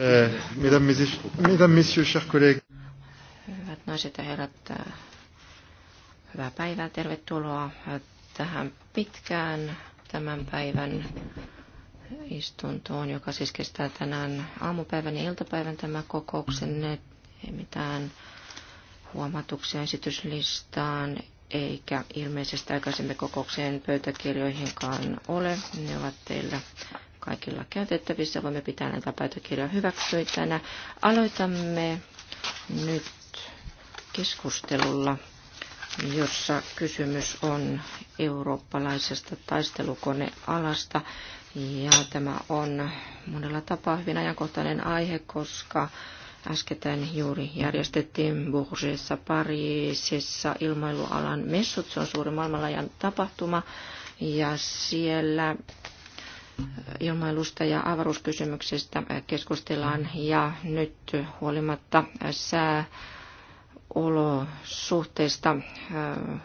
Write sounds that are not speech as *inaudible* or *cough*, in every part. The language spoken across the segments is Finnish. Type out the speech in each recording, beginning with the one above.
Eh, mesdames, Messieurs, chers collègues. Hyvät naiset ja herrat, eh, hyvää päivää, tervetuloa tähän pitkään tämän päivän istuntoon, joka siis kestää tänään aamupäivän ja iltapäivän tämä kokouksen. Ei mitään huomautuksia esityslistaan eikä ilmeisesti aikaisemmin kokoukseen pöytäkirjoihinkaan ole. Ne ovat teillä kaikilla käytettävissä. Voimme pitää näitä päätökirjoja hyväksytänä. Aloitamme nyt keskustelulla, jossa kysymys on eurooppalaisesta taistelukonealasta. Ja tämä on monella tapaa hyvin ajankohtainen aihe, koska äskettäin juuri järjestettiin Bourgesissa Pariisissa ilmailualan messut. Se on suuri maailmanlaajan tapahtuma ja siellä ilmailusta ja avaruuskysymyksestä keskustellaan ja nyt huolimatta sää olosuhteista äh,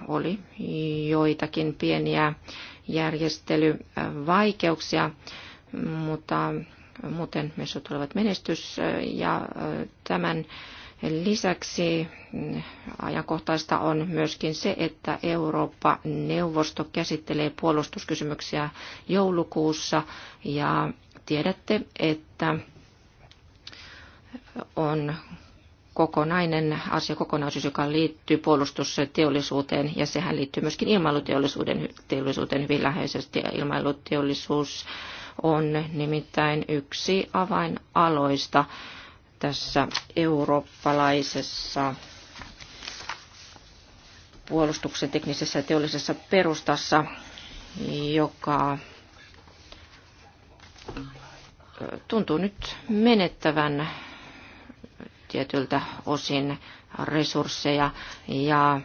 oli joitakin pieniä järjestelyvaikeuksia, mutta muuten messut olivat menestys äh, ja äh, tämän Lisäksi ajankohtaista on myöskin se, että Eurooppa-neuvosto käsittelee puolustuskysymyksiä joulukuussa ja tiedätte, että on kokonainen asiakokonaisuus, joka liittyy puolustusteollisuuteen ja sehän liittyy myöskin ilmailuteollisuuden teollisuuteen hyvin läheisesti. Ja ilmailuteollisuus on nimittäin yksi avainaloista, tässä eurooppalaisessa puolustuksen teknisessä ja teollisessa perustassa, joka tuntuu nyt menettävän tietyltä osin resursseja ja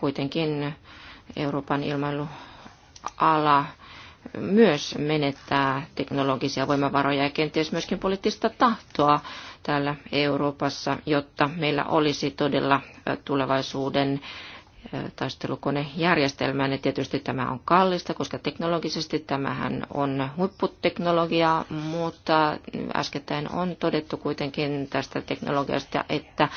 kuitenkin Euroopan ilmailuala myös menettää teknologisia voimavaroja ja kenties myöskin poliittista tahtoa täällä Euroopassa, jotta meillä olisi todella tulevaisuuden taistelukonejärjestelmään. Ja tietysti tämä on kallista, koska teknologisesti tämähän on huipputeknologia, mutta äskettäin on todettu kuitenkin tästä teknologiasta, että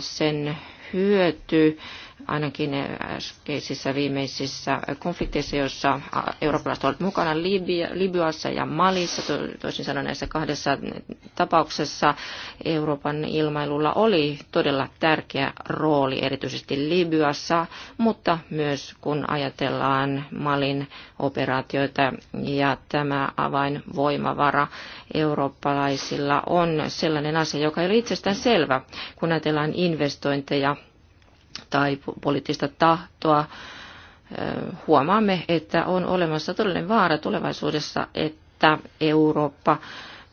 sen hyöty ainakin eh, äskeisissä viimeisissä konflikteissa, joissa eurooppalaiset ovat mukana Libya, Libyassa ja Malissa, toisin sanoen näissä kahdessa tapauksessa Euroopan ilmailulla oli todella tärkeä rooli, erityisesti Libyassa, mutta myös kun ajatellaan Malin operaatioita ja tämä avainvoimavara eurooppalaisilla on sellainen asia, joka ei ole itsestään selvä, kun ajatellaan investointeja tai poliittista tahtoa, huomaamme, että on olemassa todellinen vaara tulevaisuudessa, että Eurooppa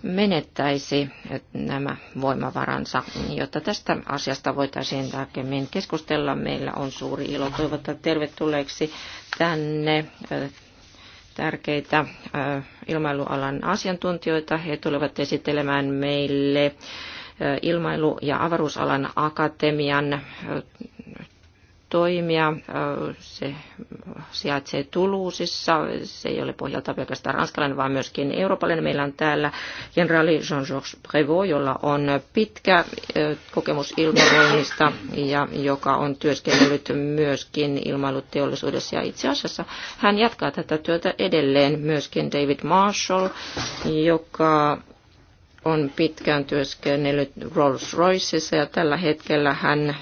menettäisi nämä voimavaransa, jotta tästä asiasta voitaisiin tarkemmin keskustella. Meillä on suuri ilo toivottaa tervetulleeksi tänne tärkeitä ilmailualan asiantuntijoita. He tulevat esittelemään meille ilmailu- ja avaruusalan akatemian toimia. Se sijaitsee Tuluusissa. Se ei ole pohjalta pelkästään ranskalainen, vaan myöskin eurooppalainen. Meillä on täällä generaali Jean-Georges Prévost, jolla on pitkä kokemus ilmavoimista ja joka on työskennellyt myöskin ilmailuteollisuudessa. Ja itse asiassa hän jatkaa tätä työtä edelleen myöskin David Marshall, joka on pitkään työskennellyt Rolls-Royceissa ja tällä hetkellä hän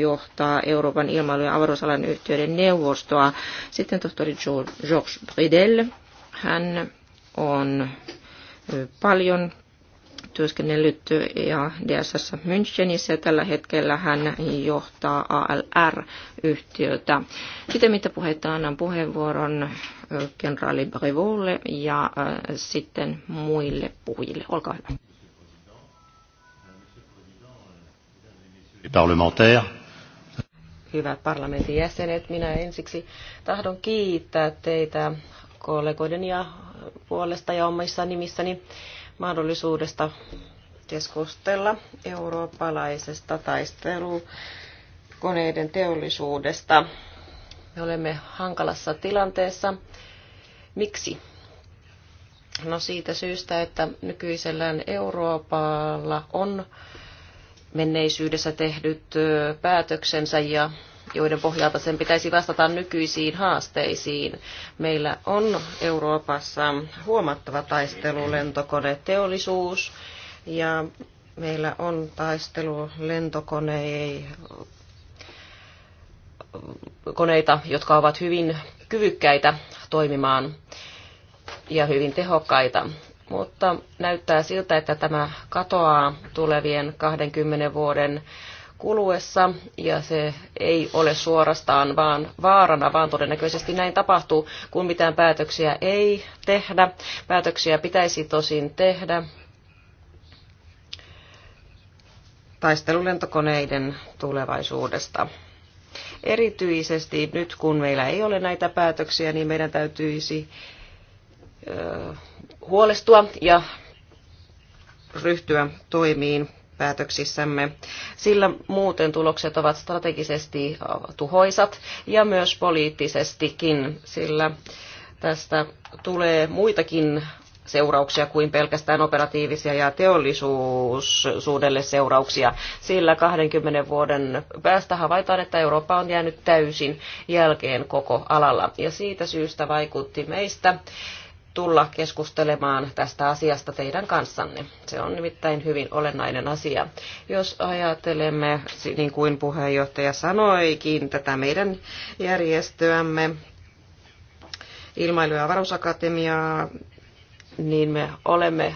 johtaa Euroopan ilmailu- ja avaruusalan yhtiöiden neuvostoa. Sitten tohtori Georges Bridel, hän on paljon työskennellyt ja DSS Münchenissä ja tällä hetkellä hän johtaa ALR-yhtiötä. Sitten mitä puheita annan puheenvuoron kenraali Brevolle ja sitten muille puhujille. Olkaa hyvä. Hyvät parlamentin jäsenet, minä ensiksi tahdon kiittää teitä kollegoiden ja puolesta ja omissa nimissäni mahdollisuudesta keskustella eurooppalaisesta taistelukoneiden teollisuudesta. Me olemme hankalassa tilanteessa. Miksi? No siitä syystä, että nykyisellään Euroopalla on menneisyydessä tehdyt päätöksensä ja joiden pohjalta sen pitäisi vastata nykyisiin haasteisiin. Meillä on Euroopassa huomattava taistelu lentokoneteollisuus ja meillä on taistelu lentokoneita, jotka ovat hyvin kyvykkäitä toimimaan ja hyvin tehokkaita. Mutta näyttää siltä, että tämä katoaa tulevien 20 vuoden kuluessa ja se ei ole suorastaan vaan vaarana, vaan todennäköisesti näin tapahtuu, kun mitään päätöksiä ei tehdä. Päätöksiä pitäisi tosin tehdä taistelulentokoneiden tulevaisuudesta. Erityisesti nyt, kun meillä ei ole näitä päätöksiä, niin meidän täytyisi huolestua ja ryhtyä toimiin päätöksissämme, sillä muuten tulokset ovat strategisesti äh, tuhoisat ja myös poliittisestikin, sillä tästä tulee muitakin seurauksia kuin pelkästään operatiivisia ja teollisuudelle seurauksia, sillä 20 vuoden päästä havaitaan, että Eurooppa on jäänyt täysin jälkeen koko alalla. Ja siitä syystä vaikutti meistä tulla keskustelemaan tästä asiasta teidän kanssanne. Se on nimittäin hyvin olennainen asia. Jos ajattelemme, niin kuin puheenjohtaja sanoikin, tätä meidän järjestöämme, Ilmailu- ja varusakatemiaa, niin me olemme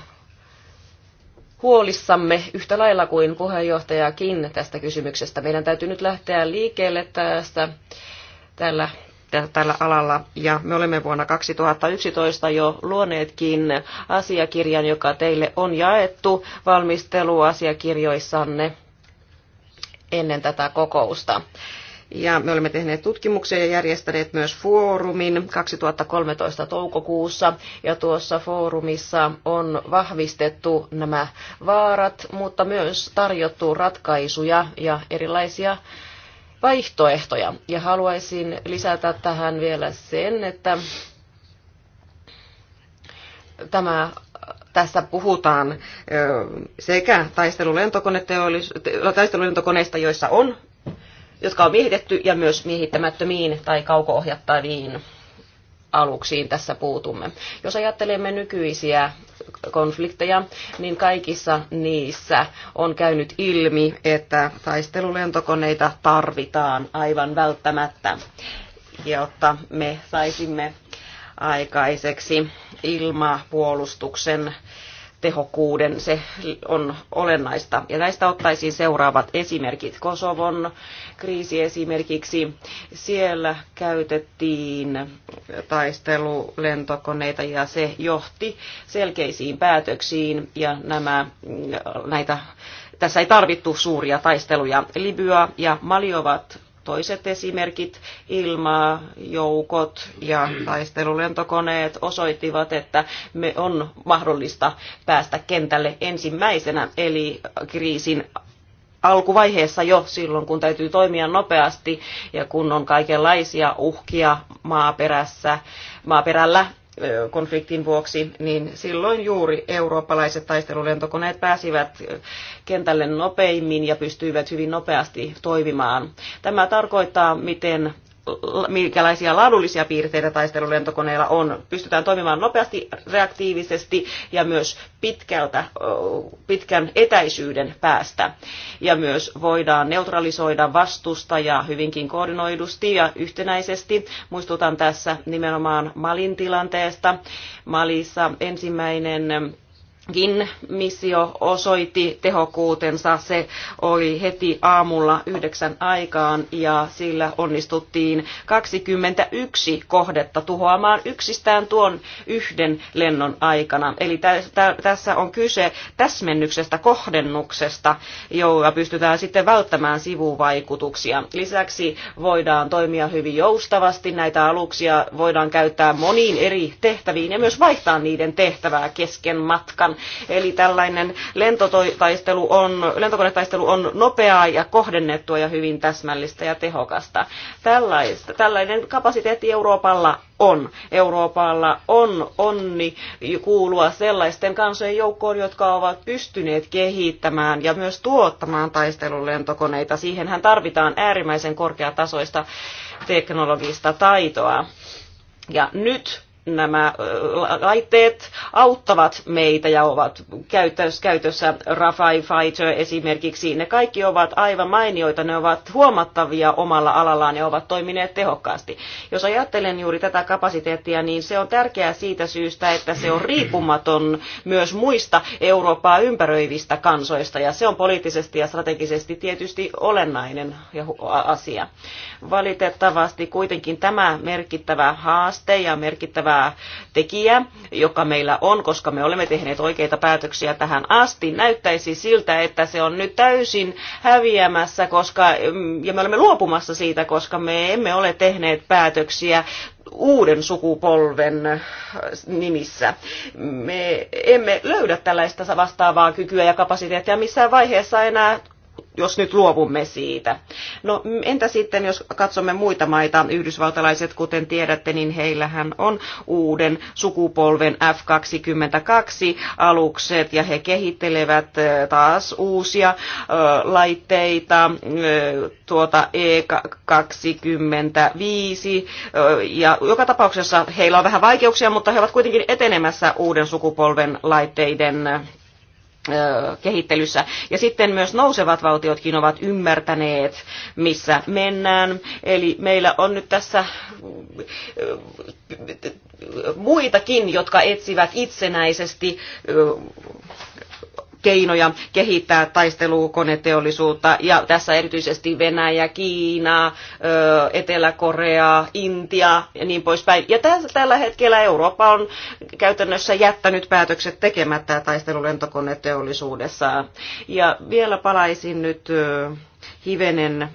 huolissamme yhtä lailla kuin puheenjohtajakin tästä kysymyksestä. Meidän täytyy nyt lähteä liikkeelle tästä tällä tällä alalla. Ja me olemme vuonna 2011 jo luoneetkin asiakirjan, joka teille on jaettu valmisteluasiakirjoissanne ennen tätä kokousta. Ja me olemme tehneet tutkimuksia ja järjestäneet myös foorumin 2013 toukokuussa. Ja tuossa foorumissa on vahvistettu nämä vaarat, mutta myös tarjottu ratkaisuja ja erilaisia vaihtoehtoja. Ja haluaisin lisätä tähän vielä sen, että tämä tässä puhutaan sekä taistelulentokoneista, joissa on, jotka on miehitetty, ja myös miehittämättömiin tai kaukoohjattaviin aluksiin tässä puutumme. Jos ajattelemme nykyisiä konflikteja, niin kaikissa niissä on käynyt ilmi, että taistelulentokoneita tarvitaan aivan välttämättä, jotta me saisimme aikaiseksi ilmapuolustuksen tehokkuuden, se on olennaista. Ja näistä ottaisin seuraavat esimerkit. Kosovon kriisi esimerkiksi. Siellä käytettiin taistelulentokoneita ja se johti selkeisiin päätöksiin ja nämä, näitä tässä ei tarvittu suuria taisteluja. Libya ja Mali ovat Toiset esimerkit, ilmajoukot ja taistelulentokoneet osoittivat, että me on mahdollista päästä kentälle ensimmäisenä, eli kriisin alkuvaiheessa jo silloin, kun täytyy toimia nopeasti ja kun on kaikenlaisia uhkia maaperässä, maaperällä konfliktin vuoksi, niin silloin juuri eurooppalaiset taistelulentokoneet pääsivät kentälle nopeimmin ja pystyivät hyvin nopeasti toimimaan. Tämä tarkoittaa, miten minkälaisia laadullisia piirteitä taistelulentokoneilla on. Pystytään toimimaan nopeasti, reaktiivisesti ja myös pitkältä, pitkän etäisyyden päästä. Ja myös voidaan neutralisoida ja hyvinkin koordinoidusti ja yhtenäisesti. Muistutan tässä nimenomaan Malin tilanteesta. Malissa ensimmäinen Gin missio osoitti tehokkuutensa. Se oli heti aamulla yhdeksän aikaan ja sillä onnistuttiin 21 kohdetta tuhoamaan yksistään tuon yhden lennon aikana. Eli tässä on kyse täsmennyksestä, kohdennuksesta, jolla pystytään sitten välttämään sivuvaikutuksia. Lisäksi voidaan toimia hyvin joustavasti. Näitä aluksia voidaan käyttää moniin eri tehtäviin ja myös vaihtaa niiden tehtävää kesken matkan vastaan. Eli tällainen lentotaistelu on, lentokonetaistelu on nopeaa ja kohdennettua ja hyvin täsmällistä ja tehokasta. Tällaista, tällainen kapasiteetti Euroopalla on. Euroopalla on onni kuulua sellaisten kansojen joukkoon, jotka ovat pystyneet kehittämään ja myös tuottamaan taistelulentokoneita. Siihenhän tarvitaan äärimmäisen korkeatasoista teknologista taitoa. Ja nyt nämä laitteet auttavat meitä ja ovat käytössä, käytössä Rafai Fighter esimerkiksi. Ne kaikki ovat aivan mainioita, ne ovat huomattavia omalla alallaan ja ovat toimineet tehokkaasti. Jos ajattelen juuri tätä kapasiteettia, niin se on tärkeää siitä syystä, että se on riippumaton myös muista Eurooppaa ympäröivistä kansoista ja se on poliittisesti ja strategisesti tietysti olennainen asia. Valitettavasti kuitenkin tämä merkittävä haaste ja merkittävä tekijä, joka meillä on, koska me olemme tehneet oikeita päätöksiä tähän asti, näyttäisi siltä, että se on nyt täysin häviämässä, koska, mm, ja me olemme luopumassa siitä, koska me emme ole tehneet päätöksiä uuden sukupolven äh, nimissä. Me emme löydä tällaista vastaavaa kykyä ja kapasiteettia missään vaiheessa enää jos nyt luovumme siitä. No entä sitten, jos katsomme muita maita, yhdysvaltalaiset, kuten tiedätte, niin heillähän on uuden sukupolven F-22-alukset ja he kehittelevät taas uusia laitteita, tuota E25 ja joka tapauksessa heillä on vähän vaikeuksia, mutta he ovat kuitenkin etenemässä uuden sukupolven laitteiden kehittelyssä. Ja sitten myös nousevat valtiotkin ovat ymmärtäneet, missä mennään. Eli meillä on nyt tässä muitakin, jotka etsivät itsenäisesti keinoja kehittää taistelukoneteollisuutta ja tässä erityisesti Venäjä, Kiina, Etelä-Korea, Intia ja niin poispäin. Ja tässä, tällä hetkellä Eurooppa on käytännössä jättänyt päätökset tekemättä taistelulentokoneteollisuudessa. Ja vielä palaisin nyt hivenen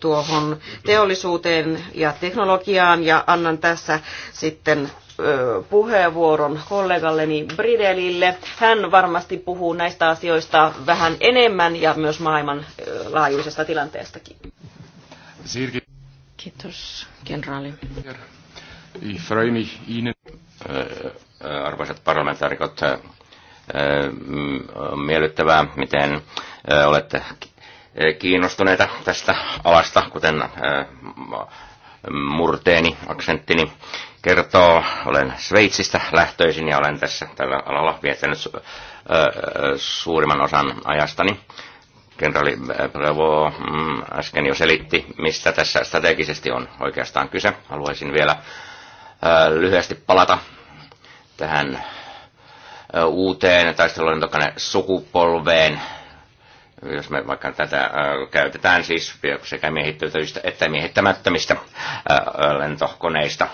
tuohon teollisuuteen ja teknologiaan ja annan tässä sitten puheenvuoron kollegalleni Bridelille. Hän varmasti puhuu näistä asioista vähän enemmän ja myös maailman laajuisesta tilanteestakin. Sirki. Kiitos, kenraali. Arvoisat parlamentaarikot, mm, miellyttävää, miten olette Eh, kiinnostuneita tästä alasta, kuten eh, murteeni, aksenttini kertoo. Olen Sveitsistä lähtöisin ja olen tässä tällä alalla viettänyt su- eh, suurimman osan ajastani. Kenraali Prevo mm, äsken jo selitti, mistä tässä strategisesti on oikeastaan kyse. Haluaisin vielä lyhyesti palata tähän uuteen taistelulentokone sukupolveen, jos me vaikka tätä äh, käytetään siis sekä miehittävistä että miehittämättömistä äh, lentokoneista.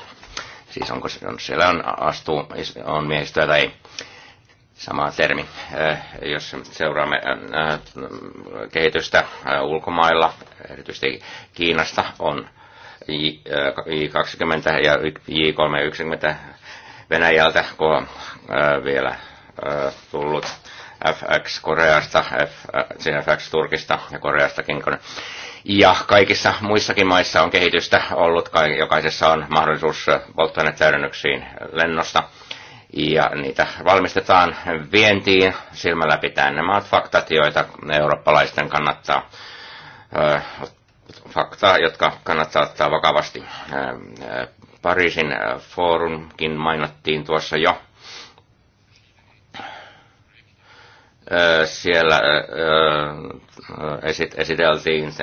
Siis onko siellä on, astuu, on miehistöä tai ei. Sama termi. Äh, jos seuraamme kehitystä ulkomailla, erityisesti Kiinasta, on J20 ja J390 Venäjältä, kun on vielä tullut FX Koreasta, F, FX Turkista ja Koreastakin. Ja kaikissa muissakin maissa on kehitystä ollut, jokaisessa on mahdollisuus polttoainetäydennyksiin lennosta. Ja niitä valmistetaan vientiin silmällä pitäen. Nämä ovat faktat, joita eurooppalaisten kannattaa faktaa, jotka kannattaa ottaa vakavasti. Pariisin foorumkin mainittiin tuossa jo Siellä esiteltiin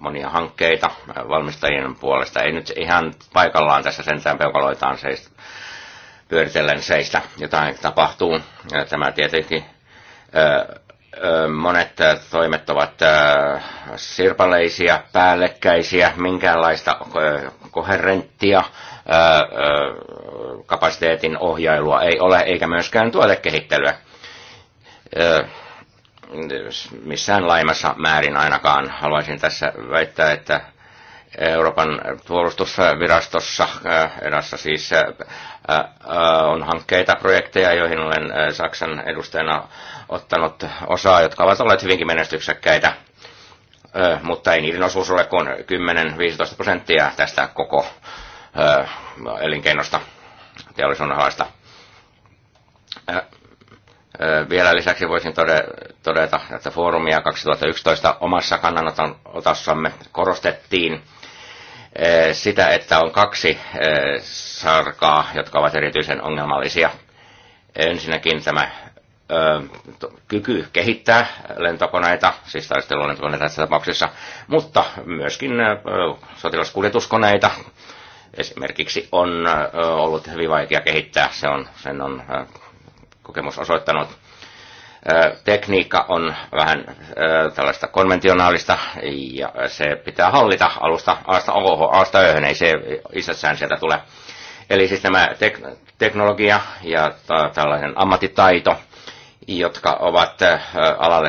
monia hankkeita valmistajien puolesta. Ei nyt ihan paikallaan tässä sentään peukaloitaan seistä, pyöritellen seistä. Jotain tapahtuu. Tämä tietenkin monet toimet ovat sirpaleisia, päällekkäisiä, minkäänlaista koherenttia kapasiteetin ohjailua ei ole, eikä myöskään tuotekehittelyä missään laimassa määrin ainakaan. Haluaisin tässä väittää, että Euroopan puolustusvirastossa edessä siis on hankkeita, projekteja, joihin olen Saksan edustajana ottanut osaa, jotka ovat olleet hyvinkin menestyksekkäitä, mutta ei niiden osuus ole kuin 10-15 prosenttia tästä koko elinkeinosta, teollisuuden haasta. Vielä lisäksi voisin todeta, että foorumia 2011 omassa kannanotassamme korostettiin sitä, että on kaksi sarkaa, jotka ovat erityisen ongelmallisia. Ensinnäkin tämä kyky kehittää lentokoneita, siis taistelulentokoneita tässä tapauksessa, mutta myöskin sotilaskuljetuskoneita esimerkiksi on ollut hyvin vaikea kehittää. Se on, sen on kokemus osoittanut. Tekniikka on vähän tällaista konventionaalista ja se pitää hallita alusta aasta oho, aasta öhön, ei se isässään sieltä tule. Eli siis nämä tek- teknologia ja tällainen ammattitaito, jotka ovat alalle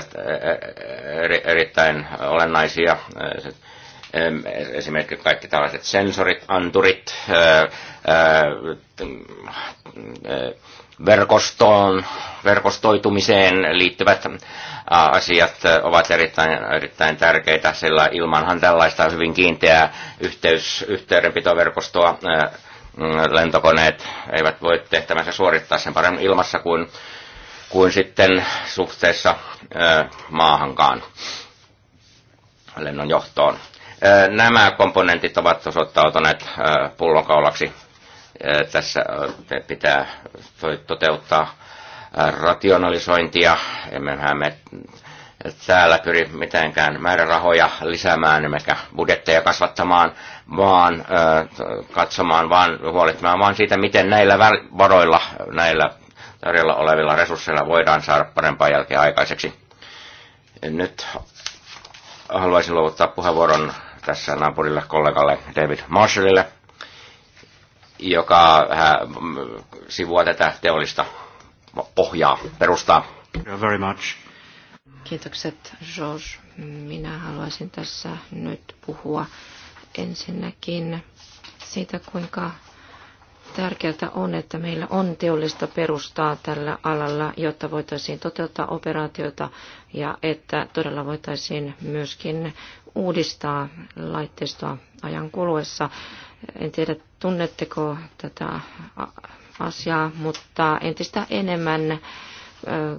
erittäin olennaisia esimerkiksi kaikki tällaiset sensorit, anturit, verkostoon, verkostoitumiseen liittyvät asiat ovat erittäin, erittäin tärkeitä, sillä ilmanhan tällaista hyvin kiinteää yhteys, yhteydenpitoverkostoa mm, lentokoneet eivät voi tehtävänsä suorittaa sen paremmin ilmassa kuin, kuin sitten suhteessa maahankaan lennonjohtoon. johtoon. Nämä komponentit ovat osoittautuneet pullonkaulaksi. Tässä pitää toteuttaa rationalisointia. Emmehän me täällä pyri mitenkään määrärahoja lisäämään, emmekä budjetteja kasvattamaan, vaan katsomaan, vaan huolehtimaan vaan siitä, miten näillä varoilla, näillä tarjolla olevilla resursseilla voidaan saada parempaa jälkeä aikaiseksi. Nyt haluaisin luovuttaa puheenvuoron tässä naapurille kollegalle David Marshallille, joka mm, sivuaa tätä teollista pohjaa, perustaa. Very much. Kiitokset, George. Minä haluaisin tässä nyt puhua ensinnäkin siitä, kuinka Tärkeää on, että meillä on teollista perustaa tällä alalla, jotta voitaisiin toteuttaa operaatioita ja että todella voitaisiin myöskin uudistaa laitteistoa ajan kuluessa. En tiedä, tunnetteko tätä asiaa, mutta entistä enemmän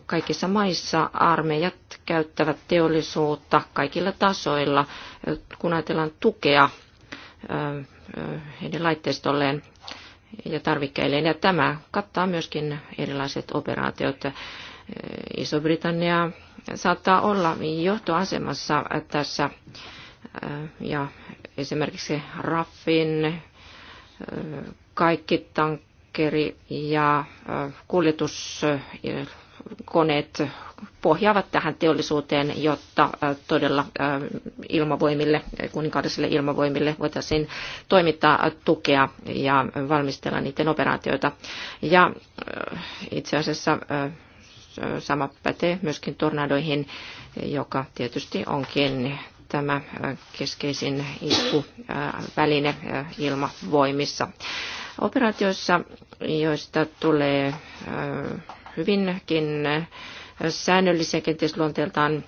kaikissa maissa armeijat käyttävät teollisuutta kaikilla tasoilla, kun ajatellaan tukea heidän laitteistolleen ja tarvikkeilleen. Ja tämä kattaa myöskin erilaiset operaatiot. Iso-Britannia saattaa olla johtoasemassa tässä ja esimerkiksi Raffin kaikki tankkeri ja kuljetus koneet pohjaavat tähän teollisuuteen, jotta todella ilmavoimille, kuninkaallisille ilmavoimille voitaisiin toimittaa tukea ja valmistella niiden operaatioita. Ja itse asiassa sama pätee myöskin tornadoihin, joka tietysti onkin tämä keskeisin iskuväline ilmavoimissa. Operaatioissa, joista tulee hyvinkin säännöllisiä kenties luonteeltaan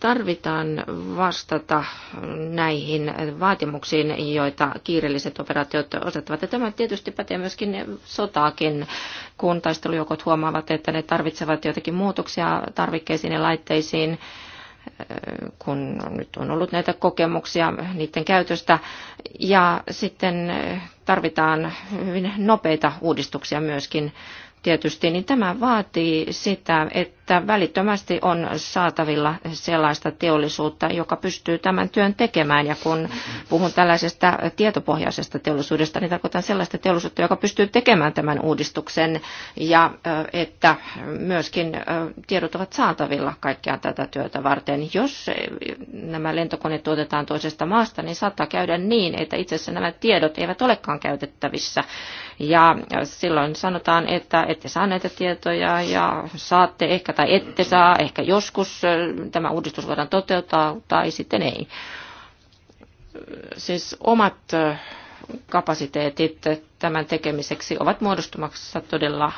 tarvitaan vastata näihin vaatimuksiin, joita kiireelliset operaatiot osoittavat. Ja tämä tietysti pätee myöskin sotaakin, kun taistelujoukot huomaavat, että ne tarvitsevat jotakin muutoksia tarvikkeisiin ja laitteisiin kun nyt on ollut näitä kokemuksia niiden käytöstä. Ja sitten tarvitaan hyvin nopeita uudistuksia myöskin tietysti, niin tämä vaatii sitä, että välittömästi on saatavilla sellaista teollisuutta, joka pystyy tämän työn tekemään. Ja kun puhun tällaisesta tietopohjaisesta teollisuudesta, niin tarkoitan sellaista teollisuutta, joka pystyy tekemään tämän uudistuksen ja että myöskin tiedot ovat saatavilla kaikkea tätä työtä varten. Jos nämä lentokoneet tuotetaan toisesta maasta, niin saattaa käydä niin, että itse asiassa nämä tiedot eivät olekaan käytettävissä. Ja silloin sanotaan, että ette saa näitä tietoja ja saatte ehkä tai ette saa, ehkä joskus tämä uudistus voidaan toteuttaa tai sitten ei. Siis omat kapasiteetit tämän tekemiseksi ovat muodostumassa todella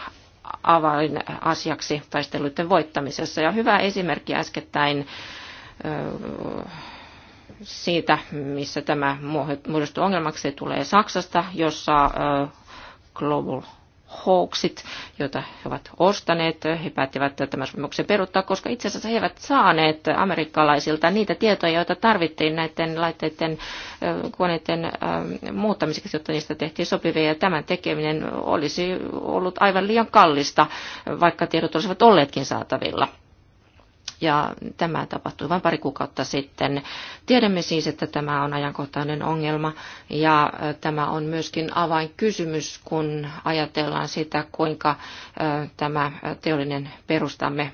avainasiaksi taisteluiden voittamisessa. Ja hyvä esimerkki äskettäin siitä, missä tämä muodostuu ongelmaksi, tulee Saksasta, jossa Global hoaxit, joita he ovat ostaneet. He päättivät tämän sopimuksen peruuttaa, koska itse asiassa he eivät saaneet amerikkalaisilta niitä tietoja, joita tarvittiin näiden laitteiden koneiden muuttamiseksi, jotta niistä tehtiin sopivia. Ja tämän tekeminen olisi ollut aivan liian kallista, vaikka tiedot olisivat olleetkin saatavilla ja tämä tapahtui vain pari kuukautta sitten. Tiedämme siis, että tämä on ajankohtainen ongelma ja tämä on myöskin avainkysymys, kun ajatellaan sitä, kuinka tämä teollinen perustamme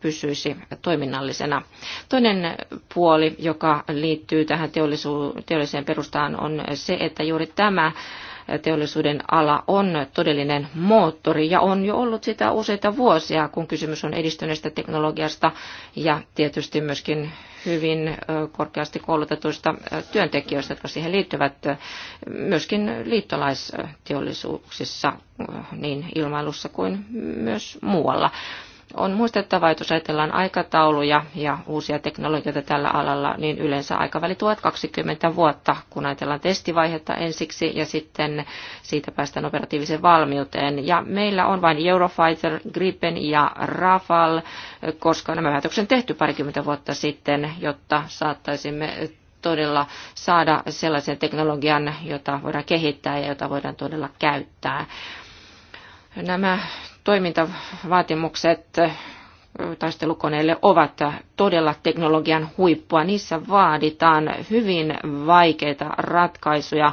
pysyisi toiminnallisena. Toinen puoli, joka liittyy tähän teolliseen perustaan, on se, että juuri tämä teollisuuden ala on todellinen moottori ja on jo ollut sitä useita vuosia, kun kysymys on edistyneestä teknologiasta ja tietysti myöskin hyvin korkeasti koulutetuista työntekijöistä, jotka siihen liittyvät myöskin liittolaisteollisuuksissa niin ilmailussa kuin myös muualla. On muistettava, että jos ajatellaan aikatauluja ja uusia teknologioita tällä alalla, niin yleensä aikavälit ovat 20 vuotta, kun ajatellaan testivaihetta ensiksi ja sitten siitä päästään operatiiviseen valmiuteen. Ja meillä on vain Eurofighter, Gripen ja Rafal, koska nämä päätökset on tehty parikymmentä vuotta sitten, jotta saattaisimme todella saada sellaisen teknologian, jota voidaan kehittää ja jota voidaan todella käyttää. Nämä toimintavaatimukset taistelukoneille ovat todella teknologian huippua. Niissä vaaditaan hyvin vaikeita ratkaisuja,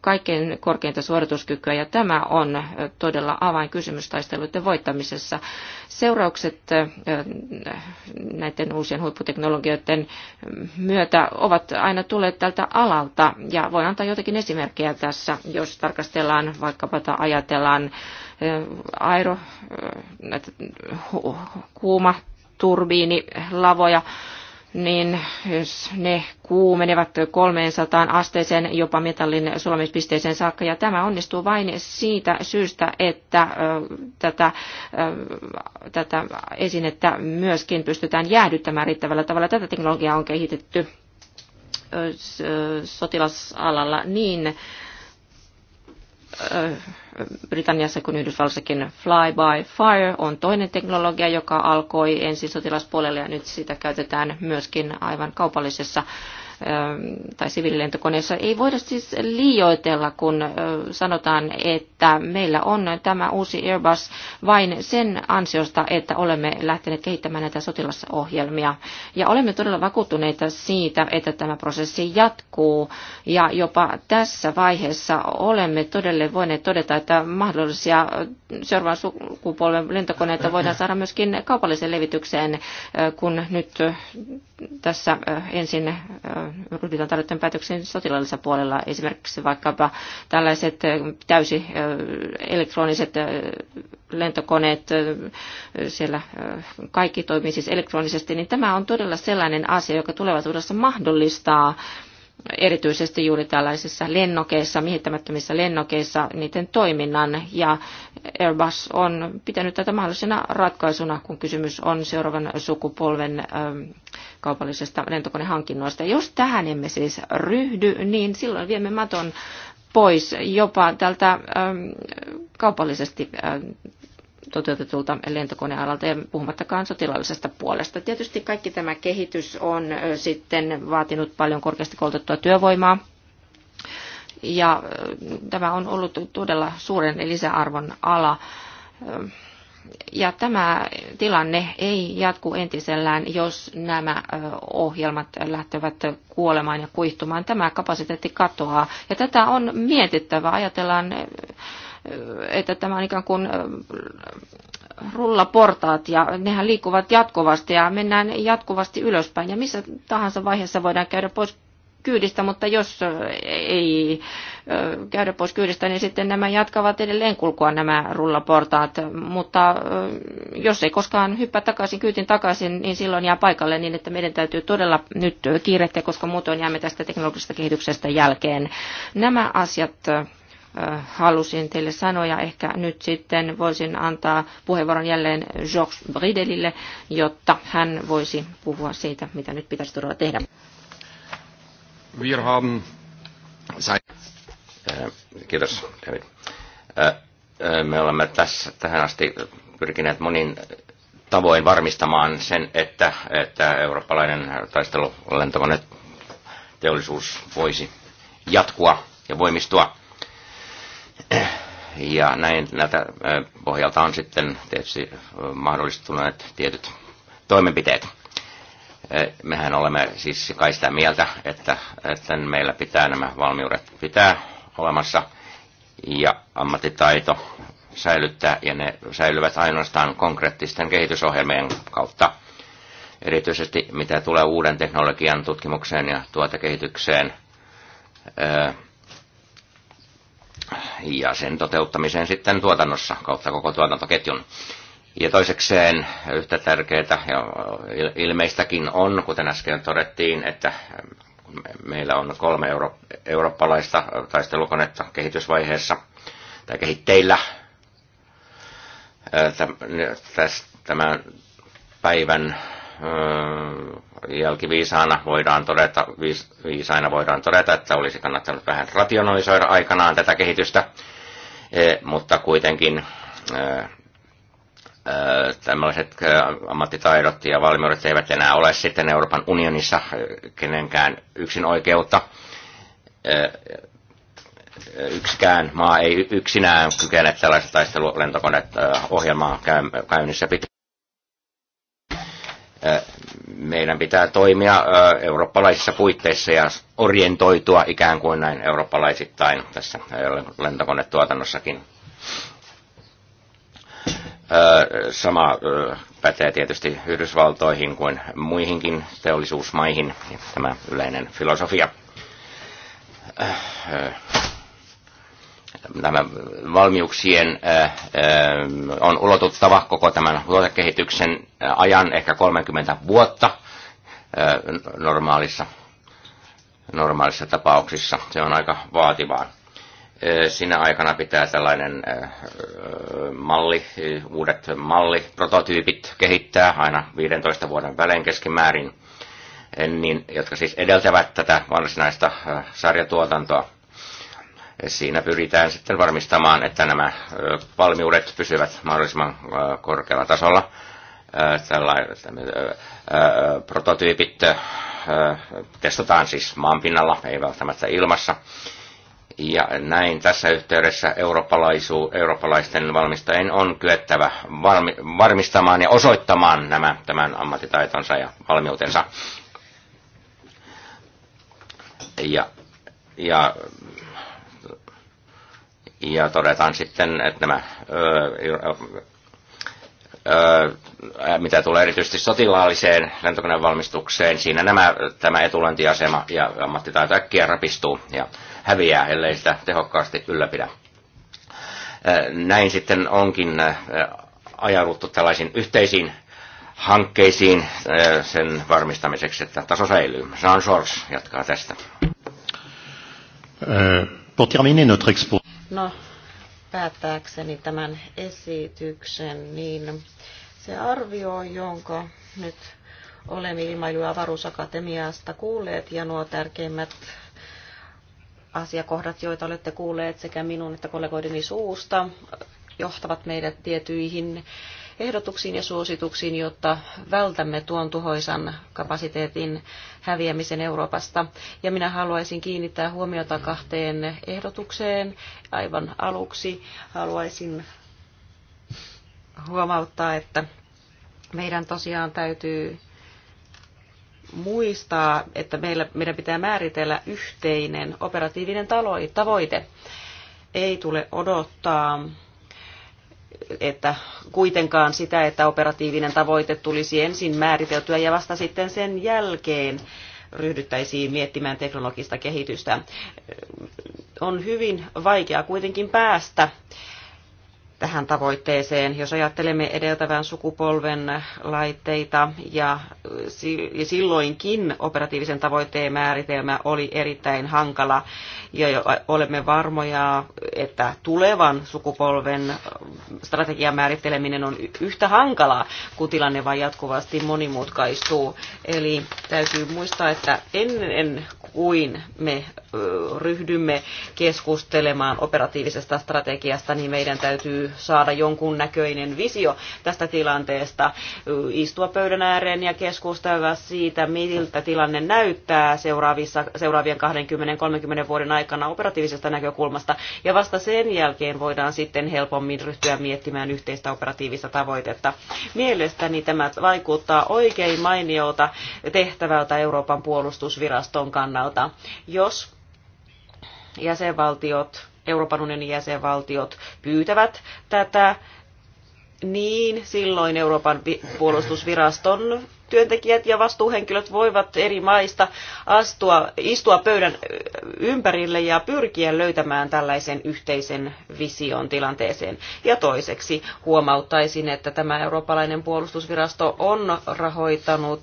kaikkein korkeinta suorituskykyä, ja tämä on todella avainkysymys taisteluiden voittamisessa. Seuraukset äh, näiden uusien huipputeknologioiden myötä ovat aina tulleet tältä alalta, ja voin antaa jotakin esimerkkejä tässä, jos tarkastellaan vaikkapa tai ajatellaan aero, näitä kuumaturbiinilavoja, niin jos ne kuumenevat 300 asteeseen jopa metallin sulamispisteeseen saakka. Ja tämä onnistuu vain siitä syystä, että tätä, tätä esinettä myöskin pystytään jäähdyttämään riittävällä tavalla. Tätä teknologiaa on kehitetty sotilasalalla niin Britanniassa kuin Yhdysvalloissakin Fly by Fire on toinen teknologia, joka alkoi ensin sotilaspuolella ja nyt sitä käytetään myöskin aivan kaupallisessa Ähm, tai siviililentokoneessa. Ei voida siis liioitella, kun sanotaan, että meillä on tämä uusi Airbus vain sen ansiosta, että olemme lähteneet kehittämään näitä sotilasohjelmia. Ja olemme todella vakuuttuneita siitä, että tämä prosessi jatkuu. Ja jopa tässä vaiheessa olemme todelle voineet todeta, että mahdollisia seuraavan sukupolven lentokoneita voidaan saada myöskin kaupalliseen levitykseen, kun nyt tässä ensin ryhdytään tarvittaviin päätöksiin sotilaallisessa puolella. Esimerkiksi vaikkapa tällaiset täysi elektroniset lentokoneet, siellä kaikki toimii siis elektronisesti, niin tämä on todella sellainen asia, joka tulevaisuudessa mahdollistaa erityisesti juuri tällaisissa lennokeissa, miehittämättömissä lennokeissa, niiden toiminnan. Ja Airbus on pitänyt tätä mahdollisena ratkaisuna, kun kysymys on seuraavan sukupolven ähm, kaupallisesta lentokonehankinnoista. Jos tähän emme siis ryhdy, niin silloin viemme maton pois jopa tältä ähm, kaupallisesti äh, toteutetulta lentokonealalta ja puhumattakaan sotilaallisesta puolesta. Tietysti kaikki tämä kehitys on sitten vaatinut paljon korkeasti koulutettua työvoimaa. Ja tämä on ollut todella suuren lisäarvon ala. Ja tämä tilanne ei jatku entisellään, jos nämä ohjelmat lähtevät kuolemaan ja kuihtumaan. Tämä kapasiteetti katoaa. Ja tätä on mietittävä. Ajatellaan että tämä on ikään kuin äh, rullaportaat ja nehän liikkuvat jatkuvasti ja mennään jatkuvasti ylöspäin ja missä tahansa vaiheessa voidaan käydä pois kyydistä, mutta jos äh, ei äh, käydä pois kyydistä, niin sitten nämä jatkavat edelleen kulkua nämä rullaportaat, mutta jos ei koskaan hyppää takaisin kyytin takaisin, niin silloin jää paikalle niin, että meidän täytyy todella nyt kiirehtiä, koska muutoin jäämme tästä teknologisesta kehityksestä jälkeen. Nämä asiat halusin teille sanoa. Ja ehkä nyt sitten voisin antaa puheenvuoron jälleen Georges Bridelille, jotta hän voisi puhua siitä, mitä nyt pitäisi todella tehdä. Wir haben... Kiitos, David. Me olemme tässä, tähän asti pyrkineet monin tavoin varmistamaan sen, että, että eurooppalainen teollisuus voisi jatkua ja voimistua ja näin näitä pohjalta on sitten tietysti mahdollistuneet tietyt toimenpiteet. Mehän olemme siis kai sitä mieltä, että, että meillä pitää nämä valmiudet pitää olemassa ja ammattitaito säilyttää, ja ne säilyvät ainoastaan konkreettisten kehitysohjelmien kautta. Erityisesti mitä tulee uuden teknologian tutkimukseen ja tuotekehitykseen, ja sen toteuttamiseen sitten tuotannossa kautta koko tuotantoketjun. Ja toisekseen yhtä tärkeää ja ilmeistäkin on, kuten äsken todettiin, että ähm, meillä on kolme euro- eurooppalaista taistelukonetta kehitysvaiheessa tai kehitteillä. Äh, tämän päivän äh, jälkiviisaana voidaan todeta, viis, viisaina voidaan todeta, että olisi kannattanut vähän rationalisoida aikanaan tätä kehitystä, e, mutta kuitenkin e, e tämmöiset e, ammattitaidot ja valmiudet eivät enää ole sitten Euroopan unionissa e, kenenkään yksin oikeutta. Yksikään maa ei yksinään kykene tällaista taistelulentokoneet ohjelmaa käynnissä pitää meidän pitää toimia eurooppalaisissa puitteissa ja orientoitua ikään kuin näin eurooppalaisittain tässä lentokonetuotannossakin. Sama pätee tietysti Yhdysvaltoihin kuin muihinkin teollisuusmaihin, tämä yleinen filosofia tämä valmiuksien äh, äh, on ulotuttava koko tämän tuotekehityksen äh, ajan ehkä 30 vuotta normaalissa, normaalissa tapauksissa. Se on aika vaativaa. Sinä aikana pitää tällainen malli, uudet malliprototyypit kehittää aina 15 vuoden välein keskimäärin, niin, jotka siis edeltävät tätä varsinaista sarjatuotantoa Siinä pyritään sitten varmistamaan, että nämä valmiudet pysyvät mahdollisimman korkealla tasolla. Tällaiset prototyypit testataan siis maanpinnalla, ei välttämättä ilmassa. Ja näin tässä yhteydessä eurooppalaisten valmistajien on kyettävä varmi, varmistamaan ja osoittamaan nämä, tämän ammattitaitonsa ja valmiutensa. Ja, ja ja todetaan sitten, että nämä, öö, öö, mitä tulee erityisesti sotilaalliseen lentokonevalmistukseen, siinä nämä, tämä etulentiasema ja ammattitaito äkkiä rapistuu ja häviää, ellei sitä tehokkaasti ylläpidä. Näin sitten onkin ajauduttu tällaisiin yhteisiin hankkeisiin sen varmistamiseksi, että taso säilyy. Jean Georges jatkaa tästä. Pour terminer notre expo. No, päättääkseni tämän esityksen, niin se arvio, jonka nyt olemme Ilmailu- ja avaruusakatemiasta kuulleet ja nuo tärkeimmät asiakohdat, joita olette kuulleet sekä minun että kollegoideni suusta, johtavat meidät tietyihin ehdotuksiin ja suosituksiin, jotta vältämme tuon tuhoisan kapasiteetin häviämisen Euroopasta. Ja minä haluaisin kiinnittää huomiota kahteen ehdotukseen. Aivan aluksi haluaisin huomauttaa, että meidän tosiaan täytyy muistaa, että meillä, meidän pitää määritellä yhteinen operatiivinen tavoite. Ei tule odottaa että kuitenkaan sitä, että operatiivinen tavoite tulisi ensin määriteltyä ja vasta sitten sen jälkeen ryhdyttäisiin miettimään teknologista kehitystä. On hyvin vaikea kuitenkin päästä tähän tavoitteeseen. Jos ajattelemme edeltävän sukupolven laitteita ja silloinkin operatiivisen tavoitteen määritelmä oli erittäin hankala ja olemme varmoja, että tulevan sukupolven strategian määritteleminen on yhtä hankalaa, kun tilanne vain jatkuvasti monimutkaistuu. Eli täytyy muistaa, että ennen kuin me ryhdymme keskustelemaan operatiivisesta strategiasta, niin meidän täytyy saada jonkun näköinen visio tästä tilanteesta, istua pöydän ääreen ja keskustella siitä, miltä tilanne näyttää seuraavissa, seuraavien 20-30 vuoden aikana operatiivisesta näkökulmasta, ja vasta sen jälkeen voidaan sitten helpommin ryhtyä miettimään yhteistä operatiivista tavoitetta. Mielestäni tämä vaikuttaa oikein mainiolta tehtävältä Euroopan puolustusviraston kannalta kannalta. Jos jäsenvaltiot, Euroopan unionin jäsenvaltiot pyytävät tätä, niin silloin Euroopan puolustusviraston työntekijät ja vastuuhenkilöt voivat eri maista astua, istua pöydän ympärille ja pyrkiä löytämään tällaisen yhteisen vision tilanteeseen. Ja toiseksi huomauttaisin, että tämä eurooppalainen puolustusvirasto on rahoittanut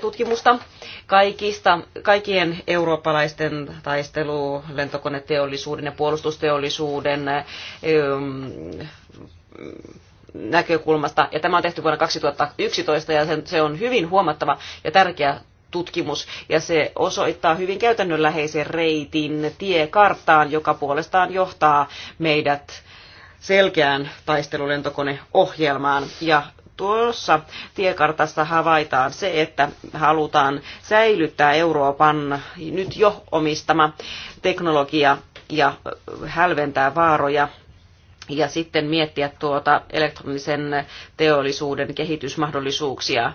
tutkimusta kaikista, kaikkien eurooppalaisten taistelu, lentokoneteollisuuden ja puolustusteollisuuden näkökulmasta, ja tämä on tehty vuonna 2011, ja sen, se on hyvin huomattava ja tärkeä tutkimus, ja se osoittaa hyvin käytännönläheisen reitin tiekarttaan, joka puolestaan johtaa meidät selkeään taistelulentokoneohjelmaan. Ja tuossa tiekartassa havaitaan se, että halutaan säilyttää Euroopan nyt jo omistama teknologia ja hälventää vaaroja ja sitten miettiä tuota elektronisen teollisuuden kehitysmahdollisuuksia.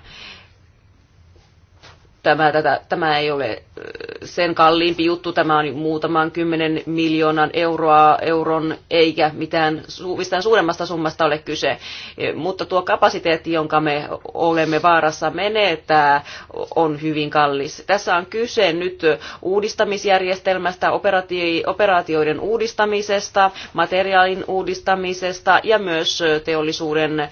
Tämä, tätä, tämä ei ole äh, sen kalliimpi juttu, tämä on muutaman kymmenen miljoonan euroa euron, eikä mitään mistään suuremmasta summasta ole kyse. Äh, mutta tuo kapasiteetti, jonka me olemme vaarassa menettää, on hyvin kallis. Tässä on kyse nyt uudistamisjärjestelmästä, operaatioiden uudistamisesta, materiaalin uudistamisesta ja myös äh, teollisuuden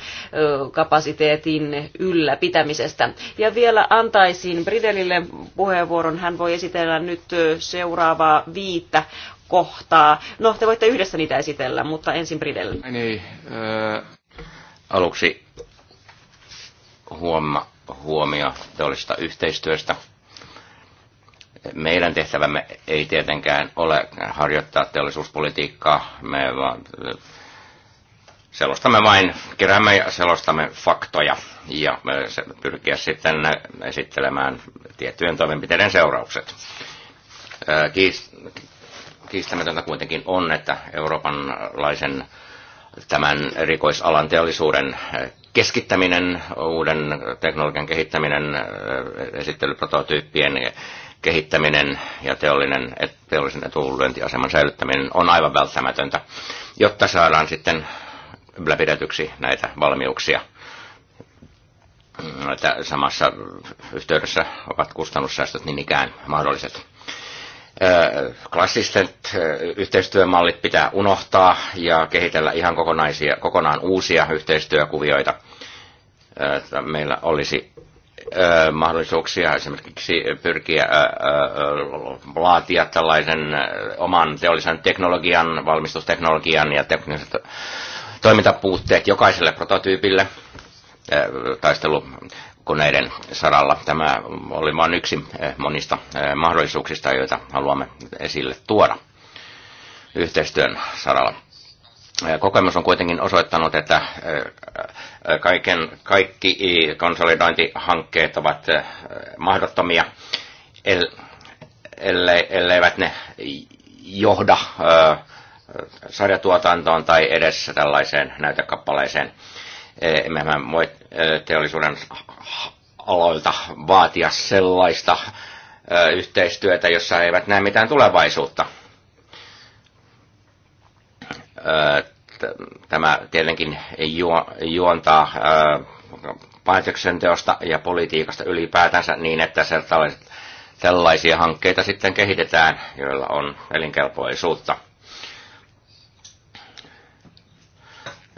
kapasiteetin ylläpitämisestä. Ja vielä antaisin Britannian Fidelille puheenvuoron. Hän voi esitellä nyt seuraavaa viittä kohtaa. No, te voitte yhdessä niitä esitellä, mutta ensin Bridelle. Niin, äh, aluksi huoma, huomio teollisesta yhteistyöstä. Meidän tehtävämme ei tietenkään ole harjoittaa teollisuuspolitiikkaa. Me vaan selostamme vain, keräämme ja selostamme faktoja ja pyrkiä sitten esittelemään tiettyjen toimenpiteiden seuraukset. Kiistämätöntä kuitenkin on, että eurooppalaisen tämän erikoisalan teollisuuden keskittäminen, uuden teknologian kehittäminen, esittelyprototyyppien kehittäminen ja teollinen, teollisen etulyöntiaseman säilyttäminen on aivan välttämätöntä, jotta saadaan sitten läpidätyksi näitä valmiuksia. Että samassa yhteydessä ovat kustannussäästöt niin ikään mahdolliset. Klassiset yhteistyömallit pitää unohtaa ja kehitellä ihan kokonaisia, kokonaan uusia yhteistyökuvioita. Meillä olisi mahdollisuuksia esimerkiksi pyrkiä laatia tällaisen oman teollisen teknologian, valmistusteknologian ja tekniset toimintapuutteet jokaiselle prototyypille taistelukoneiden saralla. Tämä oli vain yksi monista mahdollisuuksista, joita haluamme esille tuoda yhteistyön saralla. Kokemus on kuitenkin osoittanut, että kaiken, kaikki konsolidointihankkeet ovat mahdottomia, elleivät ne johda sarjatuotantoon tai edes tällaiseen näytekappaleeseen. Emme voi teollisuuden aloilta vaatia sellaista yhteistyötä, jossa he eivät näe mitään tulevaisuutta. Tämä tietenkin juontaa päätöksenteosta ja politiikasta ylipäätänsä niin, että tällaiset sellaisia hankkeita sitten kehitetään, joilla on elinkelpoisuutta.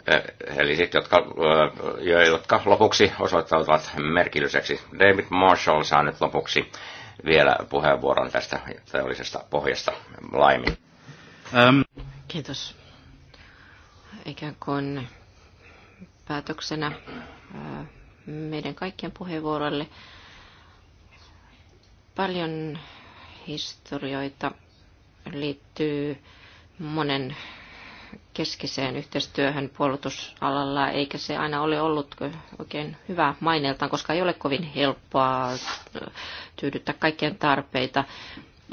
Äh, eli sitten, jotka, äh, jotka lopuksi osoittautuvat merkilliseksi. David Marshall saa nyt lopuksi vielä puheenvuoron tästä teollisesta pohjasta laimin. Um. Ähm. Kiitos. Ikään kuin päätöksenä äh, meidän kaikkien puheenvuoroille paljon historioita liittyy monen keskiseen yhteistyöhön puolustusalalla, eikä se aina ole ollut oikein hyvä maineeltaan, koska ei ole kovin helppoa tyydyttää kaikkien tarpeita.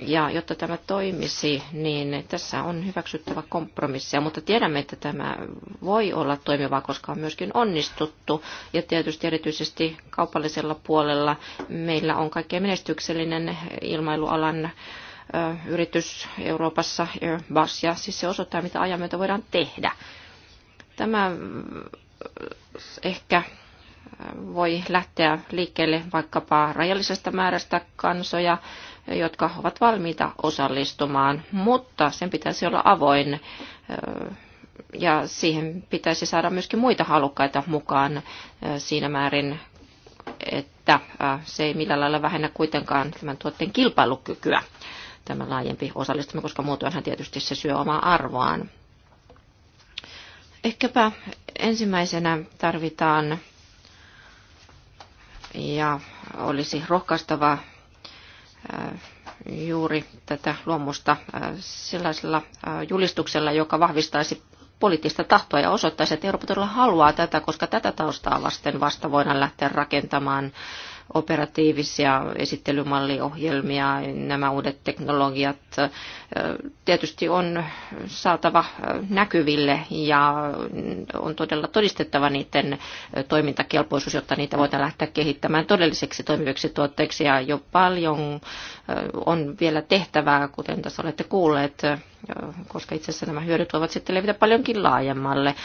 Ja jotta tämä toimisi, niin tässä on hyväksyttävä kompromissi, mutta tiedämme, että tämä voi olla toimiva, koska on myöskin onnistuttu. Ja tietysti erityisesti kaupallisella puolella meillä on kaikkein menestyksellinen ilmailualan yritys Euroopassa, Airbus, ja siis se osoittaa, mitä ajan myötä voidaan tehdä. Tämä ehkä voi lähteä liikkeelle vaikkapa rajallisesta määrästä kansoja, jotka ovat valmiita osallistumaan, mutta sen pitäisi olla avoin ja siihen pitäisi saada myöskin muita halukkaita mukaan siinä määrin, että se ei millään lailla vähennä kuitenkaan tämän tuotteen kilpailukykyä tämä laajempi osallistuminen, koska muutoinhan tietysti se syö omaa arvoaan. Ehkäpä ensimmäisenä tarvitaan ja olisi rohkaistava äh, juuri tätä luomusta äh, sellaisella äh, julistuksella, joka vahvistaisi poliittista tahtoa ja osoittaisi, että Eurooppa todella haluaa tätä, koska tätä taustaa vasten vasta voidaan lähteä rakentamaan operatiivisia esittelymalliohjelmia, nämä uudet teknologiat tietysti on saatava näkyville ja on todella todistettava niiden toimintakelpoisuus, jotta niitä voidaan lähteä kehittämään todelliseksi toimiviksi tuotteiksi ja jo paljon on vielä tehtävää, kuten tässä olette kuulleet, koska itse asiassa nämä hyödyt voivat sitten levitä paljonkin laajemmalle.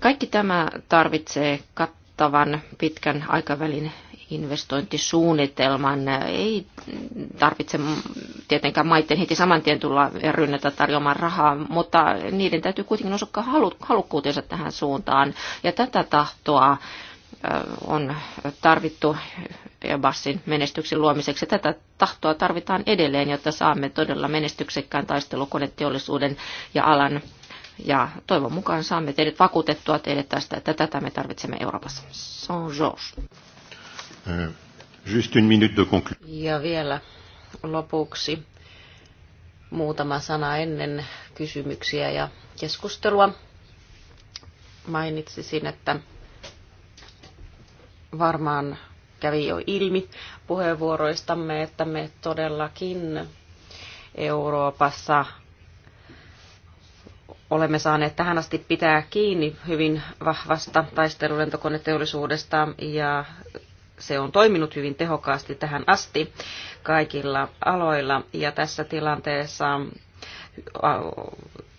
Kaikki tämä tarvitsee kattavan pitkän aikavälin investointisuunnitelman. Ei tarvitse tietenkään maiden heti saman tien tulla ja rynnätä tarjoamaan rahaa, mutta niiden täytyy kuitenkin osoittaa halukkuutensa tähän suuntaan. Ja tätä tahtoa on tarvittu Bassin menestyksen luomiseksi. Tätä tahtoa tarvitaan edelleen, jotta saamme todella menestyksekkään taistelukoneteollisuuden ja alan. Ja toivon mukaan saamme teidät vakuutettua teille tästä, että tätä me tarvitsemme Euroopassa. Saint-Georges. Äh, just une minute de ja vielä lopuksi muutama sana ennen kysymyksiä ja keskustelua. Mainitsisin, että varmaan kävi jo ilmi puheenvuoroistamme, että me todellakin Euroopassa olemme saaneet tähän asti pitää kiinni hyvin vahvasta taistelulentokoneteollisuudesta ja se on toiminut hyvin tehokkaasti tähän asti kaikilla aloilla. Ja tässä tilanteessa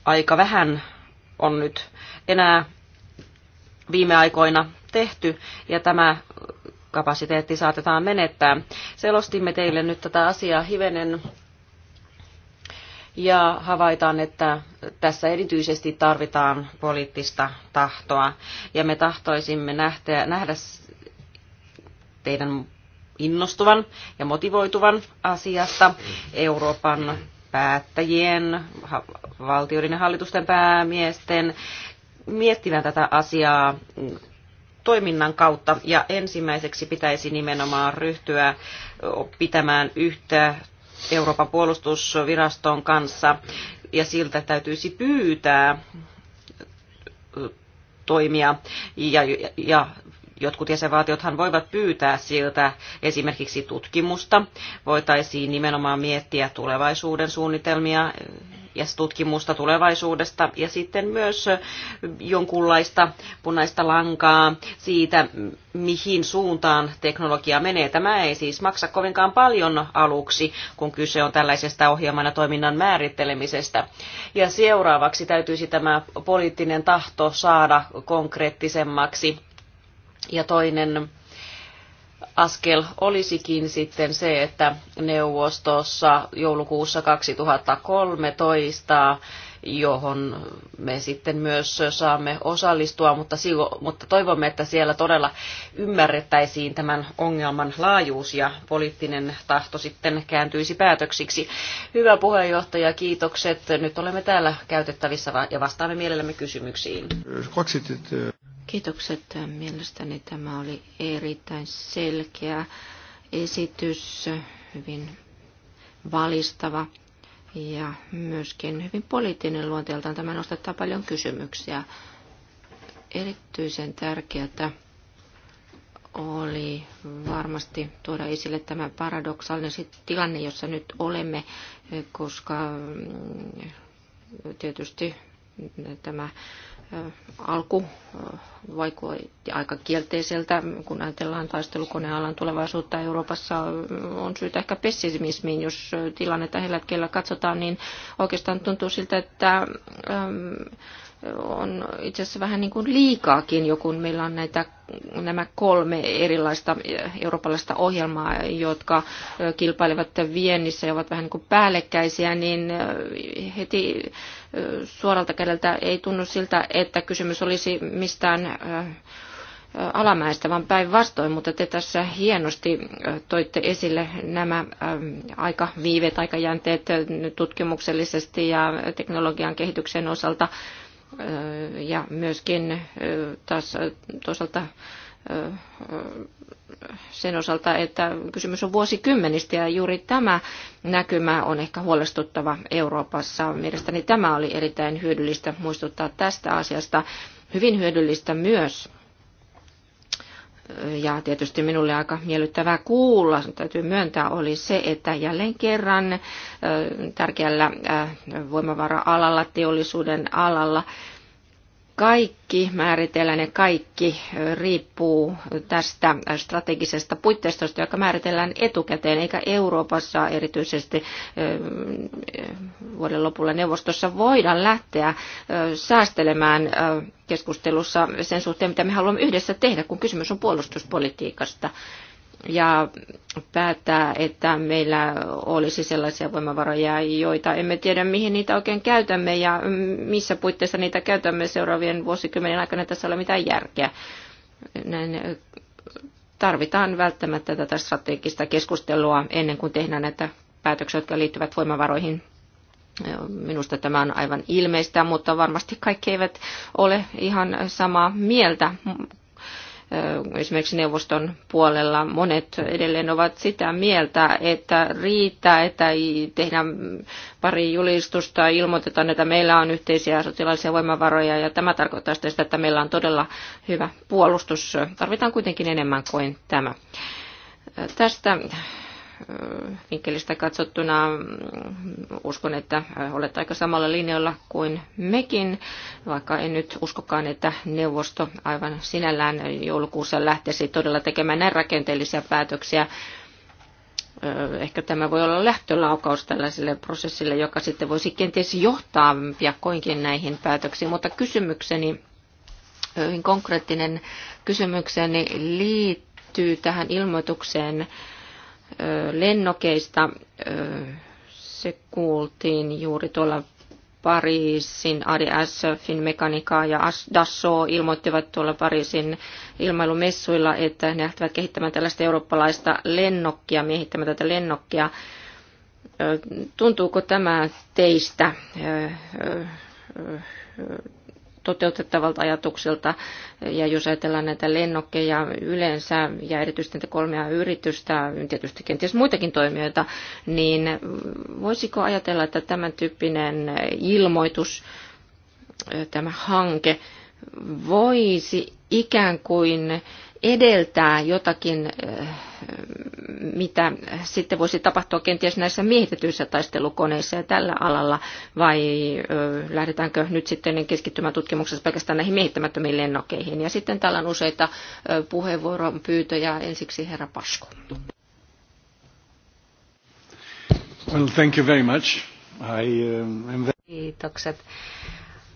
aika vähän on nyt enää viime aikoina tehty, ja tämä kapasiteetti saatetaan menettää. Selostimme teille nyt tätä asiaa hivenen ja havaitaan, että tässä erityisesti tarvitaan poliittista tahtoa ja me tahtoisimme nähteä, nähdä teidän innostuvan ja motivoituvan asiasta Euroopan päättäjien, valtioiden ja hallitusten päämiesten miettivän tätä asiaa toiminnan kautta ja ensimmäiseksi pitäisi nimenomaan ryhtyä pitämään yhtä Euroopan puolustusviraston kanssa ja siltä täytyisi pyytää toimia ja, ja, ja Jotkut jäsenvaltiothan voivat pyytää siltä esimerkiksi tutkimusta. Voitaisiin nimenomaan miettiä tulevaisuuden suunnitelmia ja tutkimusta tulevaisuudesta ja sitten myös jonkunlaista punaista lankaa siitä, mihin suuntaan teknologia menee. Tämä ei siis maksa kovinkaan paljon aluksi, kun kyse on tällaisesta ohjelman ja toiminnan määrittelemisestä. Ja seuraavaksi täytyisi tämä poliittinen tahto saada konkreettisemmaksi ja toinen askel olisikin sitten se, että neuvostossa joulukuussa 2013 johon me sitten myös saamme osallistua, mutta, sigo, mutta toivomme, että siellä todella ymmärrettäisiin tämän ongelman laajuus ja poliittinen tahto sitten kääntyisi päätöksiksi. Hyvä puheenjohtaja, kiitokset. Nyt olemme täällä käytettävissä ja vastaamme mielellämme kysymyksiin. Äh, Kiitokset. Mielestäni tämä oli erittäin selkeä esitys, hyvin valistava ja myöskin hyvin poliittinen luonteeltaan. Tämä nostattaa paljon kysymyksiä. Erityisen tärkeää oli varmasti tuoda esille tämä paradoksaalinen tilanne, jossa nyt olemme, koska mm, tietysti tämä Äh, alku äh, vaikutti aika kielteiseltä, kun ajatellaan taistelukonealan tulevaisuutta Euroopassa. Äh, on syytä ehkä pessimismiin, jos tilanne tällä hetkellä katsotaan, niin oikeastaan tuntuu siltä, että ähm, on itse asiassa vähän niin kuin liikaakin jo, kun meillä on näitä, nämä kolme erilaista eh, eurooppalaista ohjelmaa, jotka eh, kilpailevat viennissä ja ovat vähän niin kuin päällekkäisiä, niin eh, heti suoralta kädeltä ei tunnu siltä, että kysymys olisi mistään alamäestä, vaan päinvastoin, mutta te tässä hienosti toitte esille nämä aika aikaviiveet, aikajänteet tutkimuksellisesti ja teknologian kehityksen osalta ja myöskin taas toisaalta sen osalta, että kysymys on vuosikymmenistä ja juuri tämä näkymä on ehkä huolestuttava Euroopassa. Mielestäni tämä oli erittäin hyödyllistä muistuttaa tästä asiasta. Hyvin hyödyllistä myös ja tietysti minulle aika miellyttävää kuulla, täytyy myöntää, oli se, että jälleen kerran tärkeällä voimavara-alalla, teollisuuden alalla, kaikki määritellään ja kaikki riippuu tästä strategisesta puitteistosta, joka määritellään etukäteen, eikä Euroopassa erityisesti vuoden lopulla neuvostossa voida lähteä säästelemään keskustelussa sen suhteen, mitä me haluamme yhdessä tehdä, kun kysymys on puolustuspolitiikasta ja päättää, että meillä olisi sellaisia voimavaroja, joita emme tiedä, mihin niitä oikein käytämme ja missä puitteissa niitä käytämme seuraavien vuosikymmenen aikana. Tässä ei ole mitään järkeä. Näin tarvitaan välttämättä tätä strategista keskustelua ennen kuin tehdään näitä päätöksiä, jotka liittyvät voimavaroihin. Minusta tämä on aivan ilmeistä, mutta varmasti kaikki eivät ole ihan samaa mieltä esimerkiksi neuvoston puolella monet edelleen ovat sitä mieltä, että riittää, että tehdään pari julistusta, ilmoitetaan, että meillä on yhteisiä sotilaisia voimavaroja ja tämä tarkoittaa sitä, että meillä on todella hyvä puolustus. Tarvitaan kuitenkin enemmän kuin tämä. Tästä vinkkelistä katsottuna mm, uskon, että äh, olet aika samalla linjalla kuin mekin, vaikka en nyt uskokaan, että neuvosto aivan sinällään joulukuussa lähtisi todella tekemään näin rakenteellisia päätöksiä. Äh, ehkä tämä voi olla lähtölaukaus tällaiselle prosessille, joka sitten voisi kenties johtaa piakkoinkin näihin päätöksiin, mutta kysymykseni, hyvin konkreettinen kysymykseni liittyy liittyy tähän ilmoitukseen lennokeista. Se kuultiin juuri tuolla Pariisin ADS, Finmekanika ja Dassault ilmoittivat tuolla Pariisin ilmailumessuilla, että ne lähtevät kehittämään tällaista eurooppalaista lennokkia, miehittämään tätä lennokkia. Tuntuuko tämä teistä toteutettavalta ajatukselta. Ja jos ajatellaan näitä lennokkeja yleensä ja erityisesti näitä kolmea yritystä, tietysti kenties muitakin toimijoita, niin voisiko ajatella, että tämän tyyppinen ilmoitus, tämä hanke, voisi ikään kuin edeltää jotakin, eh, mitä sitten voisi tapahtua kenties näissä miehitetyissä taistelukoneissa ja tällä alalla, vai eh, lähdetäänkö nyt sitten keskittymään tutkimuksessa pelkästään näihin miehittämättömiin lennokeihin. Ja sitten täällä on useita eh, puheenvuoron pyytöjä. Ensiksi herra Pasku. Well, thank you very much. I, um, very... Kiitokset.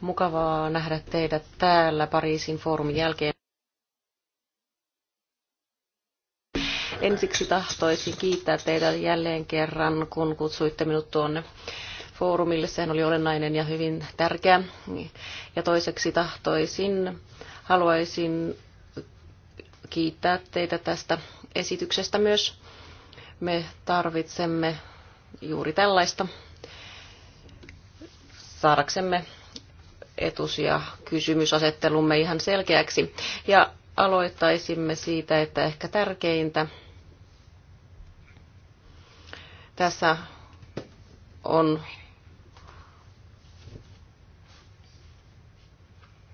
Mukavaa nähdä teidät täällä Pariisin foorumin jälkeen. Ensiksi tahtoisin kiittää teitä jälleen kerran, kun kutsuitte minut tuonne foorumille. Sehän oli olennainen ja hyvin tärkeä. Ja toiseksi tahtoisin, haluaisin kiittää teitä tästä esityksestä myös. Me tarvitsemme juuri tällaista saadaksemme etus- ja kysymysasettelumme ihan selkeäksi. Ja aloittaisimme siitä, että ehkä tärkeintä tässä on,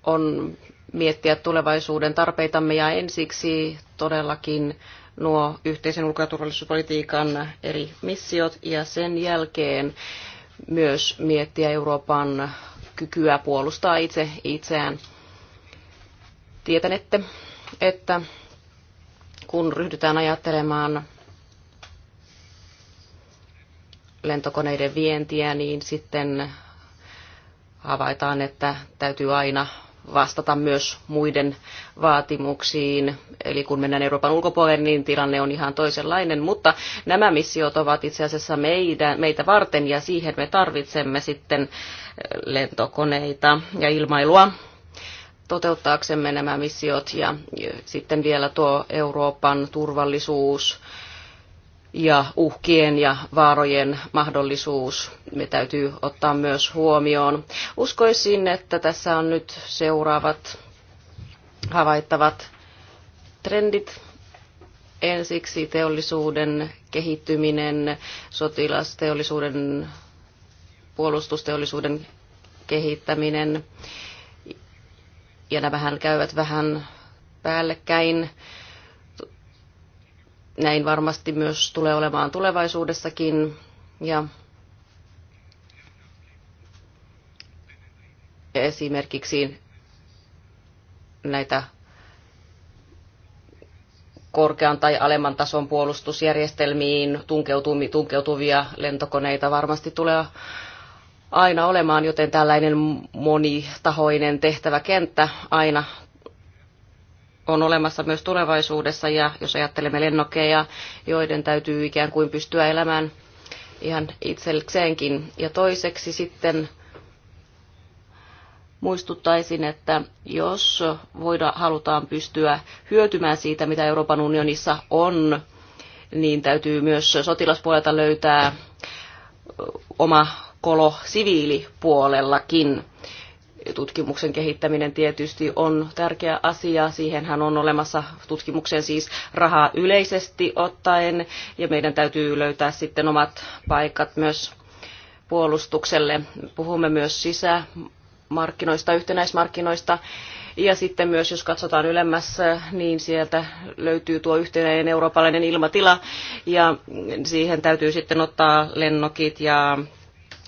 on miettiä tulevaisuuden tarpeitamme ja ensiksi todellakin nuo yhteisen ulko- ja turvallisuuspolitiikan eri missiot ja sen jälkeen myös miettiä Euroopan kykyä puolustaa itse itseään. Tietänette, että kun ryhdytään ajattelemaan lentokoneiden vientiä, niin sitten havaitaan, että täytyy aina vastata myös muiden vaatimuksiin. Eli kun mennään Euroopan ulkopuolelle, niin tilanne on ihan toisenlainen. Mutta nämä missiot ovat itse asiassa meidän, meitä varten ja siihen me tarvitsemme sitten lentokoneita ja ilmailua toteuttaaksemme nämä missiot ja sitten vielä tuo Euroopan turvallisuus ja uhkien ja vaarojen mahdollisuus me täytyy ottaa myös huomioon. Uskoisin, että tässä on nyt seuraavat havaittavat trendit. Ensiksi teollisuuden kehittyminen, sotilasteollisuuden, puolustusteollisuuden kehittäminen. Ja nämähän käyvät vähän päällekkäin näin varmasti myös tulee olemaan tulevaisuudessakin. Ja esimerkiksi näitä korkean tai alemman tason puolustusjärjestelmiin tunkeutuvia lentokoneita varmasti tulee aina olemaan, joten tällainen monitahoinen tehtäväkenttä aina on olemassa myös tulevaisuudessa ja jos ajattelemme lennokkeja, joiden täytyy ikään kuin pystyä elämään ihan itsekseenkin. Ja toiseksi sitten muistuttaisin, että jos voida, halutaan pystyä hyötymään siitä, mitä Euroopan unionissa on, niin täytyy myös sotilaspuolelta löytää oma kolo siviilipuolellakin tutkimuksen kehittäminen tietysti on tärkeä asia. Siihenhän on olemassa tutkimuksen siis rahaa yleisesti ottaen ja meidän täytyy löytää sitten omat paikat myös puolustukselle. Puhumme myös sisämarkkinoista, yhtenäismarkkinoista. Ja sitten myös, jos katsotaan ylemmässä, niin sieltä löytyy tuo yhteinen eurooppalainen ilmatila, ja siihen täytyy sitten ottaa lennokit ja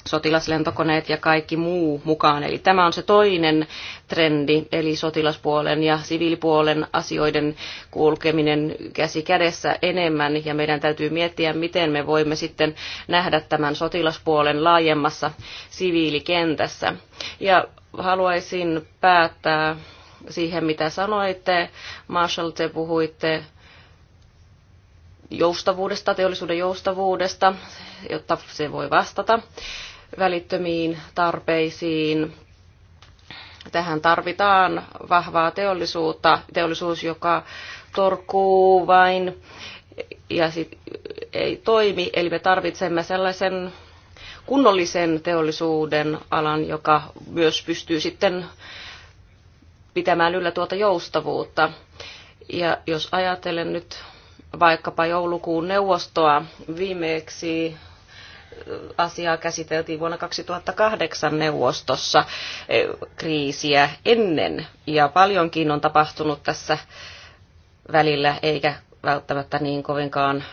sotilaslentokoneet ja kaikki muu mukaan. Eli tämä on se toinen trendi, eli sotilaspuolen ja siviilipuolen asioiden kulkeminen käsi kädessä enemmän, ja meidän täytyy miettiä, miten me voimme sitten nähdä tämän sotilaspuolen laajemmassa siviilikentässä. Ja haluaisin päättää siihen, mitä sanoitte. Marshall, te puhuitte joustavuudesta, teollisuuden joustavuudesta, jotta se voi vastata välittömiin tarpeisiin. Tähän tarvitaan vahvaa teollisuutta, teollisuus, joka torkuu vain ja sit ei toimi. Eli me tarvitsemme sellaisen kunnollisen teollisuuden alan, joka myös pystyy sitten pitämään yllä tuota joustavuutta. Ja jos ajatellen nyt vaikkapa joulukuun neuvostoa viimeksi asiaa käsiteltiin vuonna 2008 neuvostossa eh, kriisiä ennen. Ja paljonkin on tapahtunut tässä välillä, eikä välttämättä niin kovinkaan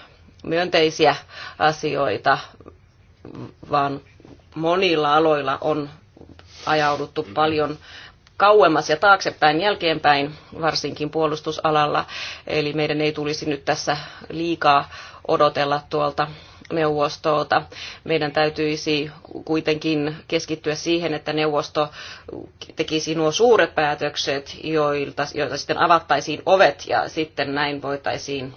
myönteisiä asioita, vaan monilla aloilla on ajauduttu paljon kauemmas ja taaksepäin jälkeenpäin, varsinkin puolustusalalla. Eli meidän ei tulisi nyt tässä liikaa odotella tuolta neuvostolta. Meidän täytyisi kuitenkin keskittyä siihen, että neuvosto tekisi nuo suuret päätökset, joilta, sitten avattaisiin ovet ja sitten näin voitaisiin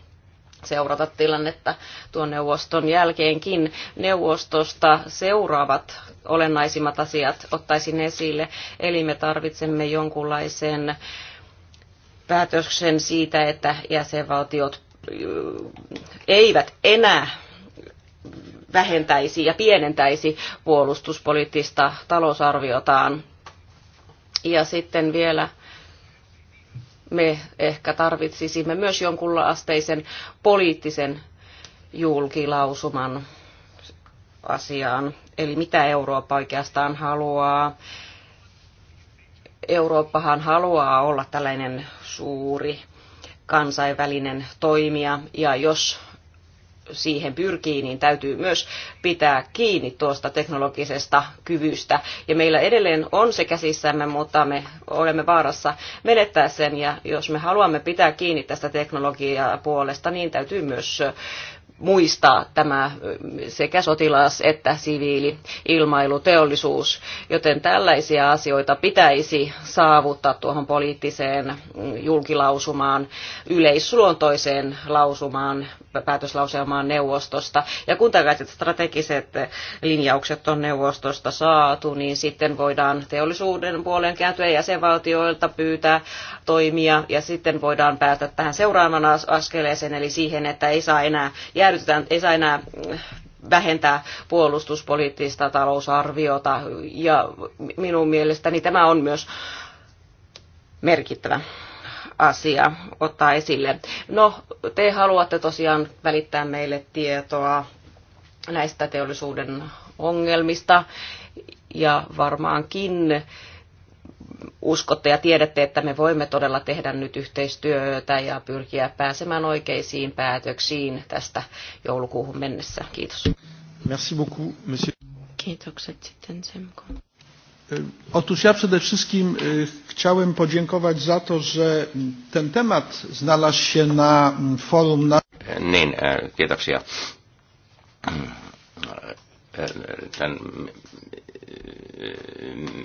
seurata tilannetta tuon neuvoston jälkeenkin. Neuvostosta seuraavat olennaisimmat asiat ottaisin esille, eli me tarvitsemme jonkunlaisen päätöksen siitä, että jäsenvaltiot eivät enää vähentäisi ja pienentäisi puolustuspoliittista talousarviotaan. Ja sitten vielä me ehkä tarvitsisimme myös jonkunla asteisen poliittisen julkilausuman asiaan. Eli mitä Eurooppa oikeastaan haluaa. Eurooppahan haluaa olla tällainen suuri kansainvälinen toimija, ja jos siihen pyrkii, niin täytyy myös pitää kiinni tuosta teknologisesta kyvystä. Ja meillä edelleen on se käsissämme, mutta me olemme vaarassa menettää sen. Ja jos me haluamme pitää kiinni tästä teknologiapuolesta, puolesta, niin täytyy myös muistaa tämä sekä sotilas- että siviili-ilmailuteollisuus, joten tällaisia asioita pitäisi saavuttaa tuohon poliittiseen mm, julkilausumaan, yleisluontoiseen lausumaan, päätöslauselmaan neuvostosta. Ja kun tällaiset strategiset linjaukset on neuvostosta saatu, niin sitten voidaan teollisuuden puoleen kääntyä jäsenvaltioilta pyytää toimia ja sitten voidaan päästä tähän seuraavana askeleeseen, eli siihen, että ei saa enää jäädytetään, ei saa enää äh, vähentää puolustuspoliittista talousarviota ja minun mielestäni tämä on myös merkittävä asia ottaa esille. No, te haluatte tosiaan välittää meille tietoa näistä teollisuuden ongelmista ja varmaankin uskotte ja tiedätte, että me voimme todella tehdä nyt yhteistyötä ja pyrkiä pääsemään oikeisiin päätöksiin tästä joulukuuhun mennessä. Kiitos. Merci beaucoup, monsieur. Kiitokset sitten Semko. E, otóż ja przede wszystkim e, chciałem podziękować za to, że ten temat znalazł się na mm, forum. Na... Niin, e, kiitoksia tämän,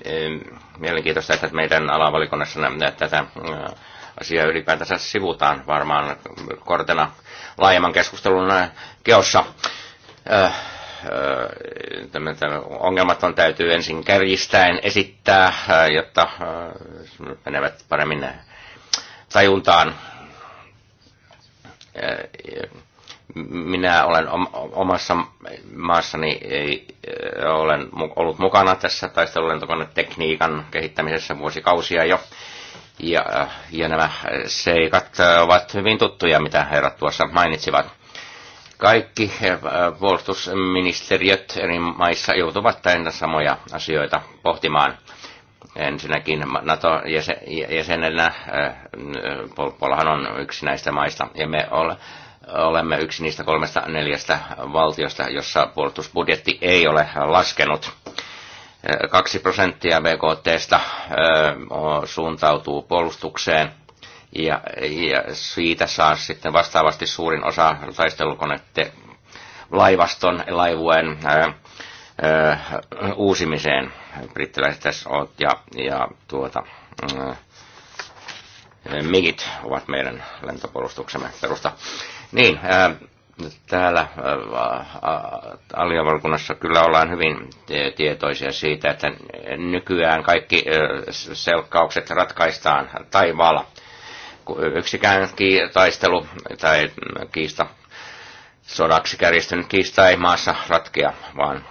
eh, mielenkiintoista, että meidän alavalikonnassa tätä eh, asiaa ylipäätänsä sivutaan varmaan kortena laajemman keskustelun eh, keossa. tämän ongelmat on täytyy ensin kärjistäen esittää, jotta menevät paremmin tajuntaan minä olen omassa maassani olen ollut mukana tässä taistelulentokonetekniikan kehittämisessä vuosikausia jo. Ja, ja nämä seikat ovat hyvin tuttuja, mitä herrat tuossa mainitsivat. Kaikki puolustusministeriöt eri maissa joutuvat täynnä samoja asioita pohtimaan. Ensinnäkin NATO-jäsenenä, Polpolahan on yksi näistä maista, ja me olemme olemme yksi niistä kolmesta neljästä valtiosta, jossa puolustusbudjetti ei ole laskenut. 2 prosenttia BKT suuntautuu puolustukseen ja, ja siitä saa sitten vastaavasti suurin osa taistelukonette laivaston laivuen uusimiseen. Brittiläiset SOT ja, ja tuota, ää, MIGit ovat meidän lentopuolustuksemme perusta. Niin, äh, täällä äh, äh, aliovalkunnassa kyllä ollaan hyvin tietoisia siitä, että nykyään kaikki äh, selkkaukset ratkaistaan taivaalla. Yksikään taistelu tai kiista, sodaksi kärjistynyt kiista ei maassa ratkea, vaan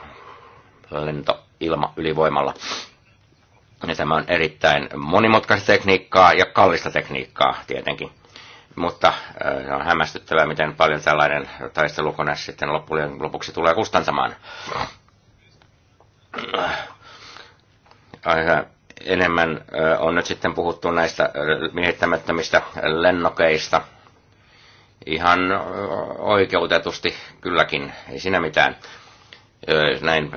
ilma ylivoimalla. Ja tämä on erittäin monimutkaista tekniikkaa ja kallista tekniikkaa tietenkin mutta äh, on hämmästyttävää, miten paljon tällainen taistelukone sitten loppujen lopuksi tulee kustantamaan. Aika enemmän äh, on nyt sitten puhuttu näistä äh, miehittämättömistä lennokeista. Ihan oikeutetusti kylläkin, ei siinä mitään. Näin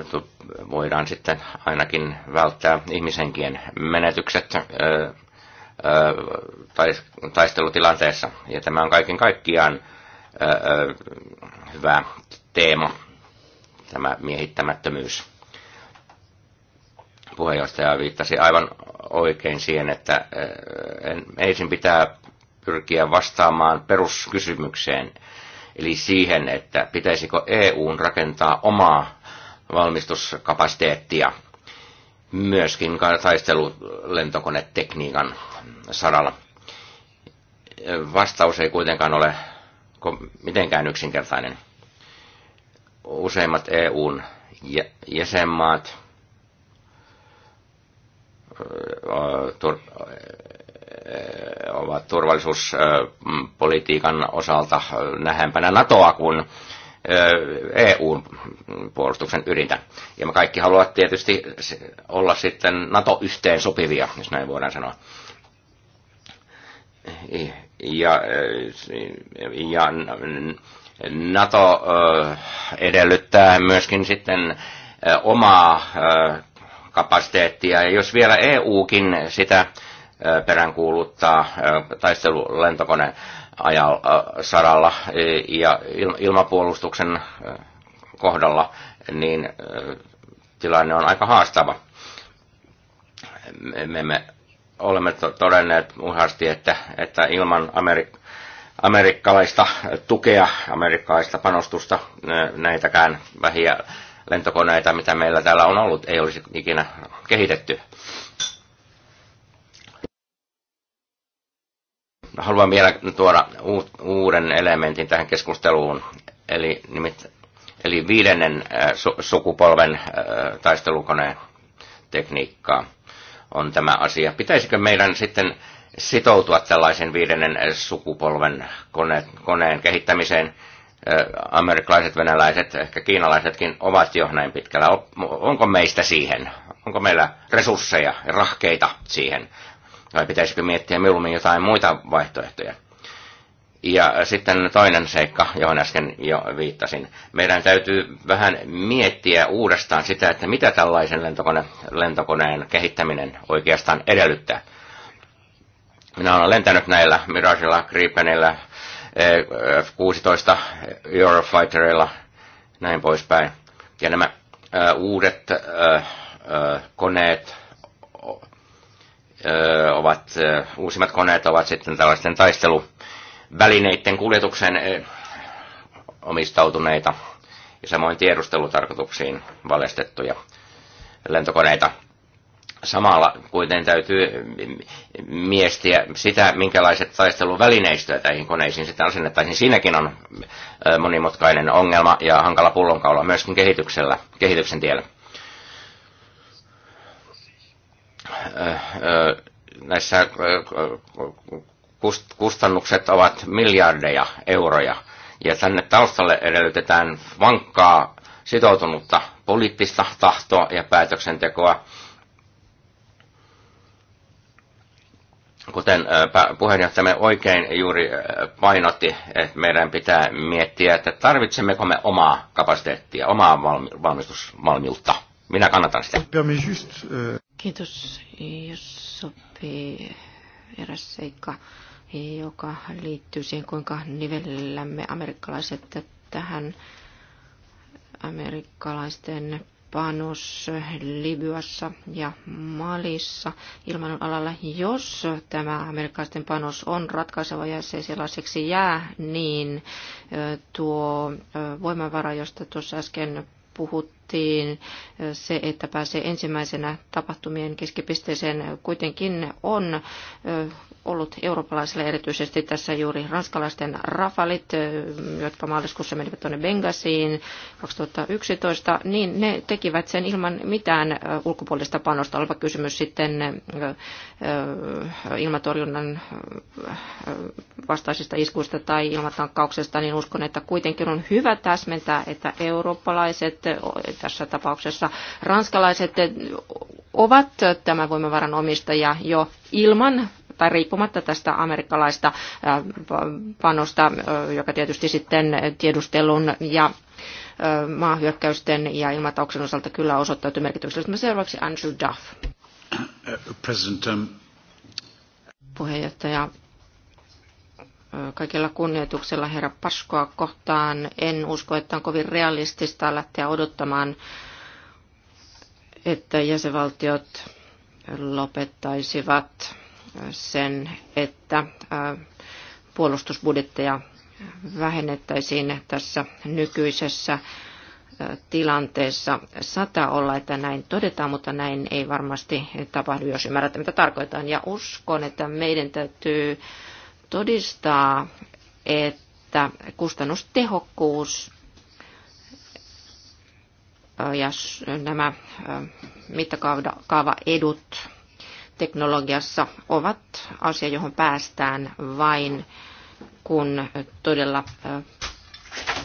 voidaan sitten ainakin välttää ihmisenkien menetykset taistelutilanteessa. Ja tämä on kaiken kaikkiaan hyvä teema, tämä miehittämättömyys. Puheenjohtaja viittasi aivan oikein siihen, että ensin pitää pyrkiä vastaamaan peruskysymykseen, eli siihen, että pitäisikö EUn rakentaa omaa valmistuskapasiteettia myöskin taistelu, lentokonetekniikan saralla. Vastaus ei kuitenkaan ole mitenkään yksinkertainen. Useimmat EUn jäsenmaat ovat turvallisuuspolitiikan osalta nähempänä NATOa kuin EUn puolustuksen ydintä. Ja me kaikki haluavat tietysti olla sitten NATO-yhteen sopivia, jos näin voidaan sanoa. Ja, ja NATO edellyttää myöskin sitten omaa kapasiteettia. Ja jos vielä EUkin sitä peräänkuuluttaa taistelulentokone Äh, saralla e, ja ilmapuolustuksen äh, kohdalla, niin äh, tilanne on aika haastava. Me, me olemme todenneet uhasti, että, että ilman Amerik- amerikkalaista tukea, amerikkalaista panostusta näitäkään vähiä lentokoneita, mitä meillä täällä on ollut, ei olisi ikinä kehitetty. haluan vielä tuoda uuden elementin tähän keskusteluun, eli, nimit, eli viidennen äh, sukupolven äh, taistelukoneen tekniikkaa on tämä asia. Pitäisikö meidän sitten sitoutua tällaisen viidennen äh, sukupolven kone, koneen kehittämiseen? Amerikkalaiset, venäläiset, ehkä kiinalaisetkin ovat jo näin pitkällä. Onko meistä siihen? Onko meillä resursseja ja rahkeita siihen? vai pitäisikö miettiä mieluummin jotain muita vaihtoehtoja. Ja sitten toinen seikka, johon äsken jo viittasin. Meidän täytyy vähän miettiä uudestaan sitä, että mitä tällaisen lentokone, lentokoneen kehittäminen oikeastaan edellyttää. Minä olen lentänyt näillä Mirageilla, Gripenillä, F-16, Eurofighterilla, näin poispäin. Ja nämä uudet koneet ovat, uusimmat koneet ovat sitten tällaisten taisteluvälineiden kuljetuksen omistautuneita ja samoin tiedustelutarkoituksiin valestettuja lentokoneita. Samalla kuitenkin täytyy miestiä sitä, minkälaiset taisteluvälineistöä näihin koneisiin sitten asennettaisiin. Siinäkin on monimutkainen ongelma ja hankala pullonkaula myöskin kehityksellä, kehityksen tiellä Äh, äh, näissä äh, kustannukset ovat miljardeja euroja. Ja tänne taustalle edellytetään vankkaa sitoutunutta poliittista tahtoa ja päätöksentekoa. Kuten puheenjohtajamme oikein juuri painotti, että meidän pitää miettiä, että tarvitsemmeko me omaa kapasiteettia, omaa valmistusvalmiutta. Minä kannatan sitä. Kiitos. Jos sopii eräs seikka, joka liittyy siihen, kuinka nivellämme amerikkalaiset tähän amerikkalaisten panos Libyassa ja Malissa ilman alalla, jos tämä amerikkalaisten panos on ratkaiseva ja se sellaiseksi jää, niin tuo voimavara, josta tuossa äsken puhuttiin, mainittiin, se, että pääsee ensimmäisenä tapahtumien keskipisteeseen kuitenkin on ollut eurooppalaisille erityisesti tässä juuri ranskalaisten rafalit, jotka maaliskuussa menivät tuonne Bengasiin 2011, niin ne tekivät sen ilman mitään ulkopuolista panosta, oleva kysymys sitten ilmatorjunnan vastaisista iskuista tai ilmatankkauksesta, niin uskon, että kuitenkin on hyvä täsmentää, että eurooppalaiset tässä tapauksessa ranskalaiset ovat tämän voimavaran omistajia jo ilman tai riippumatta tästä amerikkalaista äh, panosta, äh, joka tietysti sitten tiedustelun ja äh, maahyökkäysten ja ilmatauksen osalta kyllä osoittautui merkityksellisesti. Seuraavaksi Andrew Duff. President, um... Puheenjohtaja, kaikella kunnioituksella herra Paskoa kohtaan. En usko, että on kovin realistista lähteä odottamaan, että jäsenvaltiot lopettaisivat sen, että puolustusbudjetteja vähennettäisiin tässä nykyisessä tilanteessa. Sata olla, että näin todetaan, mutta näin ei varmasti tapahdu, jos ymmärrätte, mitä tarkoitan. Ja uskon, että meidän täytyy todistaa, että kustannustehokkuus ja nämä mittakaavaedut teknologiassa ovat asia, johon päästään vain kun todella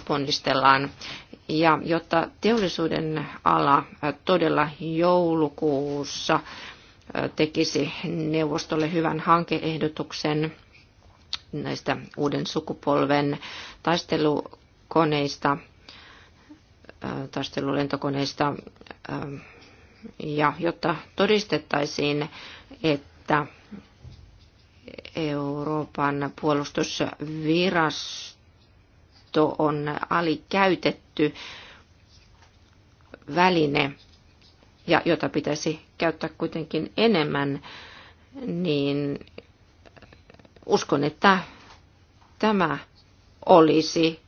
ponnistellaan. Ja jotta teollisuuden ala todella joulukuussa tekisi neuvostolle hyvän hankeehdotuksen, näistä uuden sukupolven taistelukoneista, taistelulentokoneista, ja jotta todistettaisiin, että Euroopan puolustusvirasto on alikäytetty väline, ja jota pitäisi käyttää kuitenkin enemmän, niin Uskon, että tämä olisi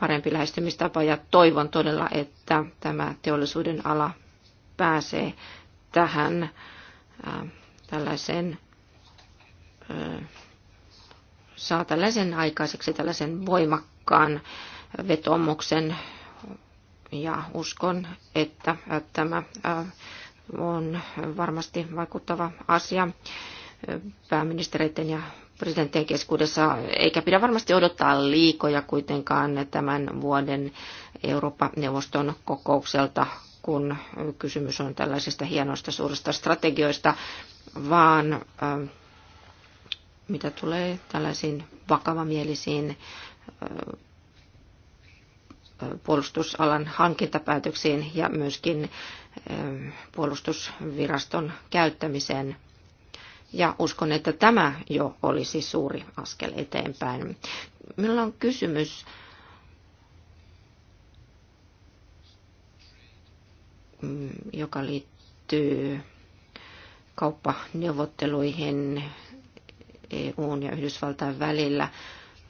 parempi lähestymistapa ja toivon todella, että tämä teollisuuden ala pääsee tähän tällaisen saa tällaisen aikaiseksi tällaisen voimakkaan vetomuksen ja uskon, että tämä on varmasti vaikuttava asia pääministereiden ja presidenttien keskuudessa, eikä pidä varmasti odottaa liikoja kuitenkaan tämän vuoden Eurooppa-neuvoston kokoukselta, kun kysymys on tällaisesta hienoista suurista strategioista, vaan ähm, mitä tulee tällaisiin vakavamielisiin äh, äh, puolustusalan hankintapäätöksiin ja myöskin äh, puolustusviraston käyttämiseen – ja uskon, että tämä jo olisi suuri askel eteenpäin. Minulla on kysymys. Mm, joka liittyy kauppaneuvotteluihin EUn ja Yhdysvaltain välillä.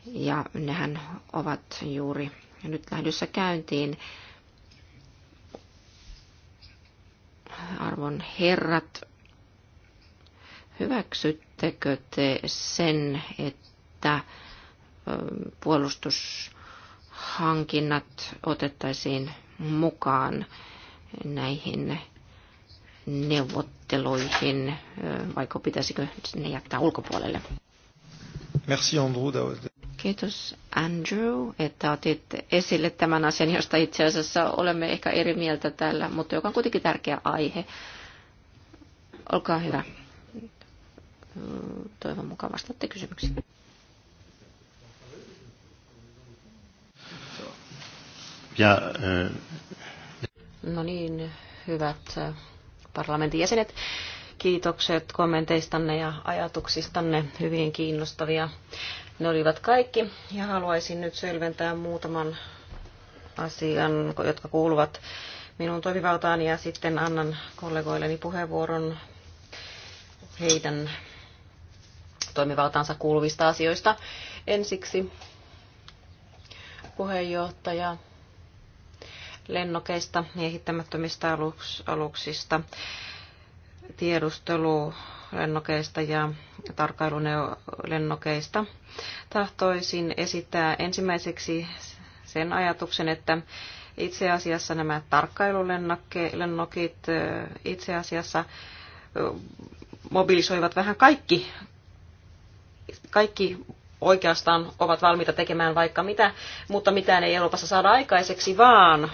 Ja nehän ovat juuri nyt lähdössä käyntiin. Arvon herrat, Hyväksyttekö te sen, että puolustushankinnat otettaisiin mukaan näihin neuvotteluihin, vaiko pitäisikö ne jättää ulkopuolelle? Merci Andrew. Kiitos Andrew, että otit esille tämän asian, josta itse asiassa olemme ehkä eri mieltä täällä, mutta joka on kuitenkin tärkeä aihe. Olkaa hyvä toivon mukaan vastaatte kysymyksiin. Ja, äh... No niin, hyvät parlamentin jäsenet, kiitokset kommenteistanne ja ajatuksistanne, hyvin kiinnostavia. Ne olivat kaikki ja haluaisin nyt selventää muutaman asian, jotka kuuluvat minun toimivaltaani ja sitten annan kollegoilleni puheenvuoron heidän toimivaltaansa kuuluvista asioista. Ensiksi puheenjohtaja lennokeista, miehittämättömistä aluks, aluksista, lennokeista ja tarkkailulennokeista. Tahtoisin esittää ensimmäiseksi sen ajatuksen, että itse asiassa nämä tarkkailulennokit itse asiassa mobilisoivat vähän kaikki kaikki oikeastaan ovat valmiita tekemään vaikka mitä, mutta mitään ei Euroopassa saada aikaiseksi, vaan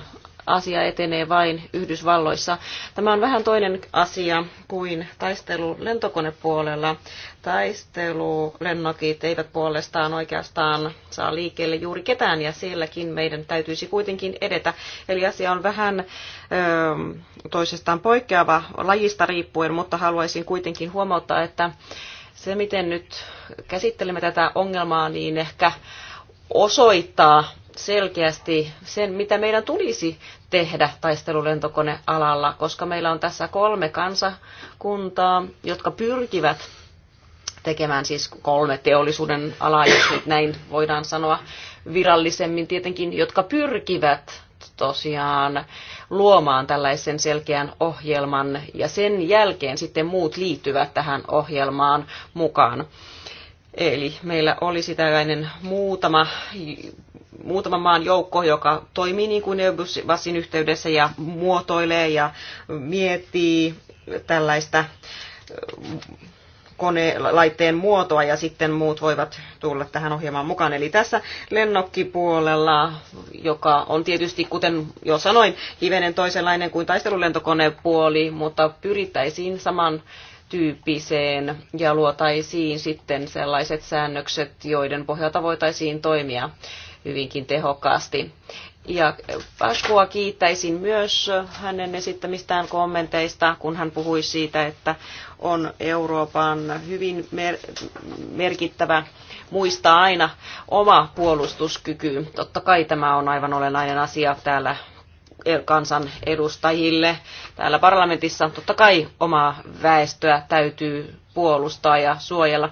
asia etenee vain Yhdysvalloissa. Tämä on vähän toinen asia kuin taistelu lentokonepuolella. Taistelulennokit eivät puolestaan oikeastaan saa liikkeelle juuri ketään ja sielläkin meidän täytyisi kuitenkin edetä. Eli asia on vähän ö, öö, toisestaan poikkeava lajista riippuen, mutta haluaisin kuitenkin huomauttaa, että se, miten nyt käsittelemme tätä ongelmaa, niin ehkä osoittaa selkeästi sen, mitä meidän tulisi tehdä taistelulentokonealalla, koska meillä on tässä kolme kansakuntaa, jotka pyrkivät tekemään siis kolme teollisuuden alaa, jos nyt näin voidaan sanoa virallisemmin tietenkin, jotka pyrkivät tosiaan luomaan tällaisen selkeän ohjelman ja sen jälkeen sitten muut liittyvät tähän ohjelmaan mukaan. Eli meillä olisi tällainen muutama, muutama maan joukko, joka toimii niin kuin Neubusvasin yhteydessä ja muotoilee ja miettii tällaista kone, laitteen muotoa ja sitten muut voivat tulla tähän ohjelmaan mukaan. Eli tässä lennokkipuolella, joka on tietysti, kuten jo sanoin, hivenen toisenlainen kuin taistelulentokonepuoli, mutta pyrittäisiin saman tyyppiseen ja luotaisiin sitten sellaiset säännökset, joiden pohjalta voitaisiin toimia hyvinkin tehokkaasti. Ja Paskua kiittäisin myös hänen esittämistään kommenteista, kun hän puhui siitä, että on Euroopan hyvin mer- merkittävä muistaa aina oma puolustuskyky. Totta kai tämä on aivan olennainen asia täällä kansan edustajille täällä parlamentissa. Totta kai omaa väestöä täytyy puolustaa ja suojella.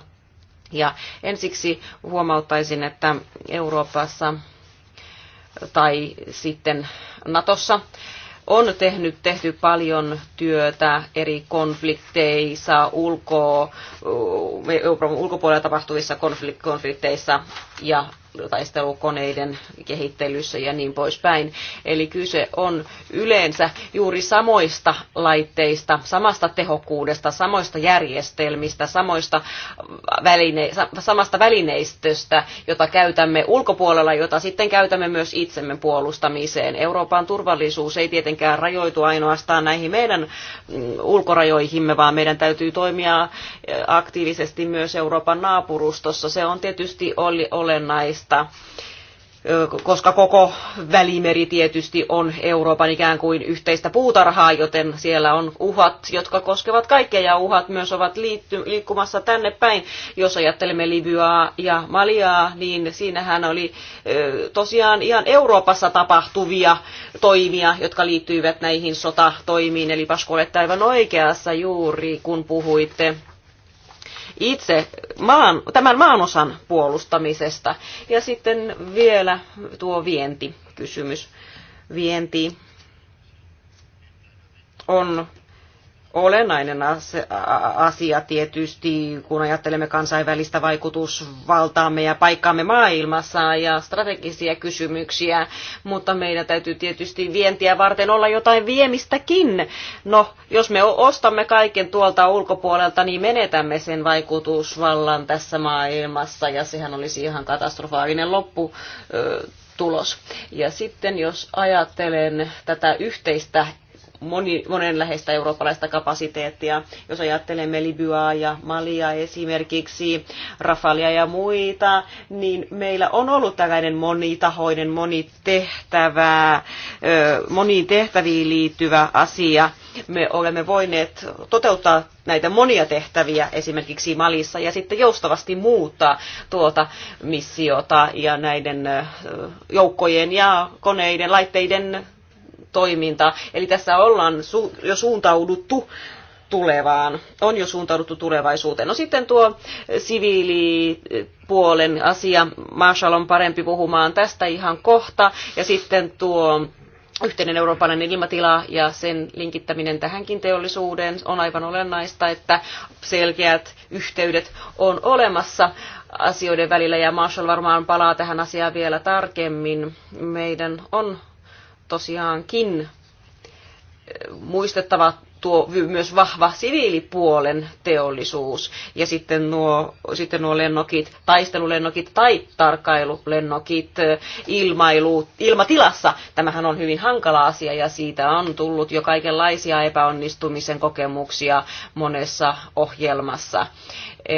Ja ensiksi huomauttaisin, että Euroopassa tai sitten Natossa on tehnyt, tehty paljon työtä eri konflikteissa, ulko, ulkopuolella tapahtuvissa konflikteissa ja taistelukoneiden kehittelyssä ja niin poispäin. Eli kyse on yleensä juuri samoista laitteista, samasta tehokkuudesta, samoista järjestelmistä, samoista väline, samasta välineistöstä, jota käytämme ulkopuolella, jota sitten käytämme myös itsemme puolustamiseen. Euroopan turvallisuus ei tietenkään rajoitu ainoastaan näihin meidän mm, ulkorajoihimme, vaan meidän täytyy toimia eh, aktiivisesti myös Euroopan naapurustossa. Se on tietysti oli olennaista puolesta koska koko välimeri tietysti on Euroopan ikään kuin yhteistä puutarhaa, joten siellä on uhat, jotka koskevat kaikkea, ja uhat myös ovat liitty, liikkumassa tänne päin. Jos ajattelemme Libyaa ja Maliaa, niin siinähän oli tosiaan ihan Euroopassa tapahtuvia toimia, jotka liittyivät näihin sotatoimiin, eli Pasko olette aivan oikeassa juuri, kun puhuitte itse maan, tämän maanosan puolustamisesta. Ja sitten vielä tuo vientikysymys. Vienti on olennainen asia tietysti, kun ajattelemme kansainvälistä vaikutusvaltaamme ja paikkaamme maailmassa ja strategisia kysymyksiä, mutta meidän täytyy tietysti vientiä varten olla jotain viemistäkin. No, jos me ostamme kaiken tuolta ulkopuolelta, niin menetämme sen vaikutusvallan tässä maailmassa ja sehän olisi ihan katastrofaalinen loppu tulos. Ja sitten jos ajattelen tätä yhteistä moni, läheistä eurooppalaista kapasiteettia. Jos ajattelemme Libyaa ja Malia esimerkiksi, Rafalia ja muita, niin meillä on ollut tällainen monitahoinen, monitehtävä, moniin tehtäviin liittyvä asia. Me olemme voineet toteuttaa näitä monia tehtäviä esimerkiksi Malissa ja sitten joustavasti muuttaa tuota missiota ja näiden joukkojen ja koneiden, laitteiden toiminta. Eli tässä ollaan su- jo suuntauduttu tulevaan, on jo suuntauduttu tulevaisuuteen. No sitten tuo siviilipuolen asia, Marshall on parempi puhumaan tästä ihan kohta, ja sitten tuo yhteinen eurooppalainen ilmatila ja sen linkittäminen tähänkin teollisuuden on aivan olennaista, että selkeät yhteydet on olemassa asioiden välillä ja Marshall varmaan palaa tähän asiaan vielä tarkemmin. Meidän on tosiaankin eh, muistettava tuo myös vahva siviilipuolen teollisuus ja sitten nuo, sitten nuo lennokit, taistelulennokit tai tarkkailulennokit eh, ilmailu, ilmatilassa. Tämähän on hyvin hankala asia ja siitä on tullut jo kaikenlaisia epäonnistumisen kokemuksia monessa ohjelmassa.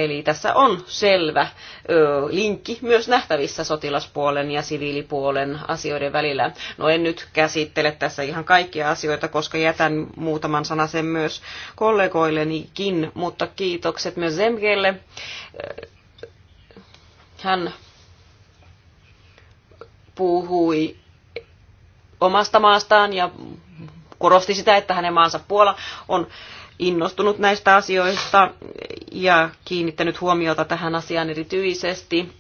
Eli tässä on selvä ö, linkki myös nähtävissä sotilaspuolen ja siviilipuolen asioiden välillä. No en nyt käsittele tässä ihan kaikkia asioita, koska jätän muutaman sen myös kollegoillenikin, mutta kiitokset myös Zemgelle. Hän puhui omasta maastaan ja korosti sitä, että hänen maansa Puola on innostunut näistä asioista ja kiinnittänyt huomiota tähän asiaan erityisesti.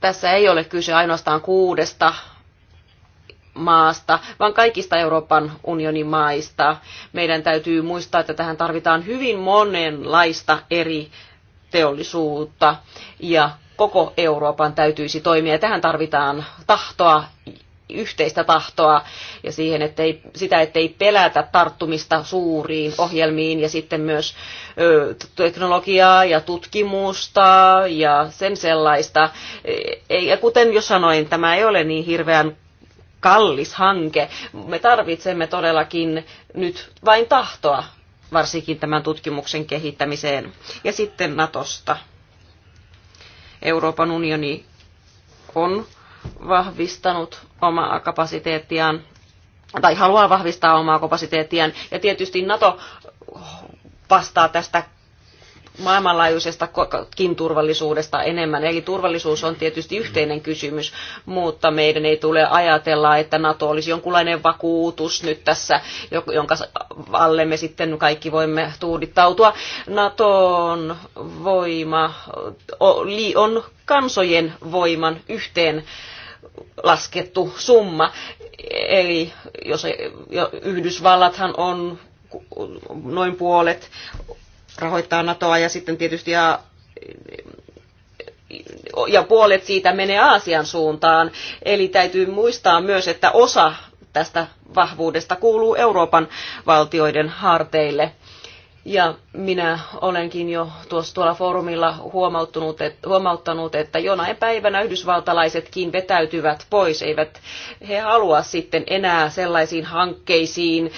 Tässä ei ole kyse ainoastaan kuudesta maasta, vaan kaikista Euroopan unionin maista. Meidän täytyy muistaa, että tähän tarvitaan hyvin monenlaista eri teollisuutta ja koko Euroopan täytyisi toimia. Tähän tarvitaan tahtoa yhteistä tahtoa ja siihen, että ei sitä, ettei pelätä tarttumista suuriin ohjelmiin ja sitten myös ö, teknologiaa ja tutkimusta ja sen sellaista. E, ja kuten jo sanoin, tämä ei ole niin hirveän kallis hanke. Me tarvitsemme todellakin nyt vain tahtoa, varsinkin tämän tutkimuksen kehittämiseen. Ja sitten Natosta. Euroopan unioni on vahvistanut omaa kapasiteettiaan tai haluaa vahvistaa omaa kapasiteettiaan. Ja tietysti NATO vastaa tästä maailmanlaajuisesta turvallisuudesta enemmän. Eli turvallisuus on tietysti yhteinen kysymys, mutta meidän ei tule ajatella, että NATO olisi jonkunlainen vakuutus nyt tässä, jonka alle me sitten kaikki voimme tuudittautua. NATOn voima on kansojen voiman yhteen laskettu summa. Eli jos Yhdysvallathan on noin puolet rahoittaa NATOa ja sitten tietysti ja, ja puolet siitä menee Aasian suuntaan. Eli täytyy muistaa myös, että osa tästä vahvuudesta kuuluu Euroopan valtioiden harteille. Ja minä olenkin jo tuossa tuolla foorumilla huomauttanut, että, huomauttanut, että jonain päivänä yhdysvaltalaisetkin vetäytyvät pois, eivät he halua sitten enää sellaisiin hankkeisiin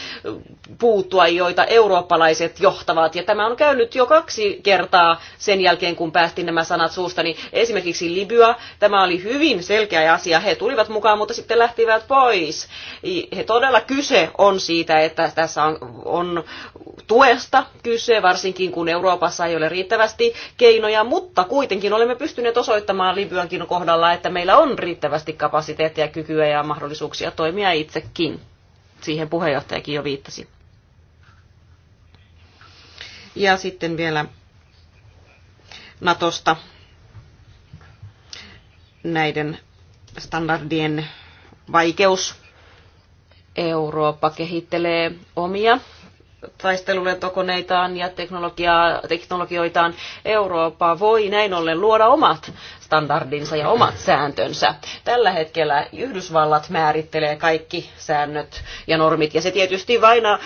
puuttua, joita eurooppalaiset johtavat. Ja tämä on käynyt jo kaksi kertaa sen jälkeen, kun päästiin nämä sanat suustani. Esimerkiksi Libya, tämä oli hyvin selkeä asia. He tulivat mukaan, mutta sitten lähtivät pois. He todella kyse on siitä, että tässä on, on tuesta kyse, varsinkin kun Euroopassa ei ole riittävästi keinoja, mutta kuitenkin olemme pystyneet osoittamaan Libyankin kohdalla, että meillä on riittävästi kapasiteettia, kykyä ja mahdollisuuksia toimia itsekin. Siihen puheenjohtajakin jo viittasi. Ja sitten vielä Natosta näiden standardien vaikeus. Eurooppa kehittelee omia taistelulentokoneitaan ja teknologiaa, teknologioitaan, Eurooppa voi näin ollen luoda omat standardinsa ja omat sääntönsä. Tällä hetkellä Yhdysvallat määrittelee kaikki säännöt ja normit, ja se tietysti aina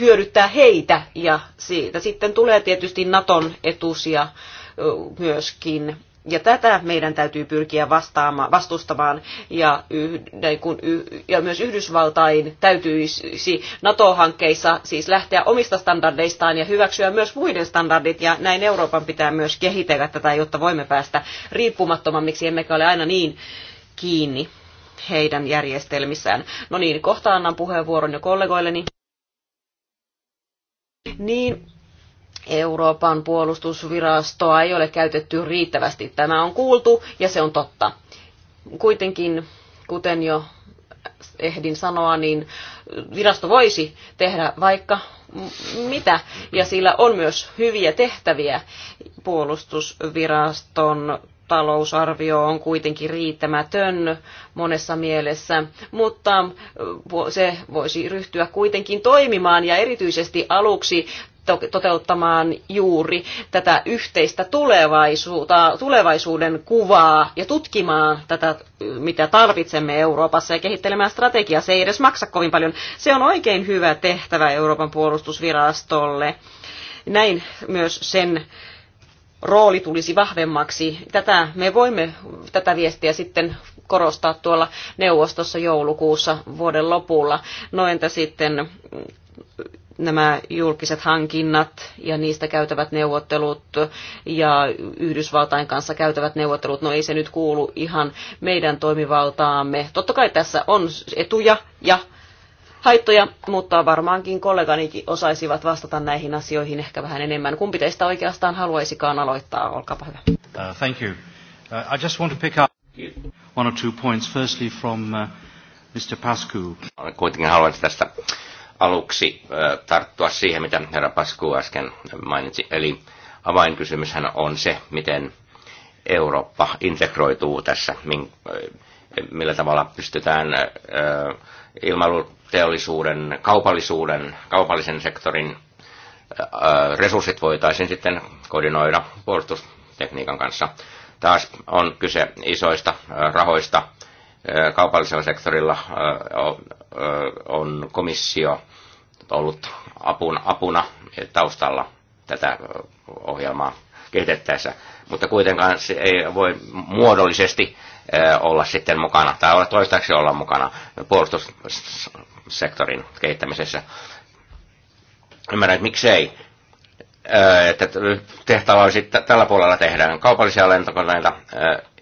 hyödyttää heitä, ja siitä sitten tulee tietysti Naton etusia myöskin ja tätä meidän täytyy pyrkiä vastaamaan, vastustamaan ja, yh, kun yh, ja myös Yhdysvaltain täytyisi NATO-hankkeissa siis lähteä omista standardeistaan ja hyväksyä myös muiden standardit ja näin Euroopan pitää myös kehitellä tätä, jotta voimme päästä riippumattomammiksi, emmekä ole aina niin kiinni heidän järjestelmissään. No niin, kohta annan puheenvuoron jo kollegoilleni. Niin, Euroopan puolustusvirastoa ei ole käytetty riittävästi. Tämä on kuultu ja se on totta. Kuitenkin, kuten jo ehdin sanoa, niin virasto voisi tehdä vaikka mitä, ja sillä on myös hyviä tehtäviä. Puolustusviraston talousarvio on kuitenkin riittämätön monessa mielessä, mutta se voisi ryhtyä kuitenkin toimimaan ja erityisesti aluksi toteuttamaan juuri tätä yhteistä tulevaisuutta, tulevaisuuden kuvaa ja tutkimaan tätä, mitä tarvitsemme Euroopassa ja kehittelemään strategiaa. Se ei edes maksa kovin paljon. Se on oikein hyvä tehtävä Euroopan puolustusvirastolle. Näin myös sen rooli tulisi vahvemmaksi. Tätä me voimme tätä viestiä sitten korostaa tuolla neuvostossa joulukuussa vuoden lopulla. No entä sitten nämä julkiset hankinnat ja niistä käytävät neuvottelut ja Yhdysvaltain kanssa käytävät neuvottelut, no ei se nyt kuulu ihan meidän toimivaltaamme. Totta kai tässä on etuja ja haittoja, mutta varmaankin kolleganikin osaisivat vastata näihin asioihin ehkä vähän enemmän. Kumpi teistä oikeastaan haluaisikaan aloittaa? Olkaapa hyvä. Uh, thank you. Uh, I just want to pick up one or two points. Firstly from uh, Mr. Pascu. Kuitenkin haluaisin tästä aluksi tarttua siihen, mitä herra Pasku äsken mainitsi. Eli avainkysymyshän on se, miten Eurooppa integroituu tässä, millä tavalla pystytään ilmailuteollisuuden, kaupallisuuden, kaupallisen sektorin resurssit voitaisiin sitten koordinoida puolustustekniikan kanssa. Taas on kyse isoista rahoista. Kaupallisella sektorilla on komissio ollut apuna, apuna taustalla tätä ohjelmaa kehitettäessä, mutta kuitenkaan se ei voi muodollisesti olla sitten mukana tai olla toistaiseksi olla mukana puolustussektorin kehittämisessä. Ymmärrän, että miksei. Että tehtävä olisi tällä puolella tehdään kaupallisia lentokoneita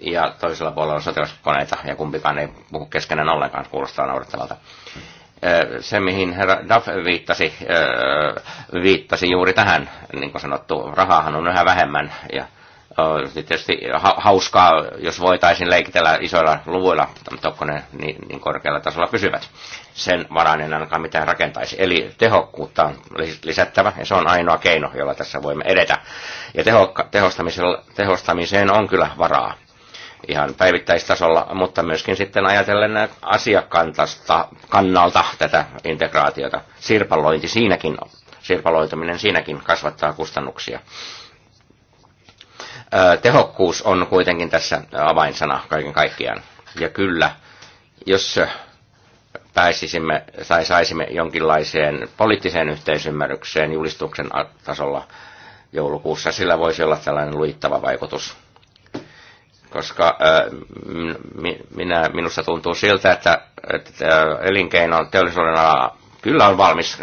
ja toisella puolella sotilaskoneita ja kumpikaan ei puhu keskenään ollenkaan, kuulostaa noudattavalta. Äh, se, mihin herra Duff viittasi, äh, viittasi juuri tähän, niin kuin sanottu, rahaahan on yhä vähemmän ja äh, tietysti hauskaa, jos voitaisiin leikitellä isoilla luvuilla, mutta onko ne niin, niin korkealla tasolla pysyvät. Sen varaan en ainakaan mitään rakentaisi. Eli tehokkuutta on lisättävä, ja se on ainoa keino, jolla tässä voimme edetä. Ja tehostamiseen on kyllä varaa ihan päivittäistasolla, mutta myöskin sitten ajatellen asiakantasta kannalta tätä integraatiota. Sirpalointi siinäkin, sirpaloituminen siinäkin kasvattaa kustannuksia. Tehokkuus on kuitenkin tässä avainsana kaiken kaikkiaan. Ja kyllä, jos pääsisimme tai saisimme jonkinlaiseen poliittiseen yhteisymmärrykseen julistuksen tasolla joulukuussa, sillä voisi olla tällainen luittava vaikutus koska minä, minusta tuntuu siltä, että, että elinkeino teollisuuden ala kyllä on valmis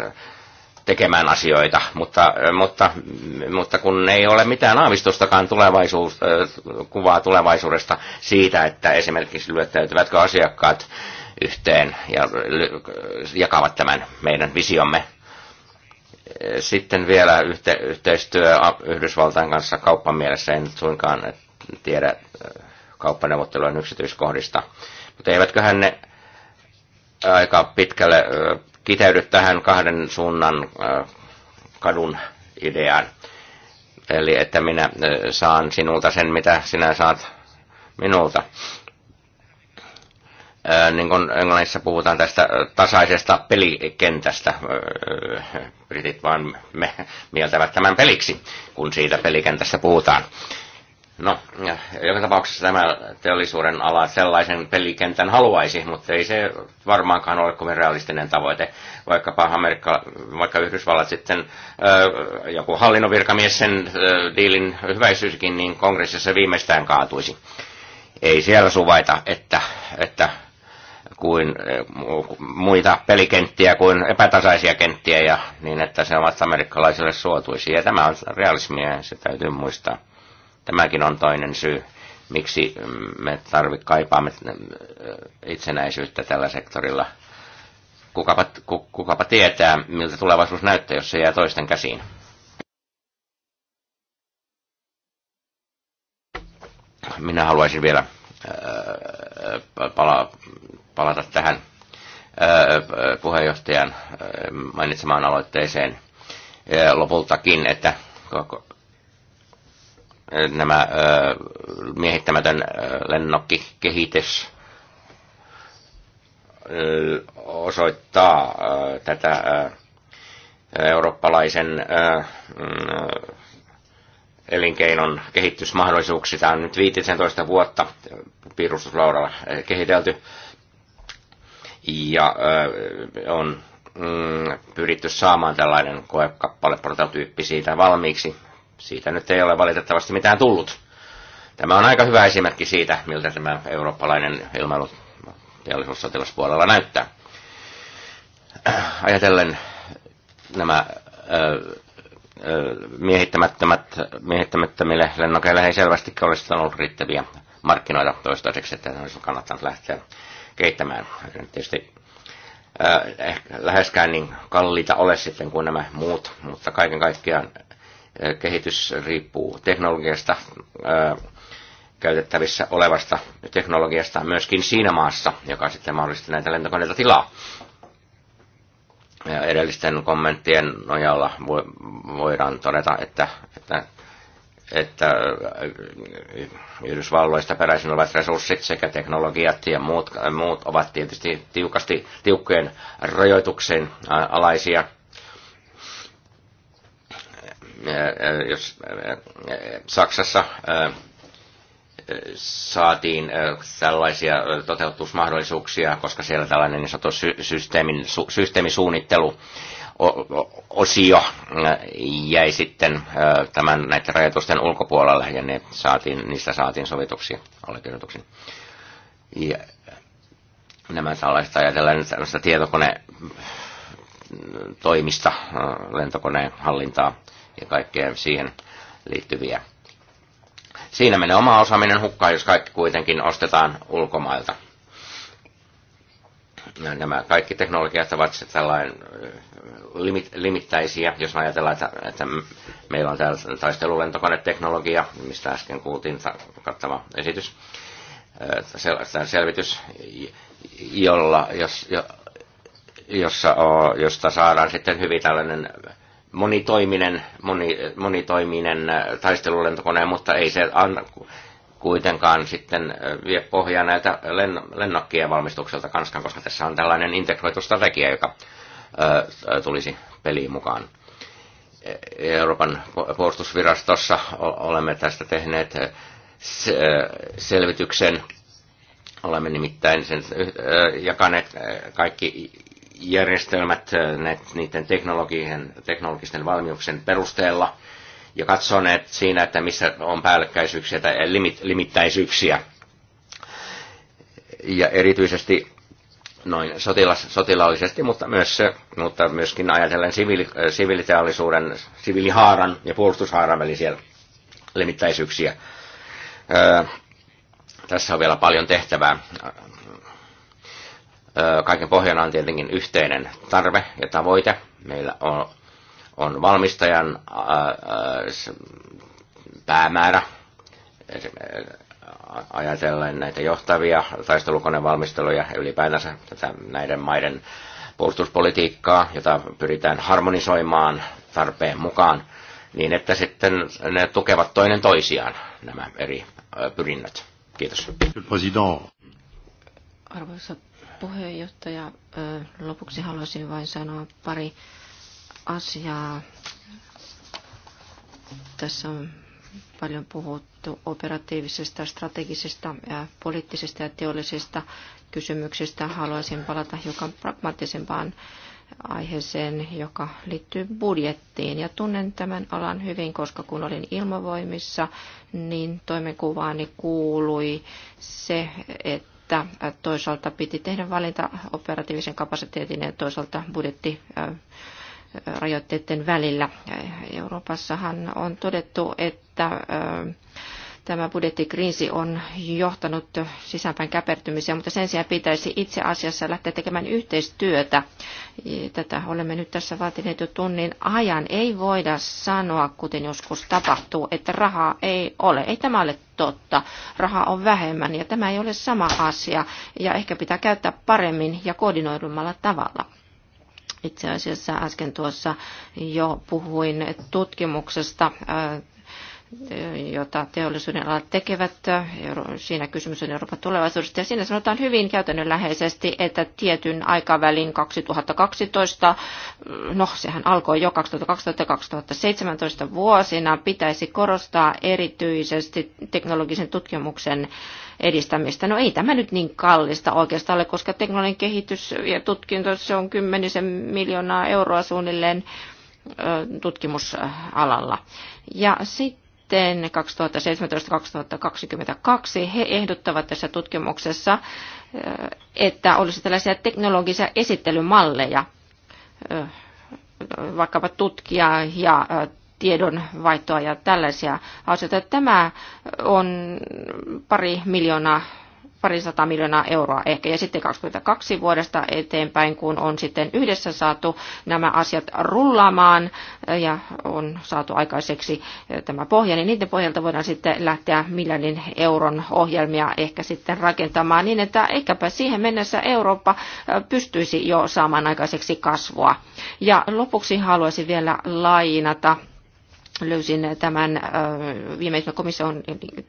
tekemään asioita, mutta, mutta, mutta kun ei ole mitään aavistustakaan tulevaisuus, kuvaa tulevaisuudesta siitä, että esimerkiksi lyöttäytyvätkö asiakkaat yhteen ja jakavat tämän meidän visiomme. Sitten vielä yhte, yhteistyö Yhdysvaltain kanssa kauppamielessä, en suinkaan tiedä äh, kauppaneuvottelujen yksityiskohdista. Mutta eivätköhän ne äh, aika pitkälle äh, kiteydy tähän kahden suunnan kadun ideaan. Eli että minä saan sinulta sen, mitä sinä saat minulta. Niin kuin Englannissa puhutaan tästä tasaisesta pelikentästä, britit vaan me mieltävät tämän peliksi, kun siitä pelikentästä puhutaan. No, joka tapauksessa tämä teollisuuden ala sellaisen pelikentän haluaisi, mutta ei se varmaankaan ole kovin realistinen tavoite. Vaikkapa Amerikka, vaikka Yhdysvallat sitten, joku hallinnovirkamies sen diilin hyväisyyskin, niin kongressissa viimeistään kaatuisi. Ei siellä suvaita, että, että kuin muita pelikenttiä kuin epätasaisia kenttiä ja niin, että se ovat amerikkalaisille suotuisia. Ja tämä on realismia ja se täytyy muistaa. Tämäkin on toinen syy, miksi me tarvi, kaipaamme äh, itsenäisyyttä tällä sektorilla. Kukapa, kukapa tietää, miltä tulevaisuus näyttää, jos se jää toisten käsiin. Minä haluaisin vielä äh, äh, pala, palata tähän puheenjohtajan mainitsemaan aloitteeseen lopultakin, että nämä miehittämätön lennokkikehitys osoittaa tätä eurooppalaisen mm, elinkeinon kehitysmahdollisuuksia. Tämä on nyt 15 vuotta piirustuslaudalla kehitelty ja on mm, pyritty saamaan tällainen koekappale prototyyppi siitä valmiiksi siitä nyt ei ole valitettavasti mitään tullut. Tämä on aika hyvä esimerkki siitä, miltä tämä eurooppalainen ilmailu teollisuussotilaspuolella näyttää. Ajatellen nämä ö, miehittämättömät, miehittämättömille lennokeille ei selvästi olisi ollut riittäviä markkinoita toistaiseksi, että olisi kannattanut lähteä kehittämään. Tietysti ehkä läheskään niin kalliita ole sitten kuin nämä muut, mutta kaiken kaikkiaan kehitys riippuu teknologiasta, käytettävissä olevasta teknologiasta myöskin siinä maassa, joka sitten mahdollisesti näitä lentokoneita tilaa. Ja edellisten kommenttien nojalla voidaan todeta, että, että, että äh, Yhdysvalloista peräisin olevat resurssit sekä teknologiat ja muut, muut ovat tietysti tiukasti, tiukkojen rajoituksen alaisia – jos Saksassa saatiin tällaisia toteutusmahdollisuuksia, koska siellä tällainen niin sanottu systeemin, systeemisuunnittelu osio jäi sitten tämän näiden rajoitusten ulkopuolelle ja ne saatiin, niistä saatiin sovituksi allekirjoituksiin. Ja nämä tällaista ajatellaan tällaista tietokone toimista, lentokoneen hallintaa ja kaikkea siihen liittyviä. Siinä menee oma osaaminen hukkaan, jos kaikki kuitenkin ostetaan ulkomailta. Ja nämä kaikki teknologiat ovat tällainen limit, limittäisiä, jos ajatellaan, että, että meillä on täällä taistelulentokoneteknologia, mistä äsken kuultiin kattava esitys, sel, selvitys, jolla, jos, jo, jossa, josta saadaan sitten hyvin tällainen monitoiminen, moni, monitoiminen äh, taistelulentokone, mutta ei se anna, kuitenkaan sitten äh, vie pohjaa näiltä lennokkien valmistukselta kanskaan koska tässä on tällainen integroitu strategia, joka äh, tulisi peliin mukaan. E, Euroopan puolustusvirastossa olemme tästä tehneet selvityksen. Olemme nimittäin sen jakaneet kaikki järjestelmät äh, niiden teknologien, teknologisten valmiuksien perusteella ja katsoneet siinä, että missä on päällekkäisyyksiä tai limit, limittäisyyksiä. Ja erityisesti noin sotilas, sotilaallisesti, mutta, myös, mutta myöskin ajatellen siviili, äh, siviiliteollisuuden, siviilihaaran ja puolustushaaran välisiä limittäisyyksiä. Öö, tässä on vielä paljon tehtävää Kaiken pohjana on tietenkin yhteinen tarve ja tavoite. Meillä on, on valmistajan päämäärä ajatellen näitä johtavia taistelukonevalmisteluja ja ylipäätänsä tätä näiden maiden puolustuspolitiikkaa, jota pyritään harmonisoimaan tarpeen mukaan, niin että sitten ne tukevat toinen toisiaan nämä eri pyrinnöt. Kiitos. Arvoisa puheenjohtaja. Lopuksi haluaisin vain sanoa pari asiaa. Tässä on paljon puhuttu operatiivisesta, strategisesta, ja poliittisesta ja teollisesta kysymyksistä. Haluaisin palata hiukan pragmaattisempaan aiheeseen, joka liittyy budjettiin. Ja tunnen tämän alan hyvin, koska kun olin ilmavoimissa, niin toimenkuvaani kuului se, että että toisaalta piti tehdä valinta operatiivisen kapasiteetin ja toisaalta budjetti rajoitteiden välillä. Euroopassahan on todettu, että Tämä budjettikriisi on johtanut sisäänpäin käpertymiseen, mutta sen sijaan pitäisi itse asiassa lähteä tekemään yhteistyötä. Tätä olemme nyt tässä vaatineet jo tunnin ajan. Ei voida sanoa, kuten joskus tapahtuu, että rahaa ei ole. Ei tämä ole totta. Rahaa on vähemmän ja tämä ei ole sama asia ja ehkä pitää käyttää paremmin ja koordinoidummalla tavalla. Itse asiassa äsken tuossa jo puhuin tutkimuksesta jota teollisuuden alat tekevät. Siinä kysymys on Euroopan tulevaisuudesta. Ja siinä sanotaan hyvin käytännönläheisesti, että tietyn aikavälin 2012, no sehän alkoi jo 2012-2017 vuosina, pitäisi korostaa erityisesti teknologisen tutkimuksen edistämistä. No ei tämä nyt niin kallista oikeastaan ole, koska teknologinen kehitys ja tutkinto, se on kymmenisen miljoonaa euroa suunnilleen tutkimusalalla. Ja sitten sitten 2017-2022 he ehdottavat tässä tutkimuksessa, että olisi tällaisia teknologisia esittelymalleja, vaikkapa tutkia ja tiedonvaihtoa ja tällaisia asioita. Tämä on pari miljoonaa parisataa miljoonaa euroa ehkä. Ja sitten 22 vuodesta eteenpäin, kun on sitten yhdessä saatu nämä asiat rullaamaan ja on saatu aikaiseksi tämä pohja, niin niiden pohjalta voidaan sitten lähteä miljardin euron ohjelmia ehkä sitten rakentamaan niin, että ehkäpä siihen mennessä Eurooppa pystyisi jo saamaan aikaiseksi kasvua. Ja lopuksi haluaisin vielä lainata löysin tämän viimeisen komission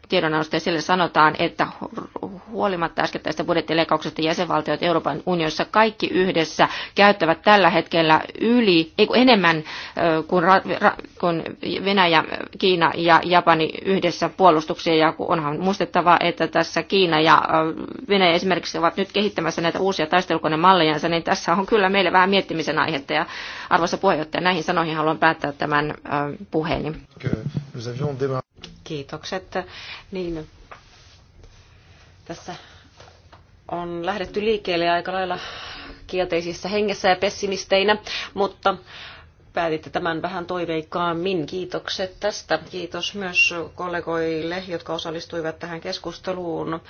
tiedonannosta ja siellä sanotaan, että huolimatta äskettäistä budjettileikkauksesta jäsenvaltiot Euroopan unionissa kaikki yhdessä käyttävät tällä hetkellä yli, ei enemmän kuin, ra, ra, kuin Venäjä, Kiina ja Japani yhdessä puolustuksia ja onhan muistettava, että tässä Kiina ja Venäjä esimerkiksi ovat nyt kehittämässä näitä uusia taistelukonemallejansa, niin tässä on kyllä meille vähän miettimisen aihetta ja arvoisa puheenjohtaja, näihin sanoihin haluan päättää tämän puheen näin. Kiitokset. Niin, tässä on lähdetty liikkeelle aika lailla kielteisissä hengessä ja pessimisteinä, mutta päätitte tämän vähän toiveikkaammin. Kiitokset tästä. Kiitos myös kollegoille, jotka osallistuivat tähän keskusteluun.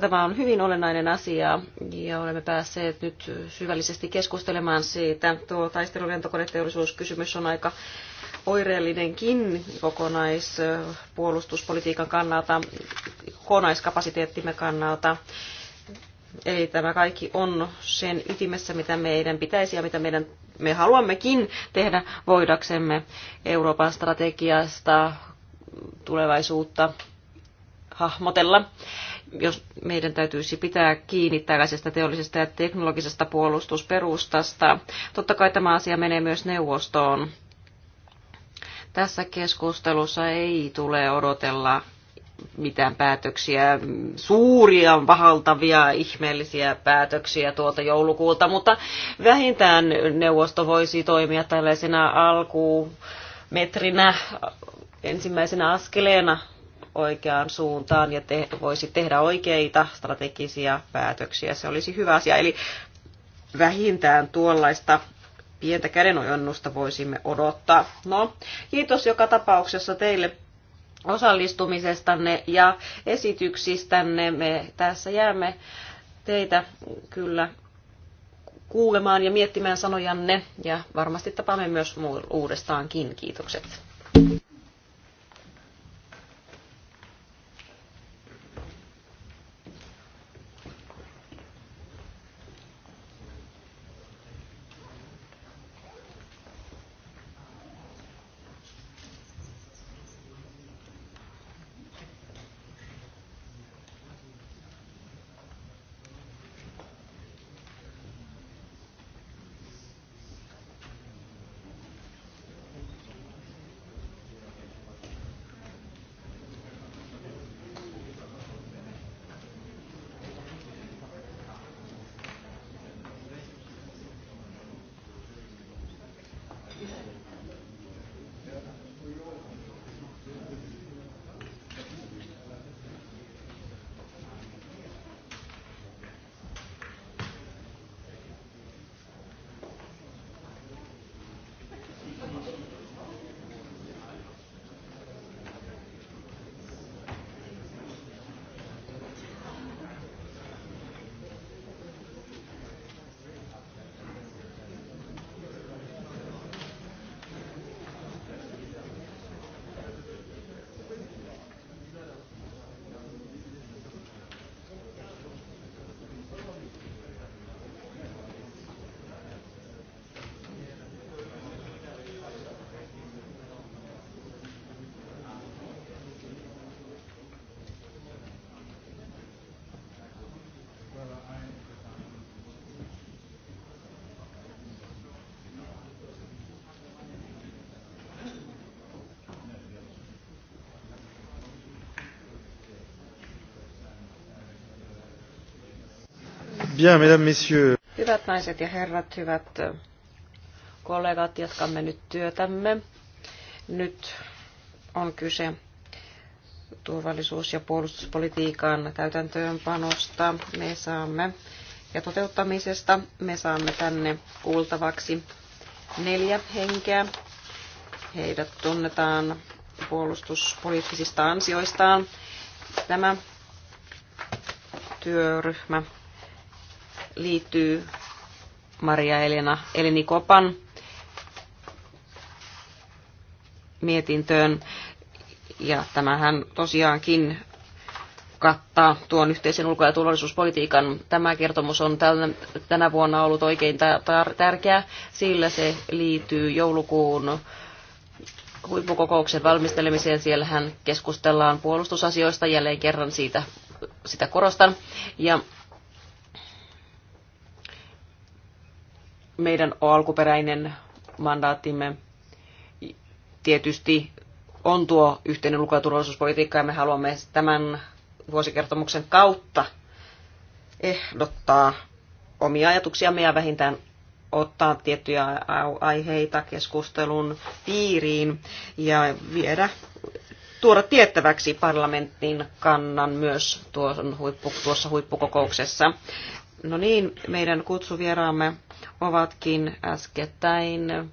Tämä on hyvin olennainen asia ja olemme päässeet nyt syvällisesti keskustelemaan siitä. Tuo taistelulentokoneteollisuuskysymys on aika oireellinenkin kokonaispuolustuspolitiikan kannalta, kokonaiskapasiteettimme kannalta. Eli tämä kaikki on sen ytimessä, mitä meidän pitäisi ja mitä meidän, me haluammekin tehdä voidaksemme Euroopan strategiasta tulevaisuutta hahmotella. Jos meidän täytyisi pitää kiinni tällaisesta teollisesta ja teknologisesta puolustusperustasta. Totta kai tämä asia menee myös neuvostoon. Tässä keskustelussa ei tule odotella mitään päätöksiä, suuria, vahaltavia, ihmeellisiä päätöksiä tuolta joulukuulta, mutta vähintään neuvosto voisi toimia tällaisena alkumetrinä, ensimmäisenä askeleena oikeaan suuntaan ja te, voisi tehdä oikeita strategisia päätöksiä. Se olisi hyvä asia. Eli vähintään tuollaista pientä kädenojennusta voisimme odottaa. No, kiitos joka tapauksessa teille osallistumisestanne ja esityksistänne. Me tässä jäämme teitä kyllä kuulemaan ja miettimään sanojanne ja varmasti tapaamme myös uudestaankin. Kiitokset. Bien, mesdames, messieurs. Hyvät naiset ja herrat, hyvät kollegat, jatkamme nyt työtämme. Nyt on kyse turvallisuus- ja puolustuspolitiikan täytäntöönpanosta. Me saamme ja toteuttamisesta me saamme tänne kuultavaksi neljä henkeä. Heidät tunnetaan puolustuspoliittisista ansioistaan. Tämä työryhmä liittyy Maria Elena Elini Kopan mietintöön. Ja tämähän tosiaankin kattaa tuon yhteisen ulko- ja turvallisuuspolitiikan. Tämä kertomus on tänä vuonna ollut oikein tärkeä, sillä se liittyy joulukuun huippukokouksen valmistelemiseen. Siellähän keskustellaan puolustusasioista, jälleen kerran siitä sitä korostan. Ja meidän alkuperäinen mandaattimme tietysti on tuo yhteinen ulko- ja turvallisuuspolitiikka ja me haluamme tämän vuosikertomuksen kautta ehdottaa omia ajatuksiamme ja vähintään ottaa tiettyjä aiheita keskustelun piiriin ja viedä, tuoda tiettäväksi parlamentin kannan myös tuossa, huippu, tuossa huippukokouksessa. No niin, meidän kutsuvieraamme ovatkin äskettäin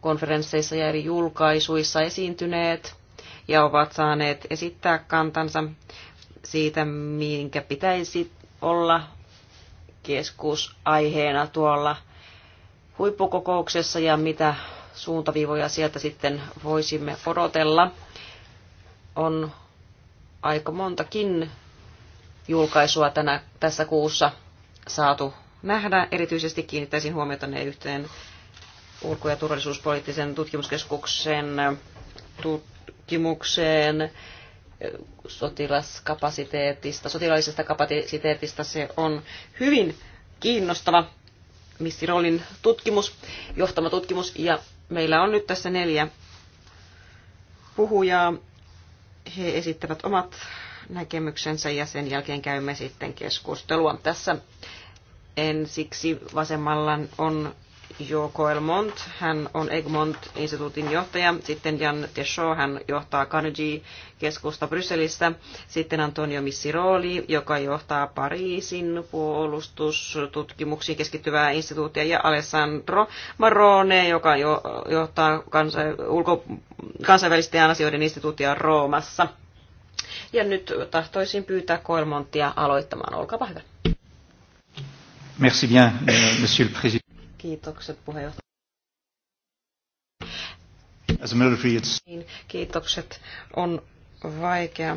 konferensseissa ja eri julkaisuissa esiintyneet ja ovat saaneet esittää kantansa siitä, minkä pitäisi olla keskusaiheena tuolla huippukokouksessa ja mitä suuntaviivoja sieltä sitten voisimme odotella. On aika montakin julkaisua tänä, tässä kuussa saatu nähdä. Erityisesti kiinnittäisin huomiota ne yhteen ulko- ja turvallisuuspoliittisen tutkimuskeskuksen tutkimukseen sotilaskapasiteetista, sotilaallisesta kapasiteetista. Se on hyvin kiinnostava missi Rollin tutkimus, johtama tutkimus. Ja meillä on nyt tässä neljä puhujaa. He esittävät omat näkemyksensä ja sen jälkeen käymme sitten keskustelua. Tässä ensiksi vasemmalla on Jo Elmont, hän on Egmont-instituutin johtaja, sitten Jan Tesho, hän johtaa Carnegie-keskusta Brysselistä, sitten Antonio Missiroli, joka johtaa Pariisin puolustustutkimuksiin keskittyvää instituuttia, ja Alessandro Marone, joka jo, johtaa kansa, ulko, kansainvälisten asioiden instituuttia Roomassa. Ja nyt tahtoisin pyytää Koelmonttia aloittamaan. Olkaa hyvä. Merci bien, euh, monsieur le président. Kiitokset puheenjohtaja. As a military, it's... Niin, kiitokset. On vaikea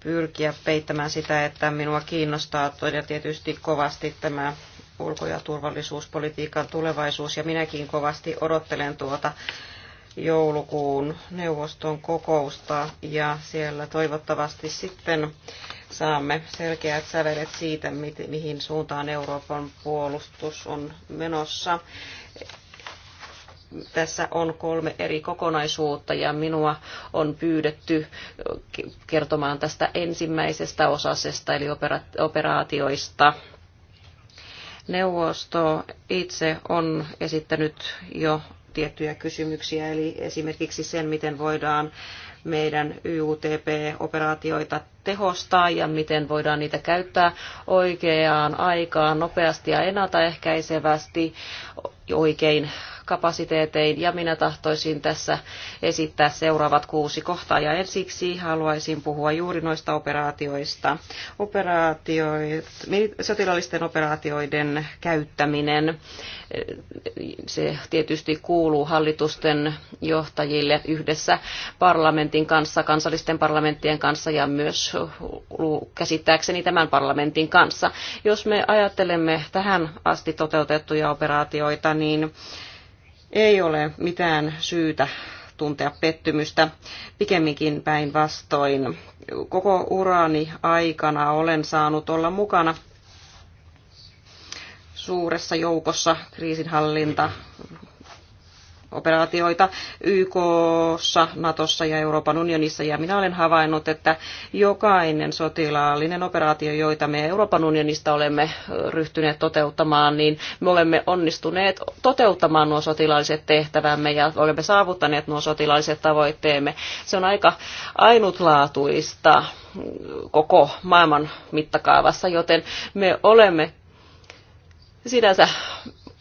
pyrkiä peittämään sitä, että minua kiinnostaa todella tietysti kovasti tämä ulko- ja turvallisuuspolitiikan tulevaisuus, ja minäkin kovasti odottelen tuota joulukuun neuvoston kokousta ja siellä toivottavasti sitten saamme selkeät sävelet siitä, mihin suuntaan Euroopan puolustus on menossa. Tässä on kolme eri kokonaisuutta ja minua on pyydetty kertomaan tästä ensimmäisestä osasesta eli operaatioista neuvosto itse on esittänyt jo tiettyjä kysymyksiä, eli esimerkiksi sen, miten voidaan meidän YUTP-operaatioita tehostaa ja miten voidaan niitä käyttää oikeaan aikaan, nopeasti ja ennaltaehkäisevästi, oikein kapasiteetein ja minä tahtoisin tässä esittää seuraavat kuusi kohtaa ja ensiksi haluaisin puhua juuri noista operaatioista. Operaatioit, sotilaallisten operaatioiden käyttäminen, se tietysti kuuluu hallitusten johtajille yhdessä parlamentin kanssa, kansallisten parlamenttien kanssa ja myös käsittääkseni tämän parlamentin kanssa. Jos me ajattelemme tähän asti toteutettuja operaatioita, niin ei ole mitään syytä tuntea pettymystä. Pikemminkin päinvastoin. Koko urani aikana olen saanut olla mukana suuressa joukossa kriisinhallinta operaatioita YKssa, Natossa ja Euroopan unionissa. Ja minä olen havainnut, että jokainen sotilaallinen operaatio, joita me Euroopan unionista olemme ryhtyneet toteuttamaan, niin me olemme onnistuneet toteuttamaan nuo sotilaalliset tehtävämme ja olemme saavuttaneet nuo sotilaalliset tavoitteemme. Se on aika ainutlaatuista koko maailman mittakaavassa, joten me olemme sinänsä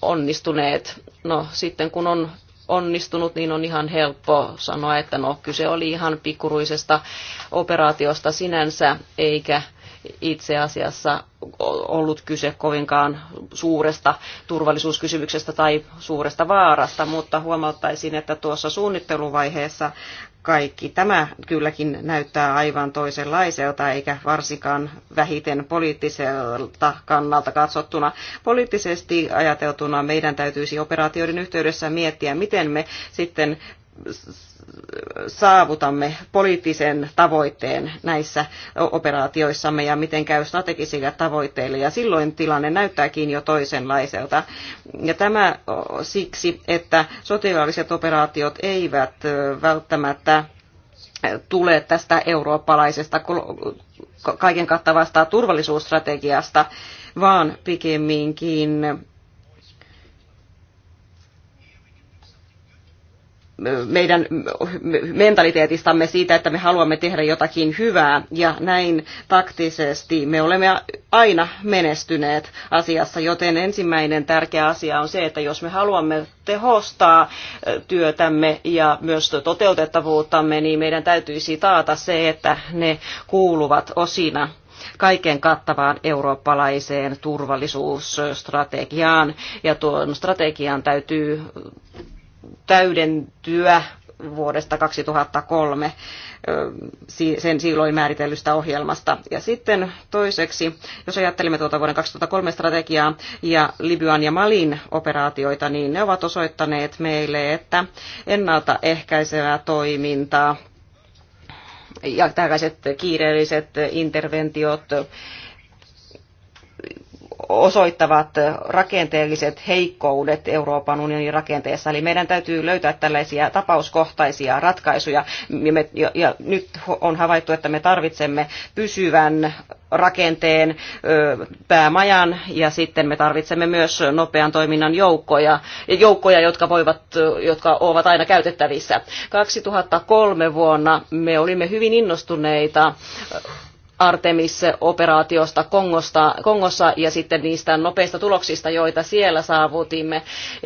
onnistuneet. No sitten kun on onnistunut, niin on ihan helppo sanoa, että no kyse oli ihan pikkuruisesta operaatiosta sinänsä, eikä itse asiassa ollut kyse kovinkaan suuresta turvallisuuskysymyksestä tai suuresta vaarasta, mutta huomauttaisin, että tuossa suunnitteluvaiheessa kaikki tämä kylläkin näyttää aivan toisenlaiselta, eikä varsinkaan vähiten poliittiselta kannalta katsottuna. Poliittisesti ajateltuna meidän täytyisi operaatioiden yhteydessä miettiä, miten me sitten saavutamme poliittisen tavoitteen näissä operaatioissamme ja miten käy strategisille tavoitteille. Ja silloin tilanne näyttääkin jo toisenlaiselta. Ja tämä siksi, että sotilaalliset operaatiot eivät välttämättä tule tästä eurooppalaisesta kaiken kattavasta turvallisuusstrategiasta, vaan pikemminkin meidän mentaliteetistamme siitä, että me haluamme tehdä jotakin hyvää ja näin taktisesti me olemme aina menestyneet asiassa, joten ensimmäinen tärkeä asia on se, että jos me haluamme tehostaa työtämme ja myös toteutettavuuttamme, niin meidän täytyisi taata se, että ne kuuluvat osina kaiken kattavaan eurooppalaiseen turvallisuusstrategiaan. Ja tuon strategian täytyy täydentyä vuodesta 2003 sen silloin määritellystä ohjelmasta. Ja sitten toiseksi, jos ajattelemme tuota vuoden 2003 strategiaa ja Libyan ja Malin operaatioita, niin ne ovat osoittaneet meille, että ennaltaehkäisevää toimintaa ja tällaiset kiireelliset interventiot osoittavat rakenteelliset heikkoudet Euroopan unionin rakenteessa. Eli meidän täytyy löytää tällaisia tapauskohtaisia ratkaisuja. Ja, nyt on havaittu, että me tarvitsemme pysyvän rakenteen päämajan ja sitten me tarvitsemme myös nopean toiminnan joukkoja, joukkoja jotka, voivat, jotka ovat aina käytettävissä. 2003 vuonna me olimme hyvin innostuneita Artemis-operaatiosta Kongosta, Kongossa ja sitten niistä nopeista tuloksista, joita siellä saavutimme.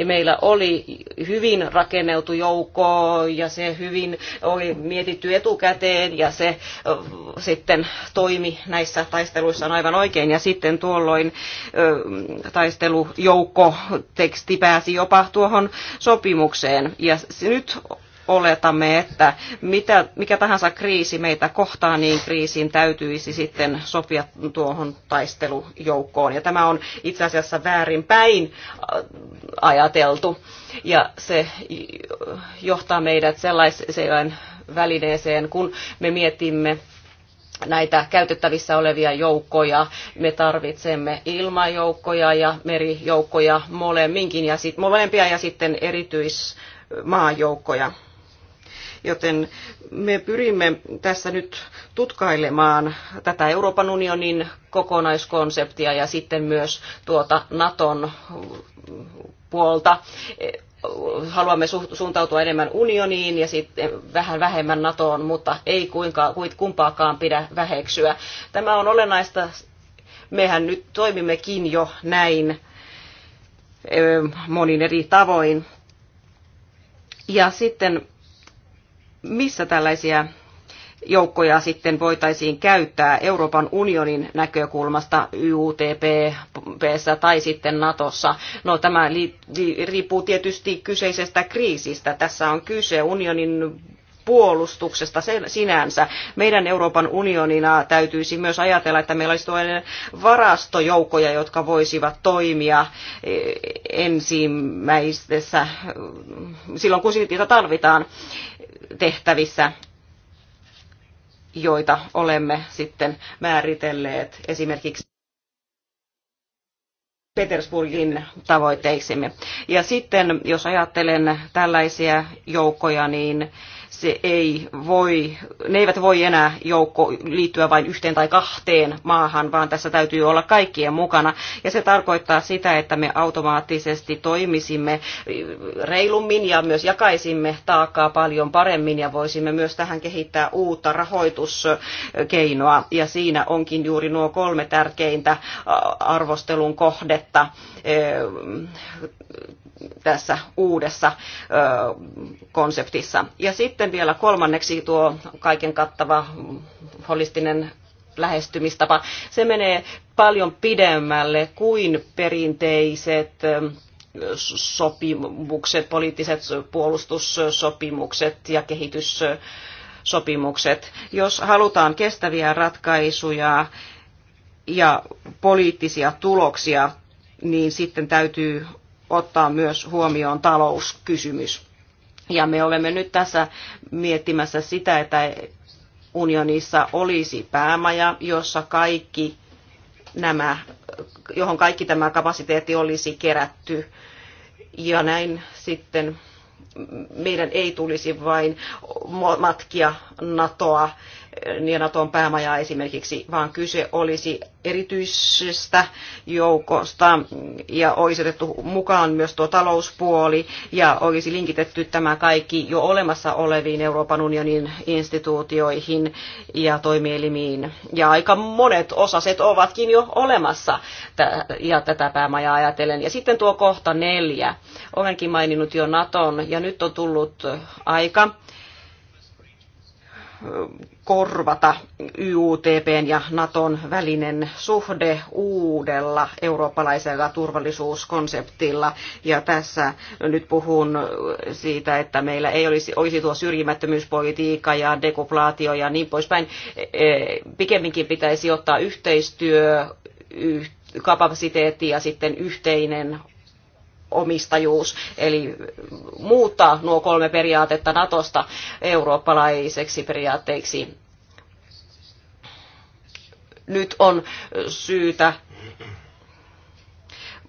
Meillä oli hyvin rakenneltu joukko ja se hyvin oli mietitty etukäteen ja se sitten toimi näissä taisteluissa on aivan oikein. Ja sitten tuolloin taistelujoukko teksti pääsi jopa tuohon sopimukseen. Ja nyt oletamme, että mitä, mikä tahansa kriisi meitä kohtaa, niin kriisiin täytyisi sitten sopia tuohon taistelujoukkoon. Ja tämä on itse asiassa väärinpäin äh, ajateltu. Ja se johtaa meidät sellaiseen välineeseen, kun me mietimme näitä käytettävissä olevia joukkoja. Me tarvitsemme ilmajoukkoja ja merijoukkoja molemminkin ja sit, molempia ja sitten erityismaajoukkoja. Joten me pyrimme tässä nyt tutkailemaan tätä Euroopan unionin kokonaiskonseptia ja sitten myös tuota Naton puolta haluamme suuntautua enemmän unioniin ja sitten vähän vähemmän NATOon, mutta ei kuinka, kumpaakaan pidä väheksyä. Tämä on olennaista. Mehän nyt toimimmekin jo näin monin eri tavoin. Ja sitten missä tällaisia joukkoja sitten voitaisiin käyttää Euroopan unionin näkökulmasta YUTPssä tai sitten Natossa. No tämä riippuu tietysti kyseisestä kriisistä. Tässä on kyse unionin puolustuksesta sen, sinänsä. Meidän Euroopan unionina täytyisi myös ajatella, että meillä olisi tuollainen varastojoukkoja, jotka voisivat toimia eh, ensimmäisessä, silloin kun niitä tarvitaan tehtävissä joita olemme sitten määritelleet esimerkiksi Petersburgin tavoitteiksemme. Ja sitten, jos ajattelen tällaisia joukkoja, niin se ei voi, ne eivät voi enää joukko liittyä vain yhteen tai kahteen maahan, vaan tässä täytyy olla kaikkien mukana. Ja se tarkoittaa sitä, että me automaattisesti toimisimme reilummin ja myös jakaisimme taakkaa paljon paremmin ja voisimme myös tähän kehittää uutta rahoituskeinoa. Ja siinä onkin juuri nuo kolme tärkeintä arvostelun kohdetta tässä uudessa konseptissa. Ja sitten vielä kolmanneksi tuo kaiken kattava holistinen lähestymistapa. Se menee paljon pidemmälle kuin perinteiset sopimukset, poliittiset puolustussopimukset ja kehityssopimukset. Jos halutaan kestäviä ratkaisuja ja poliittisia tuloksia, niin sitten täytyy ottaa myös huomioon talouskysymys. Ja me olemme nyt tässä miettimässä sitä, että unionissa olisi päämaja, jossa kaikki nämä, johon kaikki tämä kapasiteetti olisi kerätty. Ja näin sitten meidän ei tulisi vain matkia NATOa niin ja Naton päämajaa esimerkiksi, vaan kyse olisi erityisestä joukosta ja olisi otettu mukaan myös tuo talouspuoli ja olisi linkitetty tämä kaikki jo olemassa oleviin Euroopan unionin instituutioihin ja toimielimiin. Ja aika monet osaset ovatkin jo olemassa ja tätä päämajaa ajatellen. Ja sitten tuo kohta neljä. Olenkin maininnut jo Naton ja nyt on tullut aika korvata YUTPn ja Naton välinen suhde uudella eurooppalaisella turvallisuuskonseptilla. Ja tässä nyt puhun siitä, että meillä ei olisi, olisi tuo syrjimättömyyspolitiikka ja dekoplaatio ja niin poispäin. E, e, pikemminkin pitäisi ottaa yhteistyö, kapasiteetti ja sitten yhteinen omistajuus, eli muuttaa nuo kolme periaatetta Natosta eurooppalaiseksi periaatteiksi. Nyt on syytä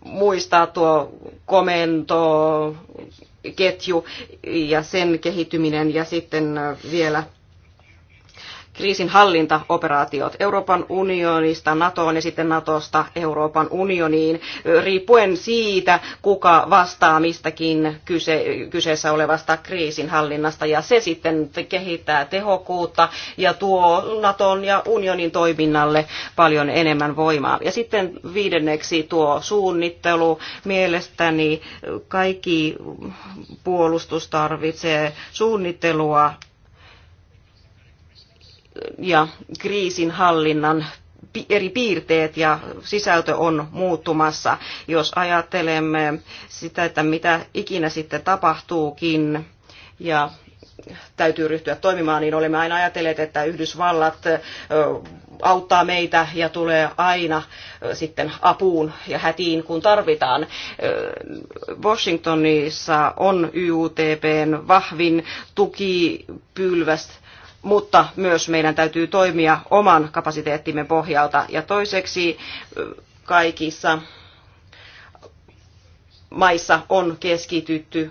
muistaa tuo ketju ja sen kehittyminen ja sitten vielä kriisinhallintaoperaatiot Euroopan unionista NATOon ja sitten NATOsta Euroopan unioniin, riippuen siitä, kuka vastaa mistäkin kyse, kyseessä olevasta kriisinhallinnasta. Ja se sitten kehittää tehokkuutta ja tuo NATOn ja unionin toiminnalle paljon enemmän voimaa. Ja sitten viidenneksi tuo suunnittelu. Mielestäni kaikki puolustus tarvitsee suunnittelua ja kriisin hallinnan eri piirteet ja sisältö on muuttumassa, jos ajattelemme sitä, että mitä ikinä sitten tapahtuukin ja täytyy ryhtyä toimimaan, niin olemme aina ajatelleet, että Yhdysvallat auttaa meitä ja tulee aina sitten apuun ja hätiin, kun tarvitaan. Washingtonissa on YUTPn vahvin tukipylväs mutta myös meidän täytyy toimia oman kapasiteettimme pohjalta. Ja toiseksi kaikissa maissa on keskitytty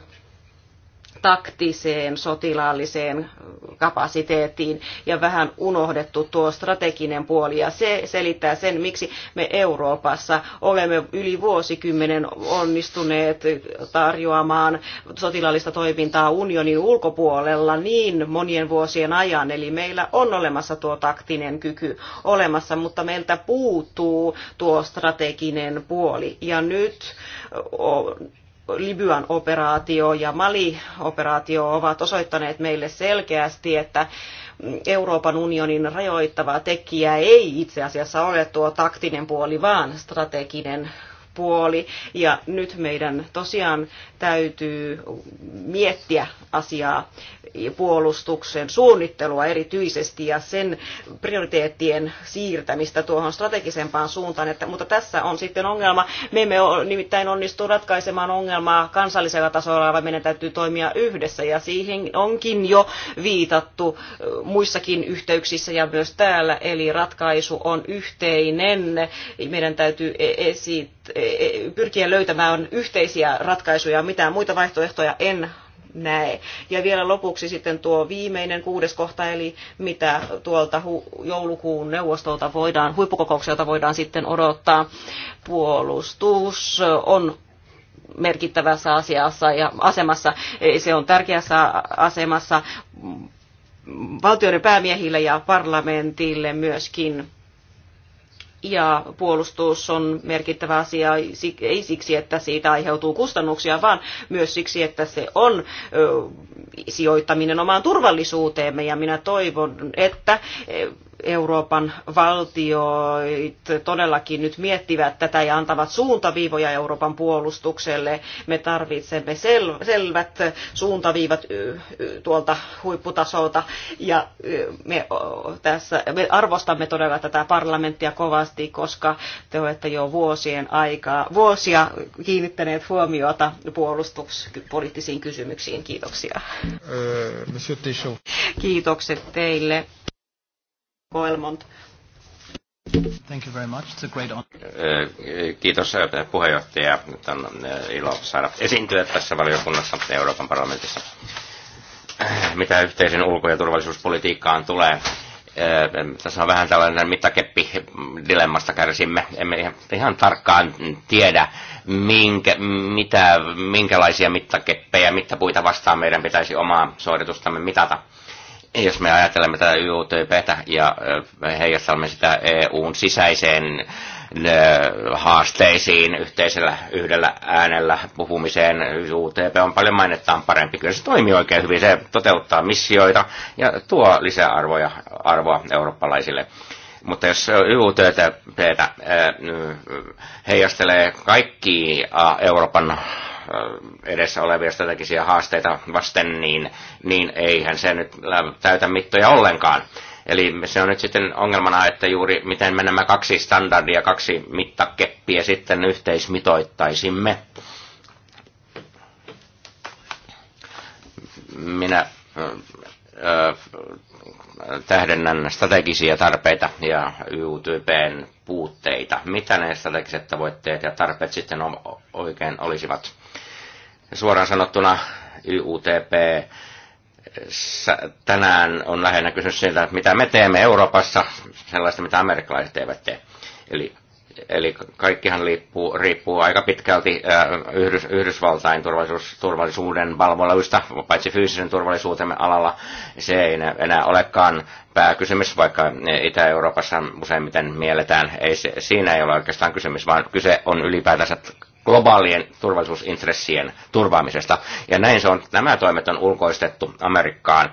taktiseen sotilaalliseen kapasiteettiin ja vähän unohdettu tuo strateginen puoli. Ja se selittää sen, miksi me Euroopassa olemme yli vuosikymmenen onnistuneet tarjoamaan sotilaallista toimintaa unionin ulkopuolella niin monien vuosien ajan. Eli meillä on olemassa tuo taktinen kyky olemassa, mutta meiltä puuttuu tuo strateginen puoli. Ja nyt Libyan operaatio ja Mali-operaatio ovat osoittaneet meille selkeästi, että Euroopan unionin rajoittava tekijä ei itse asiassa ole tuo taktinen puoli, vaan strateginen puoli. Ja nyt meidän tosiaan täytyy miettiä asiaa puolustuksen suunnittelua erityisesti ja sen prioriteettien siirtämistä tuohon strategisempaan suuntaan. Että, mutta tässä on sitten ongelma. Me emme ole, nimittäin onnistu ratkaisemaan ongelmaa kansallisella tasolla, vaan meidän täytyy toimia yhdessä ja siihen onkin jo viitattu muissakin yhteyksissä ja myös täällä. Eli ratkaisu on yhteinen. Meidän täytyy e- esittää E, e, pyrkiä löytämään yhteisiä ratkaisuja, mitään muita vaihtoehtoja en näe. Ja vielä lopuksi sitten tuo viimeinen kuudes kohta, eli mitä tuolta joulukuun neuvostolta voidaan, huippukokoukselta voidaan sitten odottaa. Puolustus on merkittävässä asiassa ja asemassa, e, se on tärkeässä asemassa valtioiden päämiehille ja parlamentille myöskin ja puolustus on merkittävä asia ei siksi, että siitä aiheutuu kustannuksia, vaan myös siksi, että se on sijoittaminen omaan turvallisuuteemme ja minä toivon, että e, Euroopan valtioit todellakin nyt miettivät tätä ja antavat suuntaviivoja Euroopan puolustukselle. Me tarvitsemme sel- selvät suuntaviivat tuolta huipputasolta ja me, tässä, me arvostamme todella tätä parlamenttia kovasti kovasti, koska te olette jo vuosien aikaa, vuosia kiinnittäneet huomiota puolustuspoliittisiin kysymyksiin. Kiitoksia. Äh, Kiitokset teille. Koelmont. Thank you very much. It's a great honor. Äh, kiitos äh, puheenjohtaja. On ilo saada esiintyä tässä valiokunnassa Euroopan parlamentissa. Mitä yhteisen ulko- ja turvallisuuspolitiikkaan tulee, tässä on vähän tällainen mittakeppi dilemmasta kärsimme. Emme ihan, tarkkaan tiedä, minkä, mitä, minkälaisia mittakeppejä, mittapuita vastaan meidän pitäisi omaa suoritustamme mitata. Jos me ajattelemme tätä YUTPtä ja heijastamme sitä EUn sisäiseen äh, haasteisiin yhteisellä yhdellä äänellä puhumiseen. UTP on paljon mainettaan parempi. Kyllä se toimii oikein hyvin. Se toteuttaa missioita ja tuo lisäarvoja arvoa eurooppalaisille. Mutta jos YUTPtä heijastelee kaikki Euroopan edessä olevia strategisia haasteita vasten, niin, niin eihän se nyt täytä mittoja ollenkaan. Eli se on nyt sitten ongelmana, että juuri miten me nämä kaksi standardia, kaksi mittakeppiä sitten yhteismitoittaisimme. Minä ö, tähdennän strategisia tarpeita ja YTPn puutteita. Mitä ne strategiset tavoitteet ja tarpeet sitten oikein olisivat? Suoraan sanottuna YUTP tänään on lähinnä kysymys siitä, että mitä me teemme Euroopassa, sellaista mitä amerikkalaiset eivät tee. Eli, eli kaikkihan liippuu, riippuu aika pitkälti Yhdys, Yhdysvaltain turvallisuus, turvallisuuden valvoluista, paitsi fyysisen turvallisuutemme alalla. Se ei enää olekaan pääkysymys, vaikka Itä-Euroopassa useimmiten mielletään. Ei se, siinä ei ole oikeastaan kysymys, vaan kyse on ylipäätänsä globaalien turvallisuusintressien turvaamisesta. Ja näin se on, nämä toimet on ulkoistettu Amerikkaan.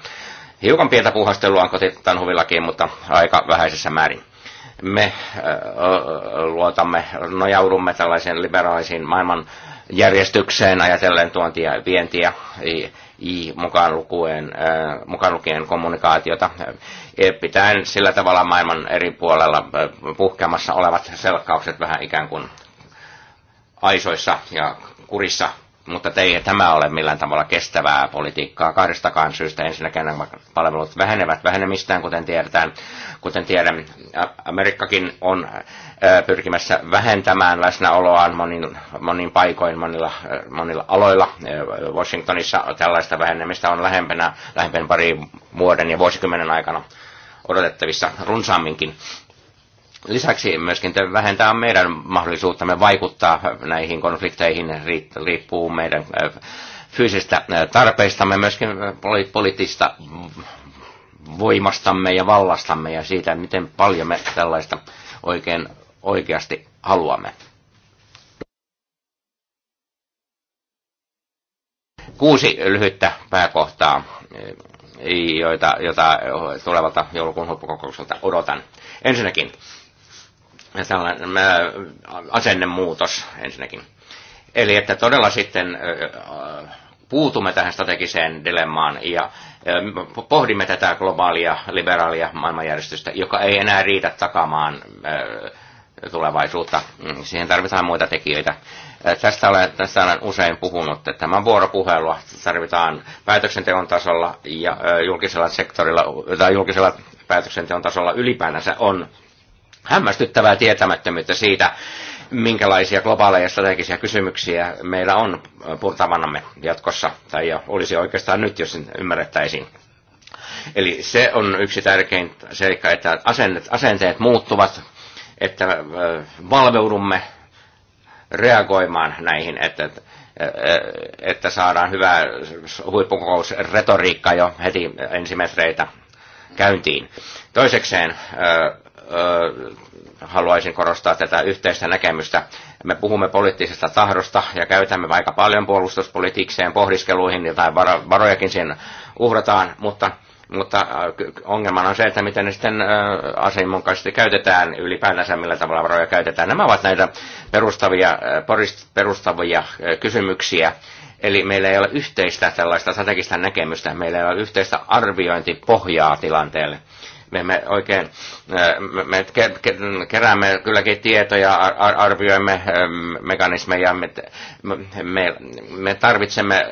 Hiukan pientä puhastelua on huvillakin, mutta aika vähäisessä määrin. Me äh, luotamme, nojaudumme tällaisen liberaalisiin maailman järjestykseen ajatellen tuontia ja vientiä, i, mukaan, lukuen, äh, mukaan lukien kommunikaatiota, e, pitäen sillä tavalla maailman eri puolella äh, puhkeamassa olevat selkkaukset vähän ikään kuin aisoissa ja kurissa, mutta ei tämä ole millään tavalla kestävää politiikkaa kahdestakaan syystä. Ensinnäkin nämä palvelut vähenevät vähenemistään, kuten tiedetään. Kuten tiedän, Amerikkakin on pyrkimässä vähentämään läsnäoloaan monin, monin paikoin, monilla, monilla aloilla. Washingtonissa tällaista vähenemistä on lähempänä, lähempänä pari vuoden ja vuosikymmenen aikana odotettavissa runsaamminkin Lisäksi myöskin vähentää meidän mahdollisuuttamme vaikuttaa näihin konflikteihin, riippuu meidän fyysistä tarpeistamme, myöskin poliittista voimastamme ja vallastamme ja siitä, miten paljon me tällaista oikein oikeasti haluamme. Kuusi lyhyttä pääkohtaa, joita, joita tulevalta joulukuun huippukokoukselta odotan. Ensinnäkin asennemuutos ensinnäkin. Eli että todella sitten puutumme tähän strategiseen dilemmaan ja pohdimme tätä globaalia liberaalia maailmanjärjestystä, joka ei enää riitä takamaan tulevaisuutta. Mm, siihen tarvitaan muita tekijöitä. Tästä olen, tästä olen usein puhunut, että tämän vuoropuhelua tarvitaan päätöksenteon tasolla ja julkisella sektorilla tai julkisella päätöksenteon tasolla ylipäänsä on hämmästyttävää tietämättömyyttä siitä, minkälaisia globaaleja strategisia kysymyksiä meillä on purtavanamme jatkossa, tai jo olisi oikeastaan nyt, jos sen ymmärrettäisiin. Eli se on yksi tärkein seikka, että asenteet, asenteet muuttuvat, että valveudumme reagoimaan näihin, että, että saadaan hyvää huippukokousretoriikkaa jo heti ensimetreitä käyntiin. Toisekseen haluaisin korostaa tätä yhteistä näkemystä. Me puhumme poliittisesta tahdosta ja käytämme aika paljon puolustuspolitiikseen, pohdiskeluihin, jotain varojakin siinä uhrataan, mutta mutta ongelmana on se, että miten ne sitten asianmukaisesti käytetään, ylipäätänsä millä tavalla varoja käytetään. Nämä ovat näitä perustavia, perustavia kysymyksiä. Eli meillä ei ole yhteistä tällaista strategista näkemystä, meillä ei ole yhteistä arviointipohjaa tilanteelle me me oikein, me keräämme kylläkin tietoja, arvioimme mekanismeja, me, me, me tarvitsemme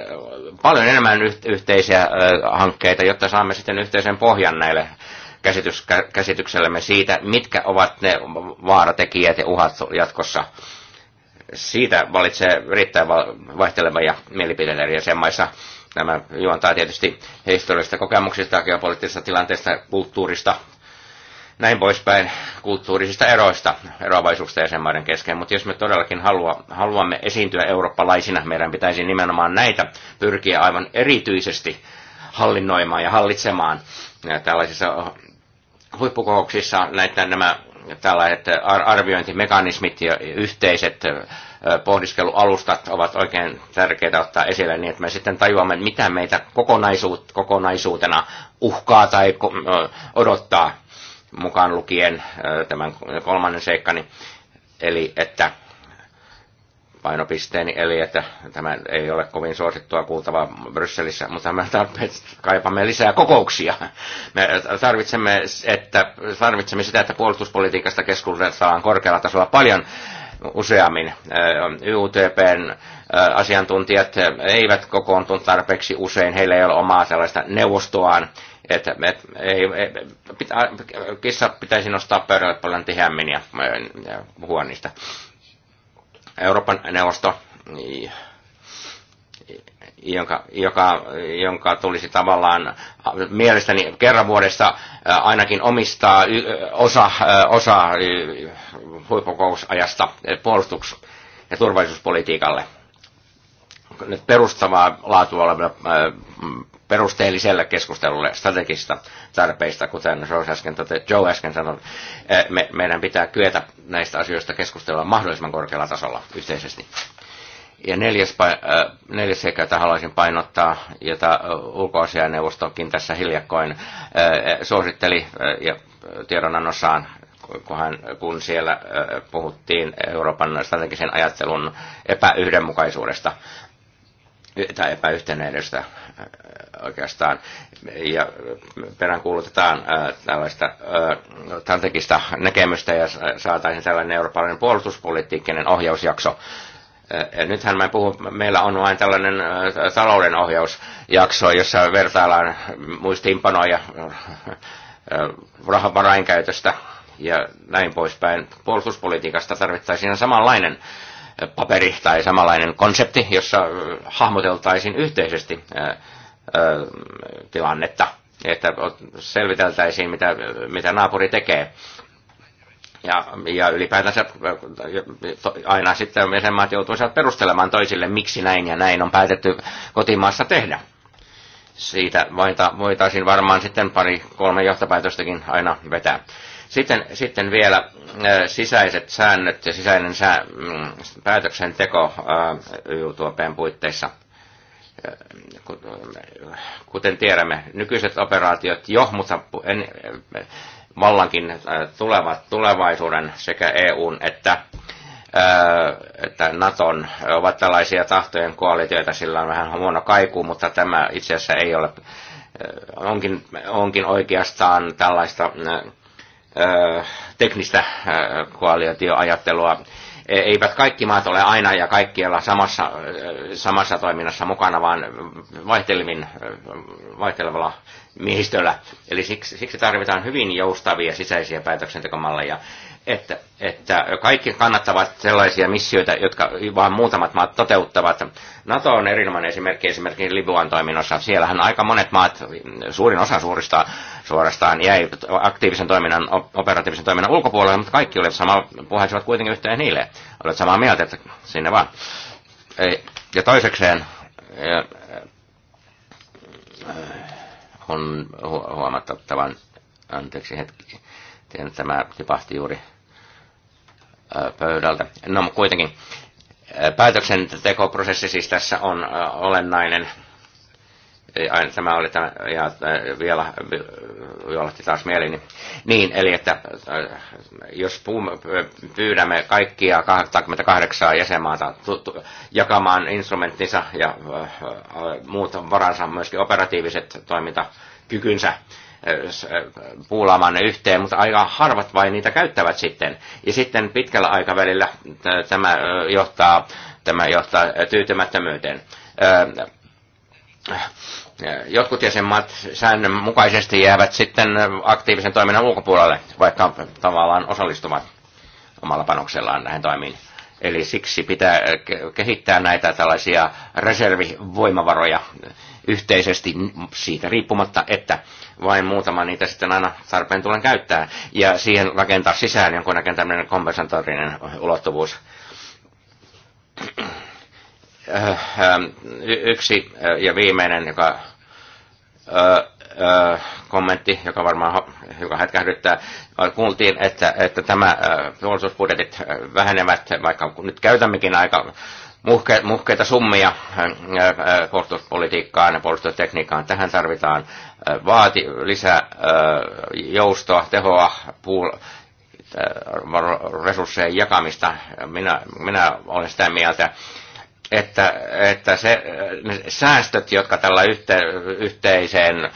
paljon enemmän yhteisiä hankkeita, jotta saamme sitten yhteisen pohjan näille käsityksellemme siitä, mitkä ovat ne vaaratekijät ja uhat jatkossa siitä valitsee riittää vaihteleva mielipiteitä eri jäsenmaissa. Nämä juontaa tietysti historiallisista kokemuksista, geopoliittisista tilanteista, kulttuurista, näin poispäin, kulttuurisista eroista, eroavaisuuksista jäsenmaiden kesken. Mutta jos me todellakin halua, haluamme esiintyä eurooppalaisina, meidän pitäisi nimenomaan näitä pyrkiä aivan erityisesti hallinnoimaan ja hallitsemaan ja tällaisissa huippukokouksissa näitä nämä tällaiset arviointimekanismit ja yhteiset pohdiskelualustat ovat oikein tärkeitä ottaa esille niin, että me sitten tajuamme, mitä meitä kokonaisuut, kokonaisuutena uhkaa tai odottaa mukaan lukien tämän kolmannen seikkani. Eli että painopisteeni, eli että tämä ei ole kovin suosittua kuultava Brysselissä, mutta me tarpeet, kaipaamme lisää kokouksia. Me tarvitsemme, että, tarvitsemme sitä, että puolustuspolitiikasta keskustellaan korkealla tasolla paljon useammin. YUTPn asiantuntijat eivät kokoontu tarpeeksi usein, heillä ei ole omaa sellaista neuvostoaan, että et, ei, pitä, kissa pitäisi nostaa pöydälle paljon tiheämmin ja, ja huonista Euroopan neuvosto, jonka, joka, jonka tulisi tavallaan mielestäni kerran vuodessa äh, ainakin omistaa osa, äh, osa huippukousajasta äh, puolustuks- ja turvallisuuspolitiikalle perustavaa laatua oleville perusteelliselle keskustelulle strategisista tarpeista, kuten Rose äsken tote, Joe äsken sanoi, eh, me, meidän pitää kyetä näistä asioista keskustella mahdollisimman korkealla tasolla yhteisesti. Ja neljäs, eh, neljäs seikka, jota haluaisin painottaa, jota ulkoasianneuvostokin tässä hiljakkoin eh, suositteli ja tiedonannossaan, kun siellä puhuttiin Euroopan strategisen ajattelun epäyhdenmukaisuudesta tai epäyhtenäisyydestä Äh, oikeastaan ja peräänkuulutetaan äh, tällaista äh, strategista näkemystä ja saataisiin tällainen eurooppalainen puolustuspoliittinen ohjausjakso. Nythän mä puhun, meillä on vain tällainen talouden ohjausjakso, jossa vertaillaan muistiinpanoja rahavarainkäytöstä ja näin poispäin. Puolustuspolitiikasta tarvittaisiin samanlainen paperi tai samanlainen konsepti, jossa hahmoteltaisiin yhteisesti tilannetta, että selviteltäisiin, mitä, mitä naapuri tekee. Ja, ja ylipäätänsä aina sitten jäsenmaat joutuisivat perustelemaan toisille, miksi näin ja näin on päätetty kotimaassa tehdä. Siitä voitaisiin varmaan sitten pari, kolme johtopäätöstäkin aina vetää. Sitten, sitten vielä äh, sisäiset säännöt ja sisäinen sää, mm, päätöksenteko äh, YUTOPen puitteissa. Äh, kuten tiedämme, nykyiset operaatiot jo, mutta en, vallankin tulevat tulevaisuuden sekä EUn että, että Naton ovat tällaisia tahtojen koalitioita. Sillä on vähän huono kaiku, mutta tämä itse asiassa ei ole, onkin, onkin oikeastaan tällaista teknistä koalitioajattelua. E, eivät kaikki maat ole aina ja kaikkialla samassa, samassa toiminnassa mukana, vaan vaihtelevin, vaihtelevalla miehistöllä. Eli siksi, siksi tarvitaan hyvin joustavia sisäisiä päätöksentekomalleja että, että kaikki kannattavat sellaisia missioita, jotka vain muutamat maat toteuttavat. NATO on erinomainen esimerkki esimerkiksi Libuan toiminnassa. Siellähän aika monet maat, suurin osa suurista suorastaan jäi aktiivisen toiminnan, operatiivisen toiminnan ulkopuolelle, mutta kaikki olivat samaa, puhaisivat kuitenkin yhteen niille. Olet samaa mieltä, että sinne vaan. Ja toisekseen e, e, on huomattavan, anteeksi hetki, tämä tipahti juuri pöydältä. No kuitenkin päätöksentekoprosessi siis tässä on olennainen. Aina tämä oli tämä, ja vielä violahti taas mieli. Niin, eli että jos pyydämme kaikkia 28 jäsenmaata jakamaan instrumenttinsa ja muut varansa, myöskin operatiiviset toimintakykynsä, Äh, puulaman yhteen, mutta aika harvat vain niitä käyttävät sitten. Ja sitten pitkällä aikavälillä äh, tämä äh, johtaa, tämä johtaa tyytymättömyyteen. Jotkut jäsenmaat säännönmukaisesti jäävät sitten aktiivisen toiminnan ulkopuolelle, vaikka tavallaan osallistuvat omalla panoksellaan näihin toimiin. Eli siksi pitää kehittää näitä tällaisia reservivoimavaroja, yhteisesti siitä riippumatta, että vain muutama niitä sitten aina tarpeen tulen käyttää. Ja siihen rakentaa sisään jonkunnäköinen tämmöinen kompensatorinen ulottuvuus. Äh, äh, yksi äh, ja viimeinen, joka kommentti, joka varmaan joka hetkähdyttää. Kuultiin, että, että tämä puolustusbudjetit vähenevät, vaikka nyt käytämmekin aika muhke, muhkeita summia äh, äh, puolustuspolitiikkaan ja puolustustekniikkaan. Tähän tarvitaan äh, vaati, lisää joustoa, tehoa, puul, resurssien jakamista. Minä, minä olen sitä mieltä, että, että se, ne säästöt, jotka tällä yhte, yhteiseen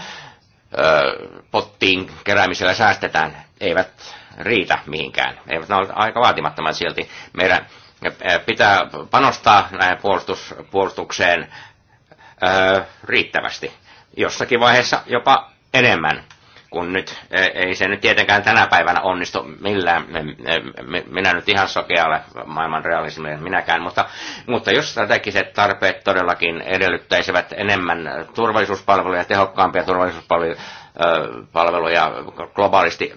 pottiin keräämisellä säästetään, eivät riitä mihinkään. Eivät ne ole aika vaatimattoman silti. Meidän pitää panostaa näihin puolustus, puolustukseen ö, riittävästi. Jossakin vaiheessa jopa enemmän kuin nyt. Ei se nyt tietenkään tänä päivänä onnistu millään. Minä nyt ihan sokealle maailman realismille minäkään, mutta, mutta jos strategiset tarpeet todellakin edellyttäisivät enemmän turvallisuuspalveluja, tehokkaampia turvallisuuspalveluja, palveluja globaalisti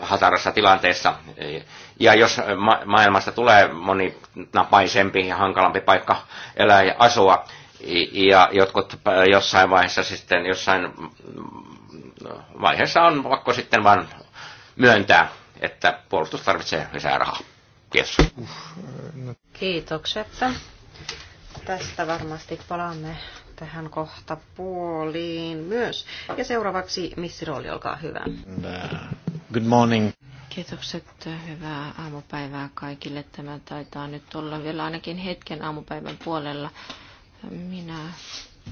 hatarassa tilanteessa. Ja jos ma- maailmasta tulee moninapaisempi ja hankalampi paikka elää ja asua, ja jotkut jossain vaiheessa sitten jossain vaiheessa on pakko sitten vain myöntää, että puolustus tarvitsee lisää rahaa. Kiitos. Kiitokset. Tästä varmasti palaamme tähän kohta puoliin myös. Ja seuraavaksi Missi Rooli, olkaa hyvä. Good morning. Kiitokset, hyvää aamupäivää kaikille. Tämä taitaa nyt olla vielä ainakin hetken aamupäivän puolella. Minä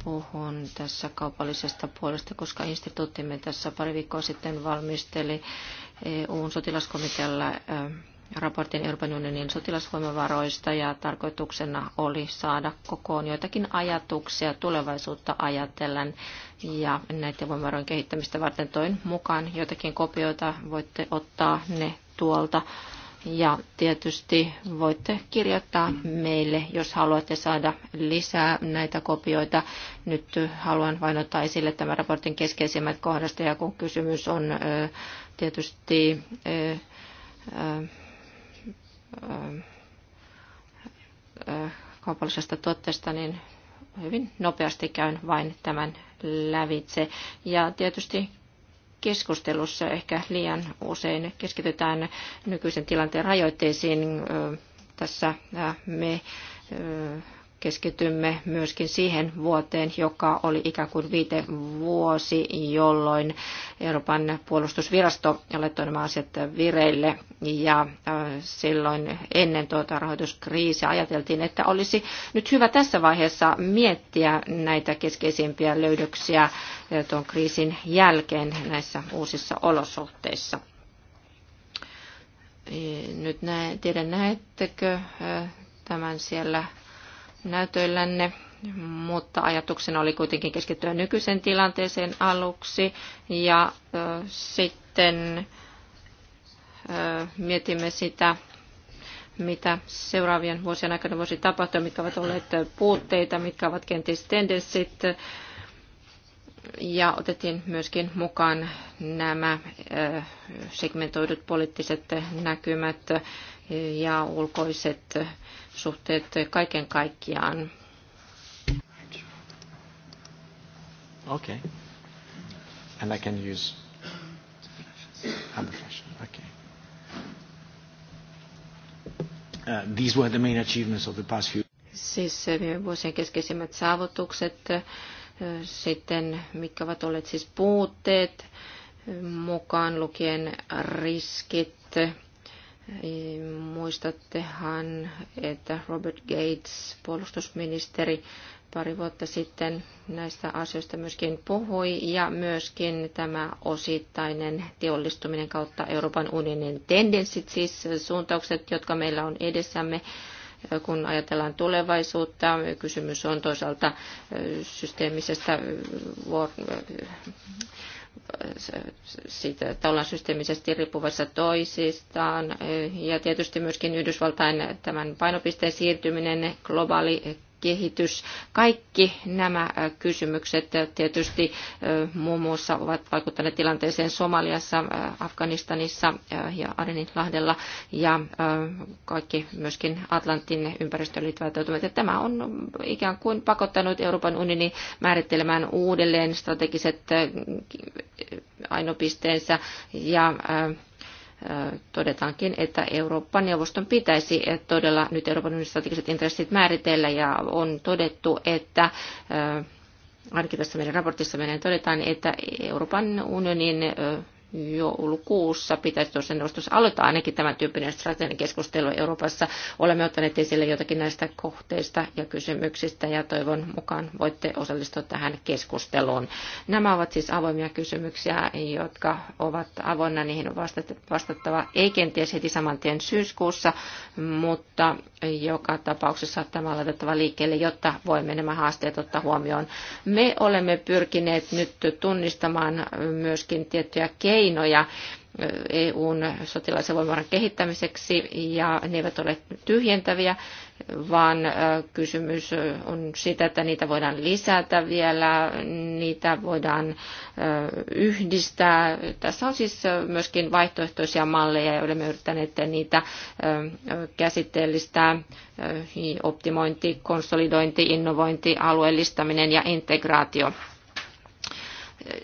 puhun tässä kaupallisesta puolesta, koska instituuttimme tässä pari viikkoa sitten valmisteli EUn sotilaskomitealla raportin Euroopan unionin sotilasvoimavaroista ja tarkoituksena oli saada kokoon joitakin ajatuksia tulevaisuutta ajatellen ja näiden voimavarojen kehittämistä varten toin mukaan joitakin kopioita. Voitte ottaa ne tuolta ja tietysti voitte kirjoittaa meille, jos haluatte saada lisää näitä kopioita. Nyt haluan vain ottaa esille tämän raportin keskeisimmät kohdasta ja kun kysymys on tietysti kaupallisesta tuotteesta, niin hyvin nopeasti käyn vain tämän lävitse. Ja tietysti keskustelussa ehkä liian usein keskitytään nykyisen tilanteen rajoitteisiin. Tässä me keskitymme myöskin siihen vuoteen, joka oli ikään kuin viite vuosi, jolloin Euroopan puolustusvirasto laittoi nämä asiat vireille. Ja äh, silloin ennen tuota rahoituskriisiä ajateltiin, että olisi nyt hyvä tässä vaiheessa miettiä näitä keskeisimpiä löydöksiä äh, tuon kriisin jälkeen näissä uusissa olosuhteissa. Nyt nä- tiedän, näettekö äh, tämän siellä näytöillänne, mutta ajatuksena oli kuitenkin keskittyä nykyisen tilanteeseen aluksi ja sitten mietimme sitä, mitä seuraavien vuosien aikana voisi tapahtua, mitkä ovat olleet puutteita, mitkä ovat kenties tendenssit. Ja otettiin myöskin mukaan nämä segmentoidut poliittiset näkymät ja ulkoiset suhteet kaiken kaikkiaan. Okay. And I can use and the flash. Okay. Uh, these were the main achievements of the past few. Siis eh, vuosien keskeisimmät saavutukset, eh, sitten mitkä ovat olleet siis puutteet, eh, mukaan lukien riskit, Muistattehan, että Robert Gates, puolustusministeri, pari vuotta sitten näistä asioista myöskin puhui, ja myöskin tämä osittainen teollistuminen kautta Euroopan unionin tendenssit, siis suuntaukset, jotka meillä on edessämme, kun ajatellaan tulevaisuutta. Kysymys on toisaalta systeemisestä siitä, että systeemisesti riippuvassa toisistaan. Ja tietysti myöskin Yhdysvaltain tämän painopisteen siirtyminen globaali kehitys. Kaikki nämä kysymykset tietysti muun muassa ovat vaikuttaneet tilanteeseen Somaliassa, Afganistanissa ja Adeninlahdella ja kaikki myöskin Atlantin ympäristöön liittyvät toimet. Tämä on ikään kuin pakottanut Euroopan unioni määrittelemään uudelleen strategiset ainopisteensä ja todetaankin, että Euroopan neuvoston pitäisi eh, todella nyt Euroopan unionin strategiset intressit määritellä ja on todettu, että ainakin tässä meidän raportissa meidän todetaan, että Euroopan unionin joulukuussa pitäisi tuossa neuvostossa aloittaa ainakin tämän tyyppinen strateginen keskustelu Euroopassa. Olemme ottaneet esille jotakin näistä kohteista ja kysymyksistä ja toivon mukaan voitte osallistua tähän keskusteluun. Nämä ovat siis avoimia kysymyksiä, jotka ovat avoinna, niihin on vastattava ei kenties heti saman tien syyskuussa, mutta joka tapauksessa tämä on laitettava liikkeelle, jotta voimme nämä haasteet ottaa huomioon. Me olemme pyrkineet nyt tunnistamaan myöskin tiettyjä keinoja, keinoja EUn sotilaisen voimavaran kehittämiseksi ja ne eivät ole tyhjentäviä, vaan kysymys on siitä, että niitä voidaan lisätä vielä, niitä voidaan yhdistää. Tässä on siis myöskin vaihtoehtoisia malleja, ja me yrittäneet niitä käsitteellistää. Optimointi, konsolidointi, innovointi, alueellistaminen ja integraatio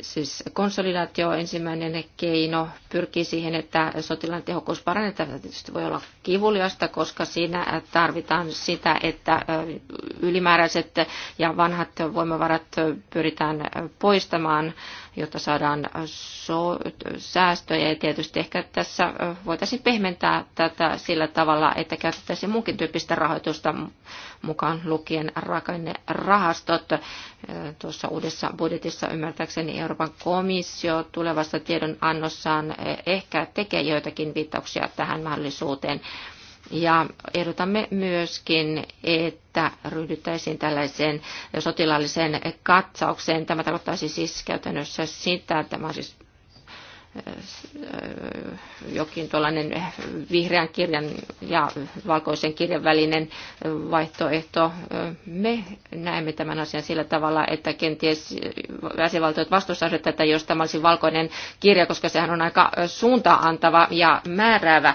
Siis konsolidaatio ensimmäinen keino pyrkii siihen, että sotilaan tehokkuus parannetaan. Tämä tietysti voi olla kivuliasta, koska siinä tarvitaan sitä, että ylimääräiset ja vanhat voimavarat pyritään poistamaan, jotta saadaan so- säästöjä. Ja tietysti ehkä tässä voitaisiin pehmentää tätä sillä tavalla, että käytettäisiin muunkin tyyppistä rahoitusta mukaan lukien rakennerahastot. Tuossa uudessa budjetissa ymmärtääkseni Euroopan komissio tulevassa tiedonannossaan ehkä tekee joitakin viittauksia tähän mahdollisuuteen. Ja ehdotamme myöskin, että ryhdyttäisiin tällaiseen sotilaalliseen katsaukseen. Tämä tarkoittaisi siis käytännössä sitä, tämä on siis jokin tuollainen vihreän kirjan ja valkoisen kirjan välinen vaihtoehto. Me näemme tämän asian sillä tavalla, että kenties jäsenvaltiot vastustaisivat tätä, jos tämä olisi valkoinen kirja, koska sehän on aika suuntaantava ja määräävä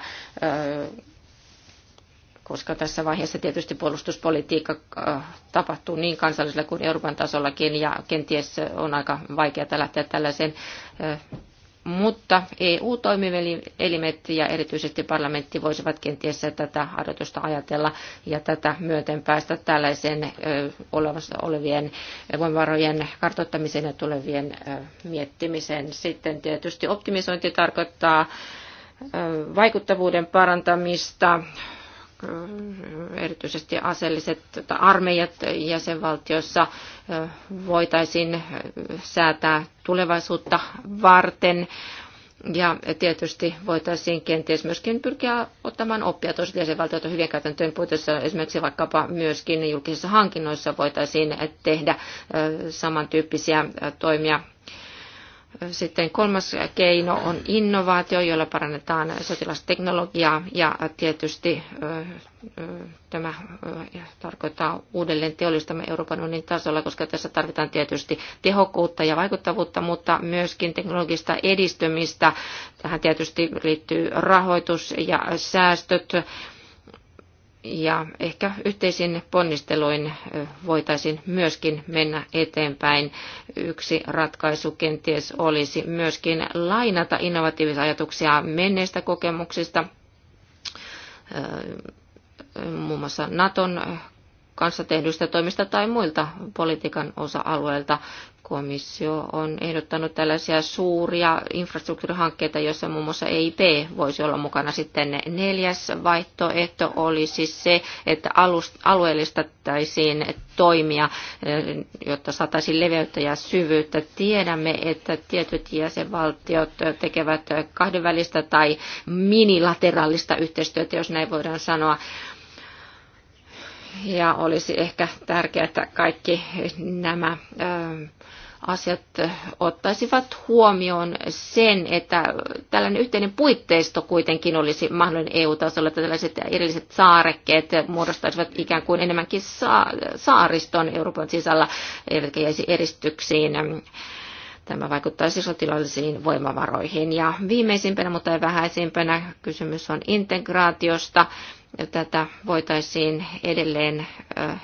koska tässä vaiheessa tietysti puolustuspolitiikka äh, tapahtuu niin kansallisella kuin Euroopan tasollakin ja kenties on aika vaikeaa lähteä tällaiseen äh, mutta EU-toimielimet ja erityisesti parlamentti voisivat kenties tätä harjoitusta ajatella ja tätä myöten päästä tällaisen äh, olemassa olevien voimavarojen kartoittamiseen ja tulevien miettimiseen. Sitten tietysti optimisointi tarkoittaa vaikuttavuuden parantamista, erityisesti aseelliset armeijat jäsenvaltiossa voitaisiin säätää tulevaisuutta varten. Ja tietysti voitaisiin kenties myöskin pyrkiä ottamaan oppia toiset jäsenvaltiot hyvien käytäntöjen puitteissa. Esimerkiksi vaikkapa myöskin julkisissa hankinnoissa voitaisiin tehdä samantyyppisiä toimia sitten kolmas keino on innovaatio, jolla parannetaan sotilasteknologiaa ja tietysti tämä tarkoittaa uudelleen teollistamme Euroopan unionin tasolla, koska tässä tarvitaan tietysti tehokkuutta ja vaikuttavuutta, mutta myöskin teknologista edistymistä. Tähän tietysti liittyy rahoitus ja säästöt ja ehkä yhteisin ponnisteluin voitaisiin myöskin mennä eteenpäin. Yksi ratkaisu kenties olisi myöskin lainata innovatiivisia ajatuksia menneistä kokemuksista, muun muassa Naton kanssa tehdyistä toimista tai muilta politiikan osa-alueilta, komissio on ehdottanut tällaisia suuria infrastruktuurihankkeita, joissa muun muassa EIP voisi olla mukana. Sitten neljäs vaihtoehto olisi se, että alueellistettaisiin toimia, eh, jotta saataisiin leveyttä ja syvyyttä. Tiedämme, että tietyt jäsenvaltiot tekevät kahdenvälistä tai minilateraalista yhteistyötä, jos näin voidaan sanoa. Ja olisi ehkä tärkeää, että kaikki nämä ö, eh, asiat ottaisivat huomioon sen, että tällainen yhteinen puitteisto kuitenkin olisi mahdollinen EU-tasolla, että tällaiset erilliset saarekkeet muodostaisivat ikään kuin enemmänkin saariston Euroopan sisällä, eivätkä jäisi eristyksiin. Tämä vaikuttaisi sotilaallisiin voimavaroihin. Ja viimeisimpänä, mutta ei vähäisimpänä, kysymys on integraatiosta tätä voitaisiin edelleen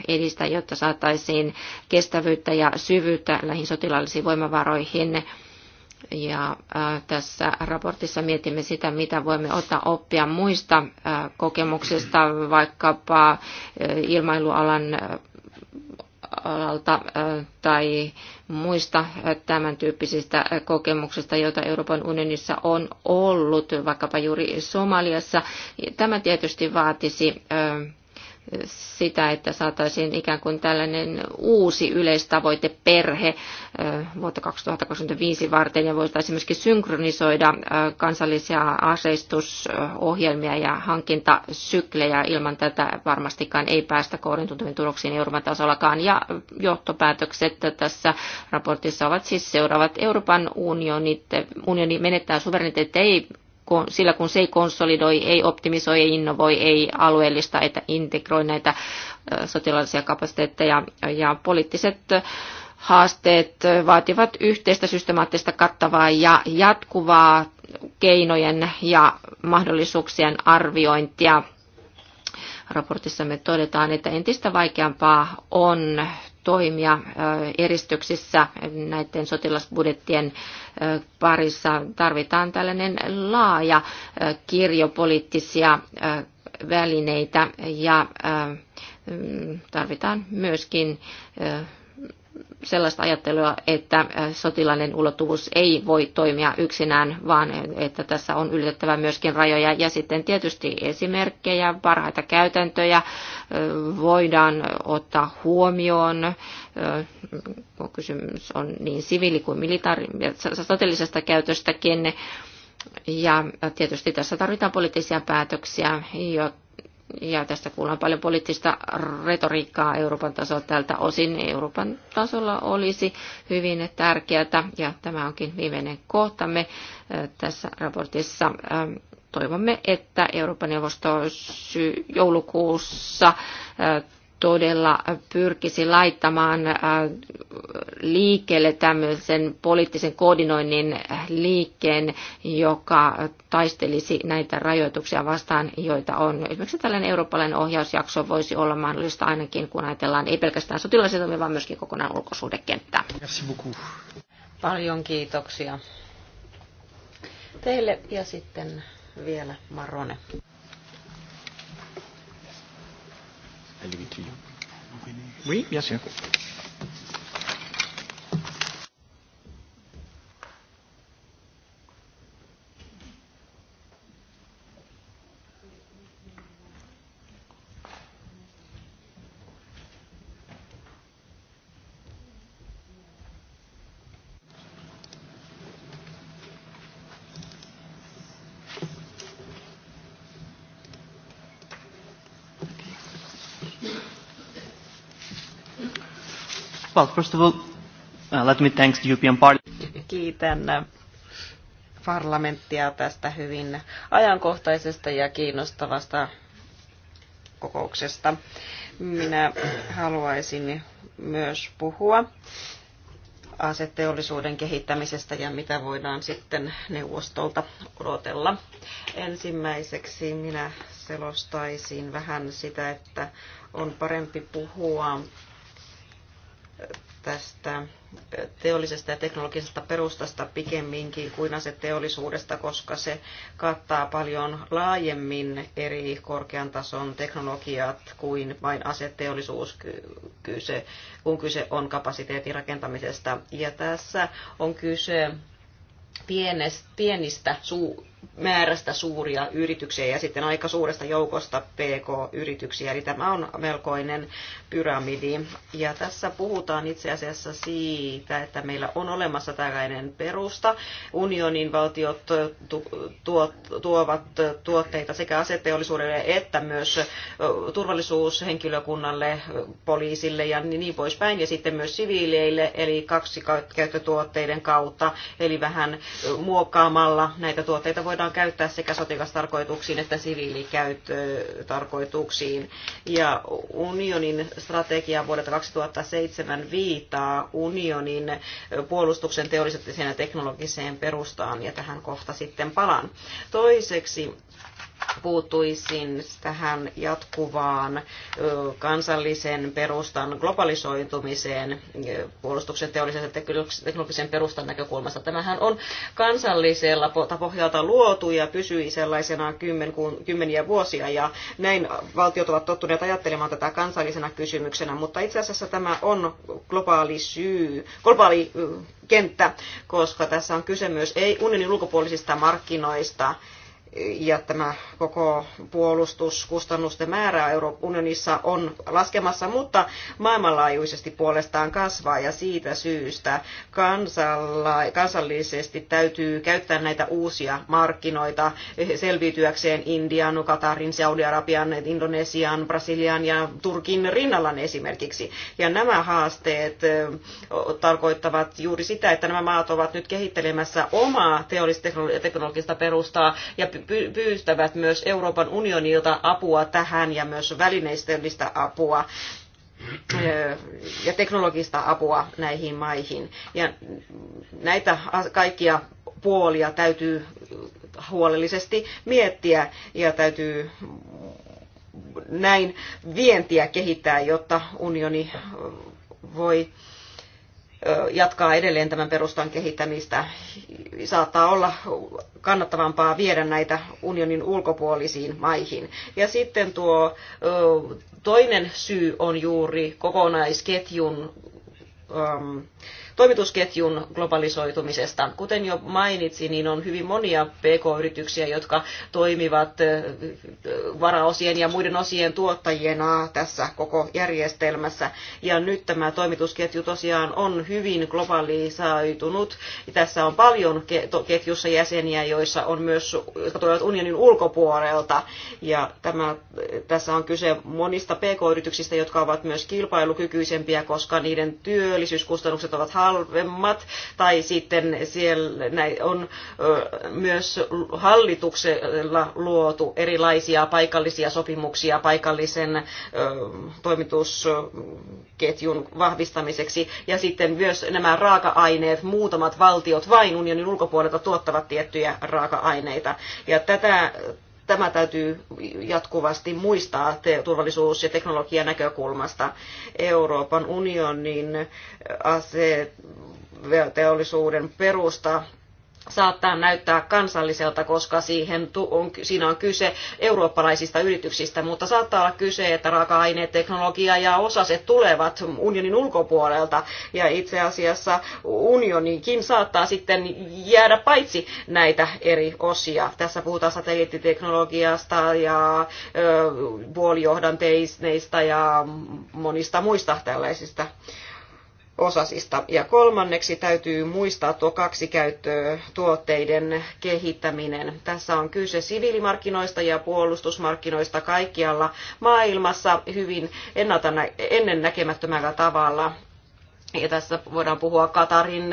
edistää, jotta saataisiin kestävyyttä ja syvyyttä lähin sotilaallisiin voimavaroihin. Ja tässä raportissa mietimme sitä, mitä voimme ottaa oppia muista kokemuksista, vaikkapa ilmailualan alalta tai muista tämän tyyppisistä kokemuksista, joita Euroopan unionissa on ollut, vaikkapa juuri Somaliassa. Tämä tietysti vaatisi sitä, että saataisiin ikään kuin tällainen uusi yleistavoite perhe äh, vuotta 2025 varten ja voitaisiin myöskin synkronisoida äh, kansallisia aseistusohjelmia ja hankintasyklejä. Ilman tätä varmastikaan ei päästä kohdentuntuviin tuloksiin Euroopan tasollakaan. Ja johtopäätökset tässä raportissa ovat siis seuraavat. Euroopan unionit, unioni menettää suvereniteetti ei sillä kun se ei konsolidoi, ei optimisoi, ei innovoi, ei alueellista, että integroi näitä sotilaallisia kapasiteetteja ja poliittiset haasteet vaativat yhteistä, systemaattista, kattavaa ja jatkuvaa keinojen ja mahdollisuuksien arviointia. Raportissamme todetaan, että entistä vaikeampaa on toimia eristyksissä näiden sotilasbudjettien parissa. Tarvitaan tällainen laaja kirjo poliittisia välineitä ja mm, tarvitaan myöskin sellaista ajattelua, että sotilainen ulottuvuus ei voi toimia yksinään, vaan että tässä on ylitettävä myöskin rajoja. Ja sitten tietysti esimerkkejä, parhaita käytäntöjä voidaan ottaa huomioon, kun kysymys on niin siviili- kuin militaari- sotilisesta käytöstäkin. Ja tietysti tässä tarvitaan poliittisia päätöksiä, jotta ja tästä kuullaan paljon poliittista retoriikkaa Euroopan tasolla tältä osin. Euroopan tasolla olisi hyvin tärkeää, ja tämä onkin viimeinen kohtamme tässä raportissa. Toivomme, että Euroopan neuvosto joulukuussa todella pyrkisi laittamaan äh, liikkeelle tämmöisen poliittisen koordinoinnin liikkeen, joka taistelisi näitä rajoituksia vastaan, joita on. Esimerkiksi tällainen eurooppalainen ohjausjakso voisi olla mahdollista ainakin, kun ajatellaan ei pelkästään sotilaisia toimia, vaan myöskin kokonaan ulkosuhdekenttää. Paljon kiitoksia teille ja sitten vielä Marone. Oui, bien sûr. Well, first of all, uh, let me thank the European Kiitän uh, parlamenttia tästä hyvin ajankohtaisesta ja kiinnostavasta kokouksesta. Minä haluaisin myös puhua aseteollisuuden kehittämisestä ja mitä voidaan sitten neuvostolta odotella. Ensimmäiseksi minä selostaisin vähän sitä, että on parempi puhua tästä teollisesta ja teknologisesta perustasta pikemminkin kuin aseteollisuudesta, koska se kattaa paljon laajemmin eri korkean tason teknologiat kuin vain aseteollisuus, kun kyse on kapasiteetin rakentamisesta. Ja tässä on kyse pienestä, pienistä suu, määrästä suuria yrityksiä ja sitten aika suuresta joukosta PK-yrityksiä, eli tämä on melkoinen pyramidi. Ja tässä puhutaan itse asiassa siitä, että meillä on olemassa tällainen perusta. Unionin valtiot tuovat tuotteita sekä aseteollisuudelle että myös turvallisuushenkilökunnalle, poliisille ja niin poispäin, ja sitten myös siviileille, eli kaksi käyttötuotteiden kautta, eli vähän muokkaamalla näitä tuotteita voidaan voidaan käyttää sekä sotilastarkoituksiin että siviilikäyttötarkoituksiin. Ja unionin strategia vuodelta 2007 viittaa unionin puolustuksen teollisuuteen ja teknologiseen perustaan, ja tähän kohta sitten palaan. Toiseksi puuttuisin tähän jatkuvaan kansallisen perustan globalisoitumiseen puolustuksen teollisen teknologisen perustan näkökulmasta. Tämähän on kansallisella pohjalta luotu ja pysyi sellaisenaan kymmeniä vuosia ja näin valtiot ovat tottuneet ajattelemaan tätä kansallisena kysymyksenä, mutta itse asiassa tämä on globaali syy, globaali kenttä, koska tässä on kyse myös ei unionin ulkopuolisista markkinoista, ja tämä koko puolustuskustannusten määrä Euroopan unionissa on laskemassa, mutta maailmanlaajuisesti puolestaan kasvaa ja siitä syystä kansallisesti täytyy käyttää näitä uusia markkinoita selviytyäkseen Indian, Katarin, Saudi-Arabian, Indonesian, Brasilian ja Turkin rinnalla esimerkiksi. Ja nämä haasteet tarkoittavat juuri sitä, että nämä maat ovat nyt kehittelemässä omaa teknologista perustaa ja pyytävät myös Euroopan unionilta apua tähän ja myös välineistöllistä apua ja teknologista apua näihin maihin. Ja näitä kaikkia puolia täytyy huolellisesti miettiä ja täytyy näin vientiä kehittää, jotta unioni voi jatkaa edelleen tämän perustan kehittämistä. Saattaa olla kannattavampaa viedä näitä unionin ulkopuolisiin maihin. Ja sitten tuo toinen syy on juuri kokonaisketjun toimitusketjun globalisoitumisesta. Kuten jo mainitsin, niin on hyvin monia PK-yrityksiä, jotka toimivat varaosien ja muiden osien tuottajina tässä koko järjestelmässä. Ja nyt tämä toimitusketju tosiaan on hyvin globalisoitunut. Tässä on paljon ketjussa jäseniä, joissa on myös, jotka tulevat unionin ulkopuolelta. Ja tämä, tässä on kyse monista PK-yrityksistä, jotka ovat myös kilpailukykyisempiä, koska niiden työllisyyskustannukset ovat haasteelliset halvemmat, tai sitten siellä on myös hallituksella luotu erilaisia paikallisia sopimuksia paikallisen toimitusketjun vahvistamiseksi, ja sitten myös nämä raaka-aineet, muutamat valtiot vain unionin ulkopuolelta tuottavat tiettyjä raaka-aineita, ja tätä tämä täytyy jatkuvasti muistaa te- turvallisuus- ja teknologian näkökulmasta. Euroopan unionin aseteollisuuden perusta saattaa näyttää kansalliselta, koska siihen on, siinä on kyse eurooppalaisista yrityksistä, mutta saattaa olla kyse, että raaka-aineet, teknologia ja osaset tulevat unionin ulkopuolelta, ja itse asiassa unionikin saattaa sitten jäädä paitsi näitä eri osia. Tässä puhutaan satelliittiteknologiasta ja puolijohdanteineista ja monista muista tällaisista osasista. Ja kolmanneksi täytyy muistaa tuo kaksikäyttötuotteiden kehittäminen. Tässä on kyse siviilimarkkinoista ja puolustusmarkkinoista kaikkialla maailmassa hyvin ennennäkemättömällä tavalla. Ja tässä voidaan puhua Katarin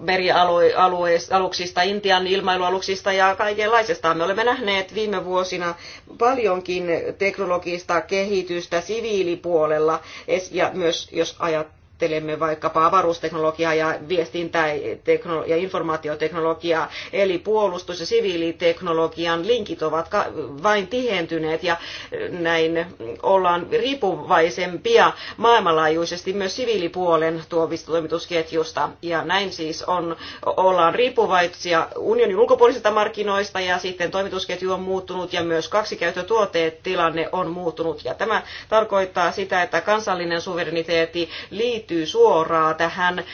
merialuksista, Intian ilmailualuksista ja kaikenlaisesta. Me olemme nähneet viime vuosina paljonkin teknologista kehitystä siviilipuolella ja myös jos ajat, ajattelemme vaikkapa avaruusteknologiaa ja viestintää ja informaatioteknologiaa, eli puolustus- ja siviiliteknologian linkit ovat vain tihentyneet ja näin ollaan riippuvaisempia maailmanlaajuisesti myös siviilipuolen toimitusketjusta. Ja näin siis on, ollaan riippuvaisia unionin ulkopuolisista markkinoista ja sitten toimitusketju on muuttunut ja myös kaksikäyttötuoteet tilanne on muuttunut. Ja tämä tarkoittaa sitä, että kansallinen suvereniteetti liittyy liittyy suoraan tähän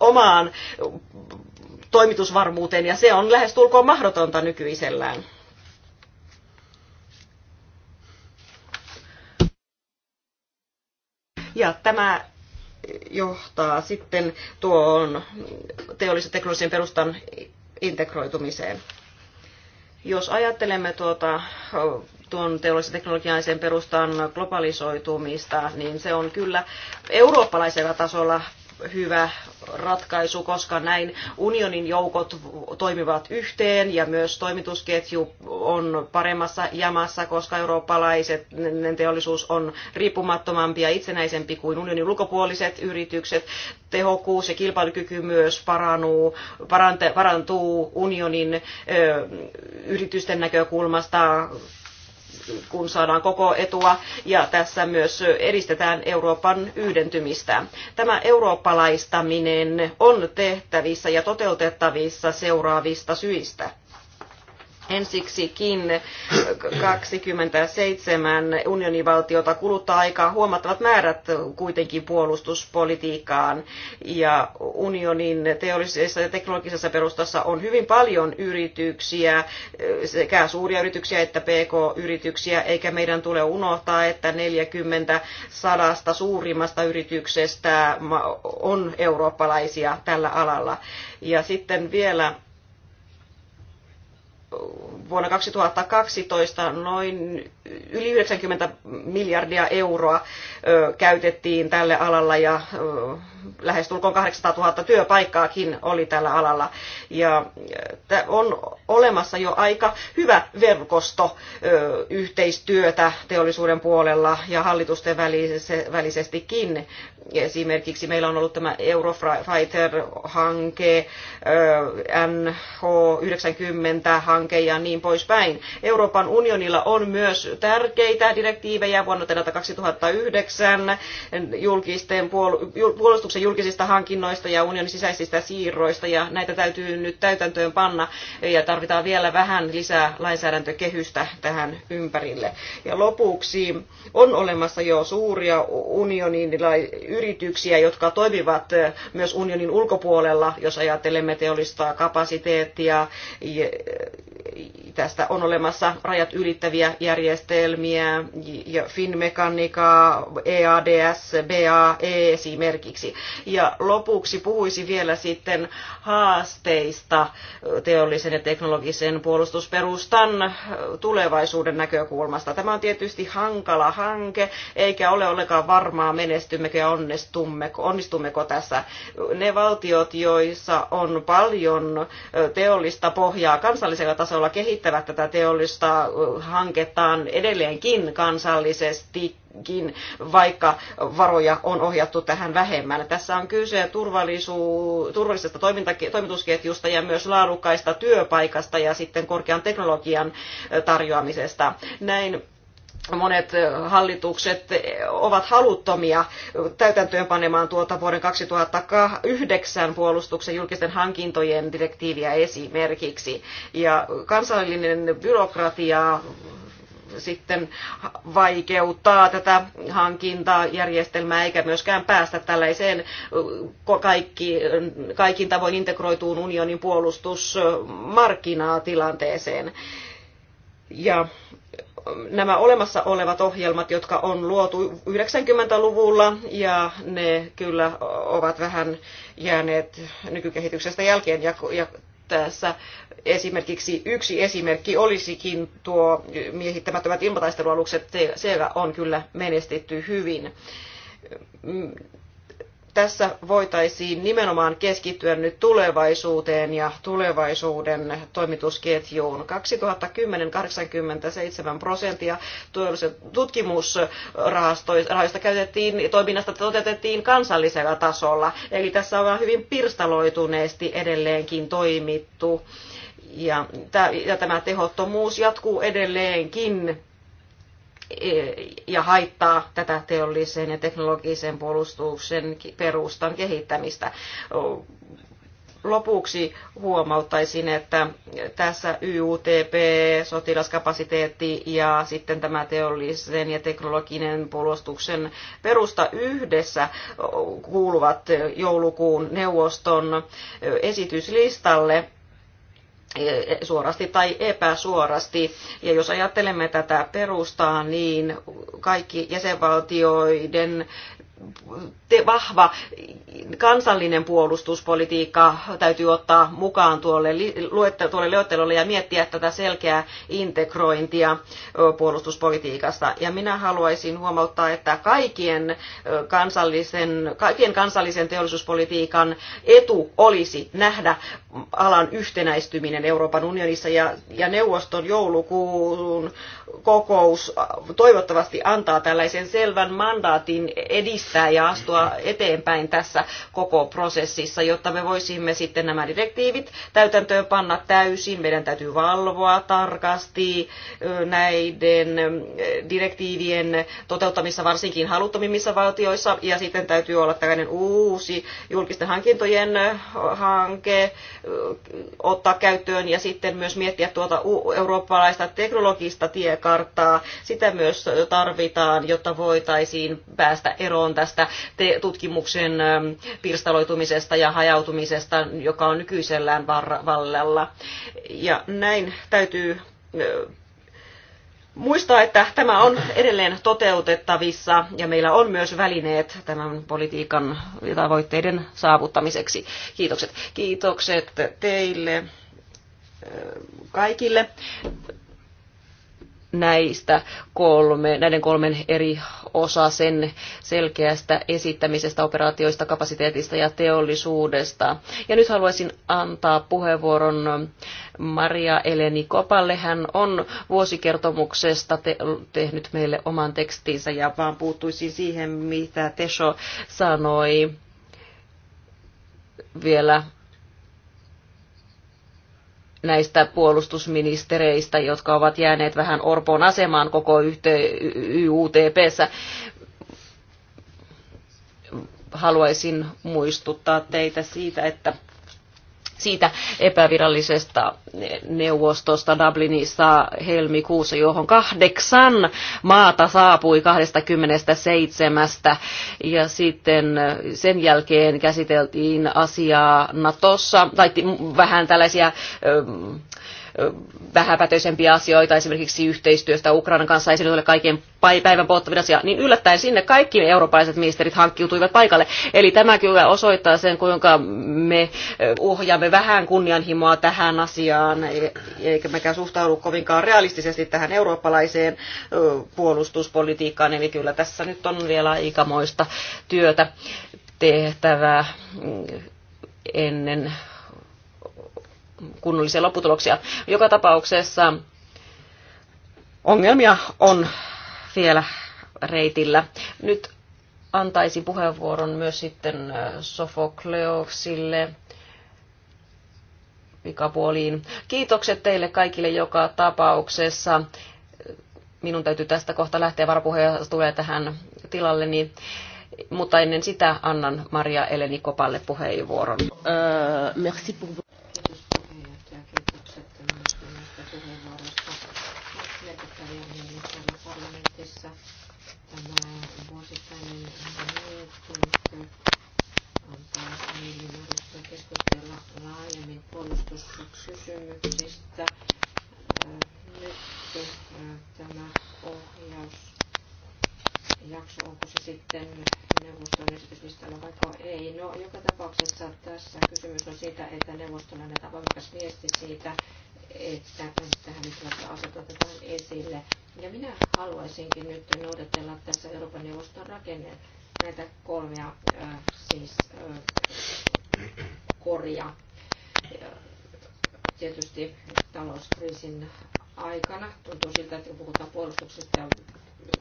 omaan toimitusvarmuuteen ja se on lähestulkoon mahdotonta nykyisellään. Ja tämä johtaa sitten tuon teollisen teknologisen perustan integroitumiseen. Jos ajattelemme tuota tuon teollisen teknologiaisen perustan globalisoitumista, niin se on kyllä eurooppalaisella tasolla hyvä ratkaisu, koska näin unionin joukot toimivat yhteen ja myös toimitusketju on paremmassa jamassa, koska eurooppalaiset teollisuus on riippumattomampi ja itsenäisempi kuin unionin ulkopuoliset yritykset. Tehokkuus ja kilpailukyky myös paranuu, parantuu unionin ö, yritysten näkökulmasta kun saadaan koko etua ja tässä myös edistetään Euroopan yhdentymistä. Tämä eurooppalaistaminen on tehtävissä ja toteutettavissa seuraavista syistä Ensiksikin 27 unionivaltiota kuluttaa aikaa huomattavat määrät kuitenkin puolustuspolitiikkaan ja unionin teollisessa ja teknologisessa perustassa on hyvin paljon yrityksiä, sekä suuria yrityksiä että pk-yrityksiä, eikä meidän tule unohtaa, että 40 sadasta suurimmasta yrityksestä on eurooppalaisia tällä alalla. Ja sitten vielä vuonna 2012 noin yli 90 miljardia euroa käytettiin tälle alalla ja lähestulkoon 800 000 työpaikkaakin oli tällä alalla. Ja on olemassa jo aika hyvä verkosto yhteistyötä teollisuuden puolella ja hallitusten välisestikin Esimerkiksi meillä on ollut tämä Eurofighter-hanke, NH90-hanke ja niin poispäin. Euroopan unionilla on myös tärkeitä direktiivejä vuonna 2009 julkisten puolustuksen julkisista hankinnoista ja unionin sisäisistä siirroista ja näitä täytyy nyt täytäntöön panna ja tarvitaan vielä vähän lisää lainsäädäntökehystä tähän ympärille. Ja lopuksi on olemassa jo suuria unionin yrityksiä, jotka toimivat eh, myös unionin ulkopuolella, jos ajattelemme teollista kapasiteettia. Eh, tästä on olemassa rajat ylittäviä järjestelmiä, Finmekanika, EADS, BAE esimerkiksi. Ja lopuksi puhuisin vielä sitten haasteista eh, teollisen ja teknologisen puolustusperustan tulevaisuuden näkökulmasta. Tämä on tietysti hankala hanke, eikä ole ollenkaan varmaa menestymmekö ja on onnistummeko, onnistummeko tässä. Ne valtiot, joissa on paljon teollista pohjaa kansallisella tasolla, kehittävät tätä teollista hankettaan edelleenkin kansallisesti vaikka varoja on ohjattu tähän vähemmän. Tässä on kyse turvallisesta toimitusketjusta ja myös laadukkaista työpaikasta ja sitten korkean teknologian tarjoamisesta. Näin monet hallitukset ovat haluttomia täytäntöönpanemaan tuota vuoden 2009 puolustuksen julkisten hankintojen direktiiviä esimerkiksi. Ja kansallinen byrokratia sitten vaikeuttaa tätä hankintajärjestelmää eikä myöskään päästä tällaiseen kaikki, kaikin tavoin integroituun unionin puolustusmarkkinatilanteeseen. Ja nämä olemassa olevat ohjelmat, jotka on luotu 90-luvulla ja ne kyllä ovat vähän jääneet nykykehityksestä jälkeen ja, ja tässä esimerkiksi yksi esimerkki olisikin tuo miehittämättömät ilmataistelualukset. Siellä on kyllä menestytty hyvin tässä voitaisiin nimenomaan keskittyä nyt tulevaisuuteen ja tulevaisuuden toimitusketjuun. 2010 87 prosenttia tutkimusrahoista käytettiin, toiminnasta toteutettiin kansallisella tasolla. Eli tässä on hyvin pirstaloituneesti edelleenkin toimittu. Ja tämä tehottomuus jatkuu edelleenkin E, ja haittaa tätä teollisen ja teknologisen puolustuksen perustan kehittämistä. Lopuksi huomauttaisin, että tässä YUTP, sotilaskapasiteetti ja sitten tämä teollisen ja teknologinen puolustuksen perusta yhdessä kuuluvat joulukuun neuvoston esityslistalle suorasti tai epäsuorasti. Ja jos ajattelemme tätä perustaa, niin kaikki jäsenvaltioiden vahva kansallinen puolustuspolitiikka täytyy ottaa mukaan tuolle, tuolle luettelolle ja miettiä tätä selkeää integrointia puolustuspolitiikasta. Ja minä haluaisin huomauttaa, että kaikkien kansallisen, kaikkien kansallisen teollisuuspolitiikan etu olisi nähdä alan yhtenäistyminen Euroopan unionissa ja, ja neuvoston joulukuun kokous toivottavasti antaa tällaisen selvän mandaatin edistää edistää ja astua eteenpäin tässä koko prosessissa, jotta me voisimme sitten nämä direktiivit täytäntöön panna täysin. Meidän täytyy valvoa tarkasti näiden direktiivien toteuttamissa varsinkin haluttomimmissa valtioissa ja sitten täytyy olla tällainen uusi julkisten hankintojen hanke ottaa käyttöön ja sitten myös miettiä tuota eurooppalaista teknologista tiekarttaa. Sitä myös tarvitaan, jotta voitaisiin päästä eroon tästä tutkimuksen ähm, pirstaloitumisesta ja hajautumisesta, joka on nykyisellään vallalla. Ja näin täytyy äh, muistaa, että tämä on edelleen toteutettavissa ja meillä on myös välineet tämän politiikan tavoitteiden saavuttamiseksi. Kiitokset. Kiitokset teille äh, kaikille näistä kolme, näiden kolmen eri osa sen selkeästä esittämisestä, operaatioista, kapasiteetista ja teollisuudesta. Ja nyt haluaisin antaa puheenvuoron Maria Eleni Kopalle. Hän on vuosikertomuksesta te- tehnyt meille oman tekstinsä ja vaan puuttuisin siihen, mitä Tesho sanoi vielä näistä puolustusministereistä, jotka ovat jääneet vähän Orpon asemaan koko YUTPssä. Haluaisin muistuttaa teitä siitä, että siitä epävirallisesta neuvostosta Dublinissa helmikuussa, johon kahdeksan maata saapui 27. Ja sitten sen jälkeen käsiteltiin asiaa Natossa, tai vähän tällaisia vähäpätöisempiä asioita, esimerkiksi yhteistyöstä Ukrainan kanssa ei se nyt ole kaiken päivän polttavin asia, niin yllättäen sinne kaikki eurooppalaiset ministerit hankkiutuivat paikalle. Eli tämä kyllä osoittaa sen, kuinka me eh, ohjaamme vähän kunnianhimoa tähän asiaan, e- eikä mekään suhtaudu kovinkaan realistisesti tähän eurooppalaiseen puolustuspolitiikkaan, eli kyllä tässä nyt on vielä aikamoista työtä tehtävää mm, ennen kunnollisia lopputuloksia. Joka tapauksessa ongelmia on vielä reitillä. Nyt antaisin puheenvuoron myös sitten Sofokleoksille pikapuoliin. Kiitokset teille kaikille joka tapauksessa. Minun täytyy tästä kohta lähteä, varapuheenjohtaja tulee tähän tilalle, niin, mutta ennen sitä annan Maria Eleni Kopalle puheenvuoron. Uh, merci pour... laajemmin puolustuskysymyksistä. Nyt tämä ohjaus jakso, onko se sitten neuvoston esityslistalla vaikka ei. No, joka tapauksessa tässä kysymys on siitä, että neuvostolla annetaan voimakas viesti siitä, että tähän nyt asetetaan esille. Ja minä haluaisinkin nyt noudatella tässä Euroopan neuvoston rakenne näitä kolmea äh, siis äh, koria Tietysti talouskriisin aikana tuntuu siltä, että kun puhutaan puolustuksesta ja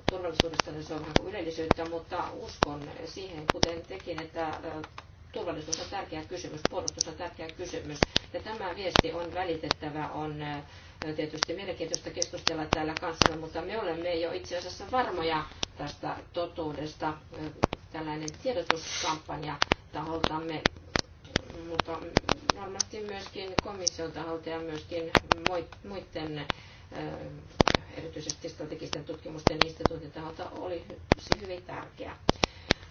turvallisuudesta, niin se on vähän kuin ylellisyyttä, mutta uskon siihen, kuten tekin, että äh, turvallisuus on tärkeä kysymys, puolustus on tärkeä kysymys. Ja tämä viesti on välitettävä, on äh, tietysti mielenkiintoista keskustella täällä kanssamme, mutta me olemme jo itse asiassa varmoja tästä totuudesta. Äh, tällainen tiedotuskampanja taholtamme mutta varmasti myöskin komission taholta ja myöskin muiden erityisesti strategisten tutkimusten instituutin taholta oli hyvin tärkeä.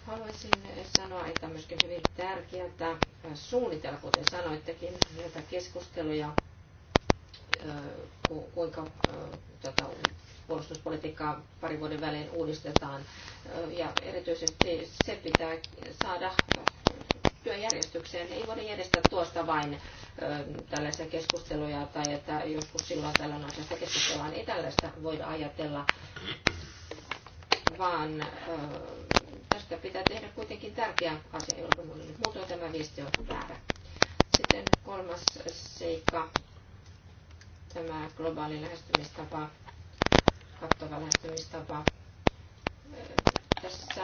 Haluaisin sanoa, että myöskin hyvin tärkeää suunnitella, kuten sanoittekin, näitä keskusteluja, kuinka tätä tota, puolustuspolitiikkaa parin vuoden välein uudistetaan. Ja erityisesti se pitää saada työjärjestykseen. Niin ei voida järjestää tuosta vain ö, tällaisia keskusteluja tai että joskus silloin tällöin asiasta keskustellaan. Ei tällaista voida ajatella, vaan ö, tästä pitää tehdä kuitenkin tärkeä asia Euroopan unionille. Muutoin tämä viesti on väärä. Sitten kolmas seikka, tämä globaali lähestymistapa, kattava lähestymistapa. Tässä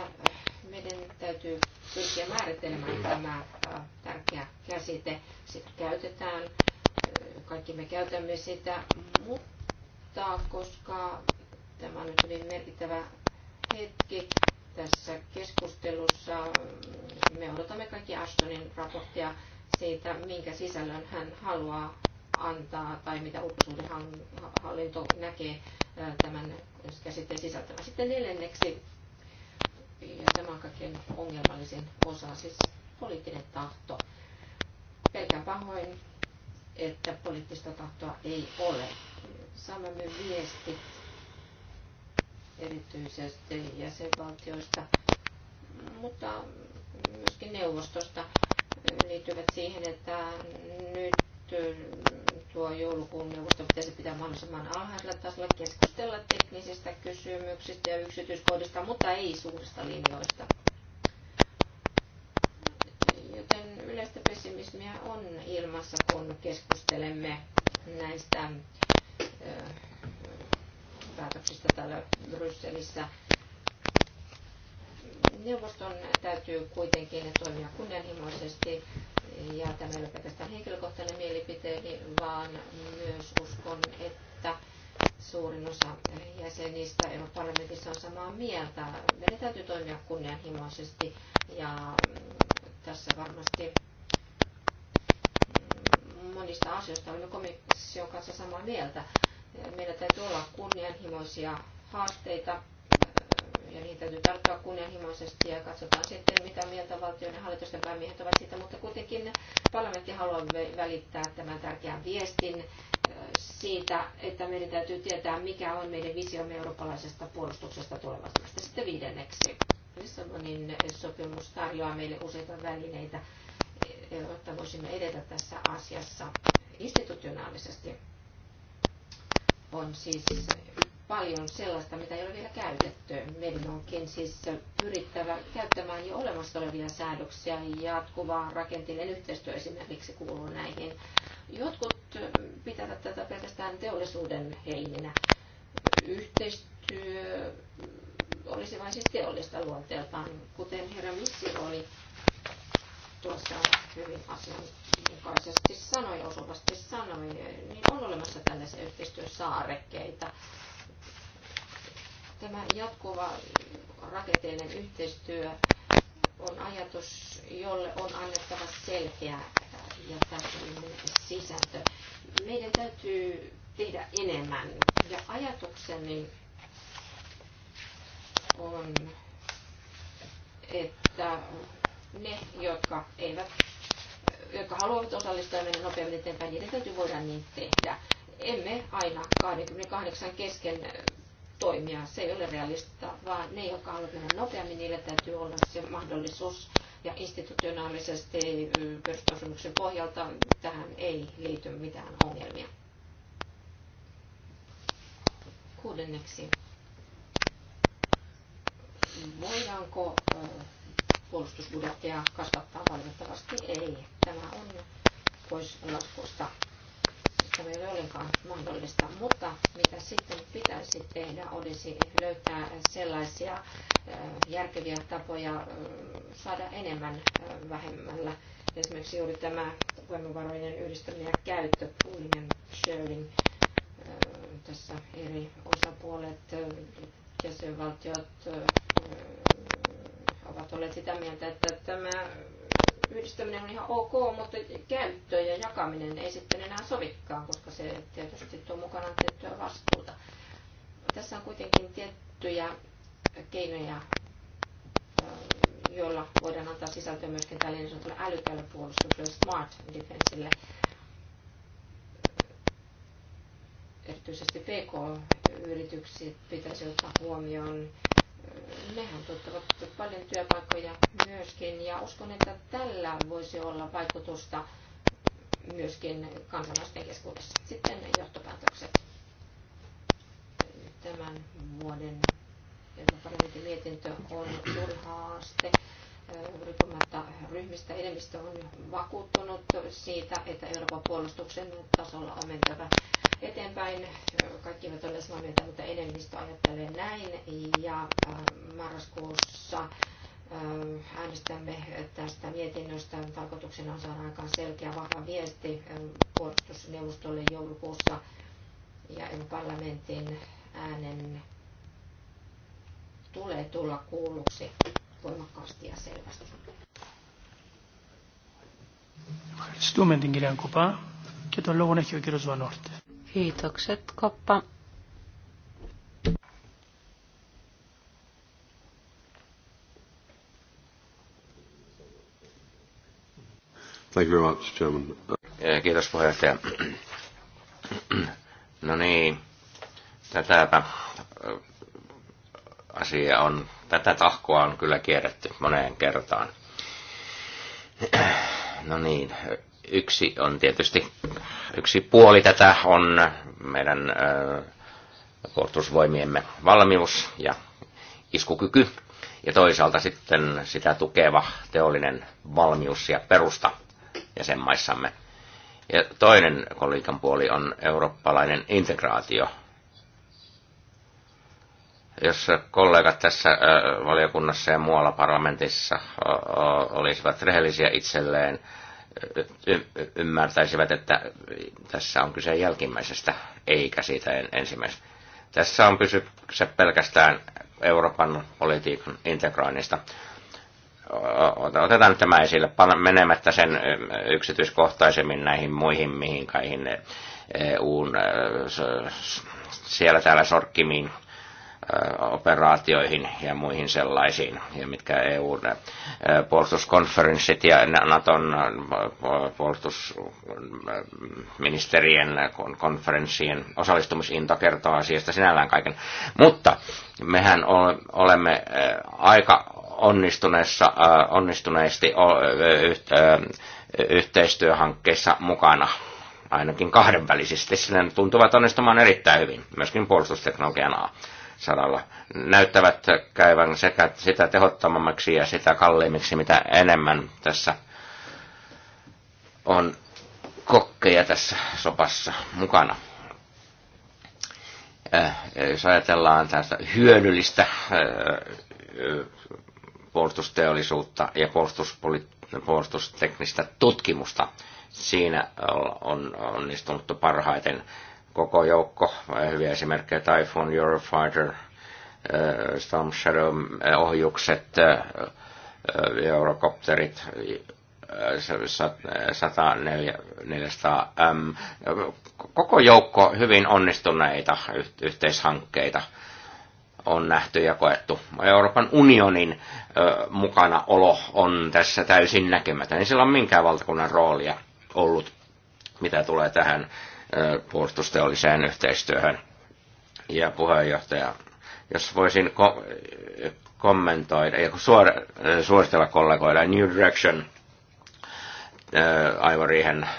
meidän täytyy pyrkiä määrittelemään tämä tärkeä käsite. Sitä käytetään, kaikki me käytämme sitä, mutta koska tämä on nyt hyvin merkittävä hetki tässä keskustelussa, me odotamme kaikki Ashtonin raporttia siitä, minkä sisällön hän haluaa antaa tai mitä ulkosuhdehallinto näkee tämän käsitteen sisältämään. Sitten neljänneksi ja tämä on kaikkein ongelmallisin osa, siis poliittinen tahto. Pelkään pahoin, että poliittista tahtoa ei ole. Saamme viesti erityisesti jäsenvaltioista, mutta myöskin neuvostosta liittyvät siihen, että nyt tuo joulukuun neuvosto pitäisi pitää mahdollisimman alhaisella tasolla, keskustella teknisistä kysymyksistä ja yksityiskohdista, mutta ei suurista linjoista. Joten yleistä pessimismiä on ilmassa, kun keskustelemme näistä päätöksistä täällä Brysselissä. Neuvoston täytyy kuitenkin toimia kunnianhimoisesti ja tämä ei ole pelkästään henkilökohtainen mielipiteeni, vaan myös uskon, että suurin osa jäsenistä Euroopan parlamentissa on samaa mieltä. Meidän täytyy toimia kunnianhimoisesti ja tässä varmasti monista asioista olemme komission kanssa samaa mieltä. Meidän täytyy olla kunnianhimoisia haasteita ja niitä täytyy tarttua kunnianhimoisesti ja katsotaan sitten, mitä mieltä valtion ja hallitusten päämiehet ovat siitä, mutta kuitenkin parlamentti haluaa välittää tämän tärkeän viestin siitä, että meidän täytyy tietää, mikä on meidän visiomme eurooppalaisesta puolustuksesta tulevaisuudesta. Sitten viidenneksi. Lissabonin sopimus tarjoaa meille useita välineitä, jotta voisimme edetä tässä asiassa institutionaalisesti. On siis paljon sellaista, mitä ei ole vielä käytetty. Meidän onkin siis pyrittävä käyttämään jo olemassa olevia säädöksiä. Jatkuva rakenteellinen yhteistyö esimerkiksi kuuluu näihin. Jotkut pitävät tätä pelkästään teollisuuden heininä. Yhteistyö olisi vain siis teollista luonteeltaan, kuten herra Missi oli tuossa hyvin asianmukaisesti sanoi, osuvasti sanoi, niin on olemassa tällaisia yhteistyösaarekkeita. Tämä jatkuva rakenteellinen yhteistyö on ajatus, jolle on annettava selkeä ja täsmällinen sisältö. Meidän täytyy tehdä enemmän. Ja ajatukseni on, että ne, jotka eivät jotka haluavat osallistua ja mennä nopeammin eteenpäin, niiden täytyy voida niin tehdä. Emme aina 28 kesken toimia. Se ei ole realistista, vaan ne, jotka haluavat mennä nopeammin, niillä täytyy olla se mahdollisuus. Ja institutionaalisesti perussopimuksen pohjalta tähän ei liity mitään ongelmia. Kuudenneksi. Voidaanko puolustusbudjettia kasvattaa valitettavasti? Ei. Tämä on pois laskusta Tämä ei ole ollenkaan mahdollista, mutta mitä sitten pitäisi tehdä, olisi löytää sellaisia järkeviä tapoja saada enemmän vähemmällä. Esimerkiksi juuri tämä voimavarojen yhdistäminen ja käyttö, pooling and sharing, tässä eri osapuolet, jäsenvaltiot ovat olleet sitä mieltä, että tämä yhdistäminen on ihan ok, mutta käyttö ja jakaminen ei sitten enää sovikkaan, koska se tietysti tuo mukanaan tiettyä vastuuta. Tässä on kuitenkin tiettyjä keinoja, joilla voidaan antaa sisältöä myöskin tälle niin sanotulle älykälle puolustukselle, smart defenseille. Erityisesti PK-yritykset pitäisi ottaa huomioon nehän tuottavat paljon työpaikkoja myöskin ja uskon, että tällä voisi olla vaikutusta myöskin kansalaisten keskuudessa. Sitten johtopäätökset. Tämän vuoden parlamentin mietintö on suuri haaste riippumatta ryhmistä enemmistö on vakuuttunut siitä, että Euroopan puolustuksen tasolla on mentävä eteenpäin. Kaikki eivät ole samaa mieltä, mutta enemmistö ajattelee näin. Ja äh, marraskuussa äh, äänestämme tästä mietinnöstä. Tarkoituksena on saada aikaan selkeä vahva viesti äh, puolustusneuvostolle joulukuussa ja parlamentin äänen tulee tulla kuulluksi voimakkaasti ja selvästi. Ευχαριστούμε την κυρία Κοπά και τον λόγο έχει ο κύριος Kiitokset, Koppa. Thank you very much, Chairman. Eh, kiitos puheenjohtaja. No niin, tätäpä asia on, tätä tahkoa on kyllä kierretty moneen kertaan. *clears throat* No niin, yksi on tietysti, yksi puoli tätä on meidän puolustusvoimiemme valmius ja iskukyky, ja toisaalta sitten sitä tukeva teollinen valmius ja perusta jäsenmaissamme. Ja toinen kolikan puoli on eurooppalainen integraatio, jos kollegat tässä valiokunnassa ja muualla parlamentissa olisivat rehellisiä itselleen, ymmärtäisivät, että tässä on kyse jälkimmäisestä, eikä siitä ensimmäisestä. Tässä on kyse pelkästään Euroopan politiikan integroinnista. Otetaan nyt tämä esille, menemättä sen yksityiskohtaisemmin näihin muihin mihinkaihin EUn e, siellä täällä sorkkimiin operaatioihin ja muihin sellaisiin, ja mitkä EU-puolustuskonferenssit ja Naton puolustusministerien konferenssien osallistumisinto kertoo asiasta sinällään kaiken. Mutta mehän olemme aika onnistuneessa, onnistuneesti yhteistyöhankkeissa mukana ainakin kahdenvälisesti. Sinne tuntuvat onnistumaan erittäin hyvin, myöskin puolustusteknologian saralla näyttävät käyvän sekä sitä tehottomammaksi ja sitä kalliimmiksi, mitä enemmän tässä on kokkeja tässä sopassa mukana. Äh, jos ajatellaan tästä hyödyllistä äh, äh, puolustusteollisuutta ja puolustusteknistä tutkimusta, siinä on onnistunut parhaiten koko joukko hyviä esimerkkejä, Typhoon, Eurofighter, äh, Storm Shadow äh, ohjukset, eurokopterit, 104, 400 m koko joukko hyvin onnistuneita yhteishankkeita on nähty ja koettu. Euroopan unionin ö, mukana olo on tässä täysin näkemätön. Ei sillä ole minkään valtakunnan roolia ollut, mitä tulee tähän puolustusteolliseen yhteistyöhön. Ja puheenjohtaja, jos voisin ko- kommentoida ja suor- suositella kollegoille New Direction aivan riihen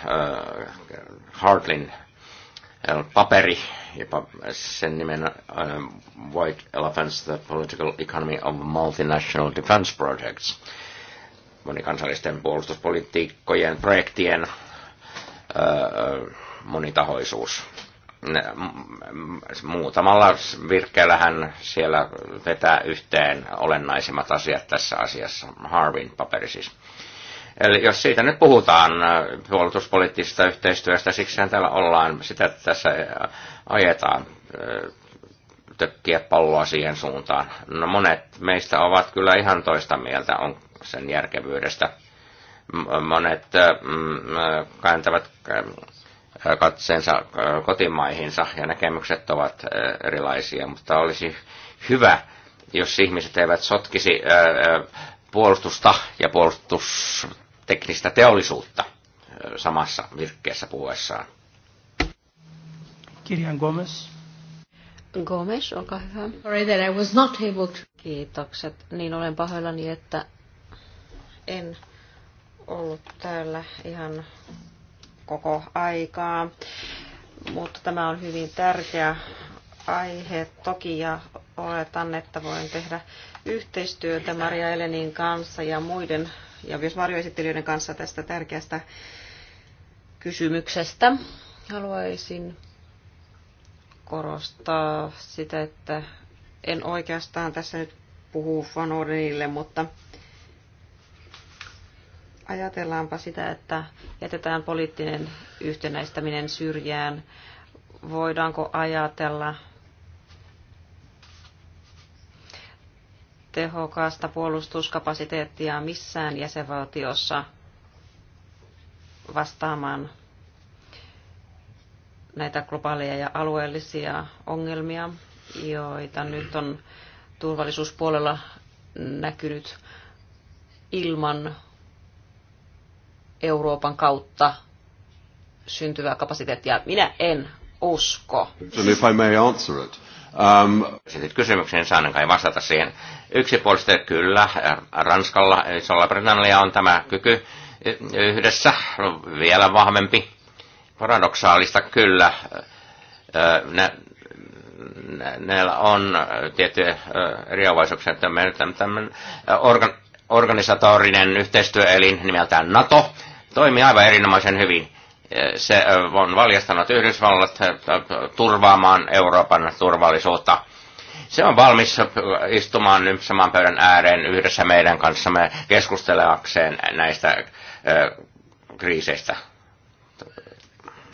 Hartlin paperi, jopa sen nimen uh, White Elephants, the Political Economy of Multinational Defense Projects, monikansallisten puolustuspolitiikkojen projektien uh, monitahoisuus. Muutamalla virkkeellähän siellä vetää yhteen olennaisimmat asiat tässä asiassa, Harvin paperi siis. Eli jos siitä nyt puhutaan äh, puolustuspoliittisesta yhteistyöstä, siksihän täällä ollaan, sitä tässä äh, ajetaan äh, tökkiä palloa siihen suuntaan. No monet meistä ovat kyllä ihan toista mieltä on sen järkevyydestä. Monet kääntävät katseensa kotimaihinsa ja näkemykset ovat erilaisia, mutta olisi hyvä, jos ihmiset eivät sotkisi puolustusta ja puolustusteknistä teollisuutta samassa virkkeessä puhuessaan. Kirjan Gomez. Gomes, olkaa hyvä. Sorry that I was not able to. Kiitokset. Niin olen pahoillani, että en ollut täällä ihan koko aikaa. Mutta tämä on hyvin tärkeä aihe toki ja oletan, että voin tehdä yhteistyötä Maria Elenin kanssa ja muiden ja myös varjoesittelijöiden kanssa tästä tärkeästä kysymyksestä. Haluaisin korostaa sitä, että en oikeastaan tässä nyt puhu Van mutta Ajatellaanpa sitä, että jätetään poliittinen yhtenäistäminen syrjään. Voidaanko ajatella tehokasta puolustuskapasiteettia missään jäsenvaltiossa vastaamaan näitä globaaleja ja alueellisia ongelmia, joita nyt on turvallisuuspuolella näkynyt ilman Euroopan kautta syntyvää kapasiteettia. Minä en usko. And if I may answer it. Um... Sitten kysymykseen saan kai vastata siihen. Yksipuolisesti kyllä, Ranskalla, isolla Britannia on tämä kyky yhdessä vielä vahvempi. Paradoksaalista kyllä. Nä, äh, nä, näillä on tiettyjä äh, eriavaisuuksia, että meillä on tämmöinen äh, organ, organisatorinen yhteistyöelin nimeltään NATO, toimii aivan erinomaisen hyvin. Se on valjastanut Yhdysvallat turvaamaan Euroopan turvallisuutta. Se on valmis istumaan nyt saman pöydän ääreen yhdessä meidän kanssamme keskusteleakseen näistä kriiseistä.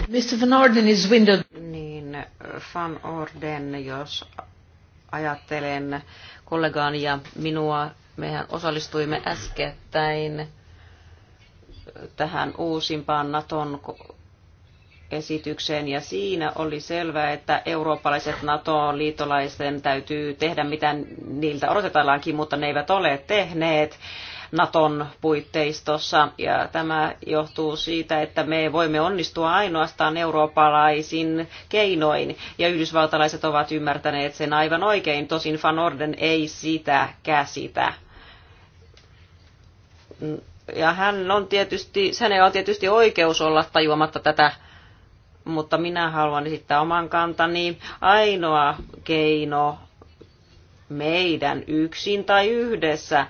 Mr. Van Orden is window. Niin, Van Orden, jos ajattelen kollegaani ja minua, mehän osallistuimme äskettäin tähän uusimpaan Naton esitykseen ja siinä oli selvää, että eurooppalaiset NATO-liitolaisten täytyy tehdä mitä niiltä odotetaankin, mutta ne eivät ole tehneet. Naton puitteistossa ja tämä johtuu siitä, että me voimme onnistua ainoastaan eurooppalaisin keinoin ja yhdysvaltalaiset ovat ymmärtäneet sen aivan oikein, tosin Van Orden ei sitä käsitä ja hän on tietysti, hänellä on tietysti oikeus olla tajuamatta tätä, mutta minä haluan esittää oman kantani. Ainoa keino meidän yksin tai yhdessä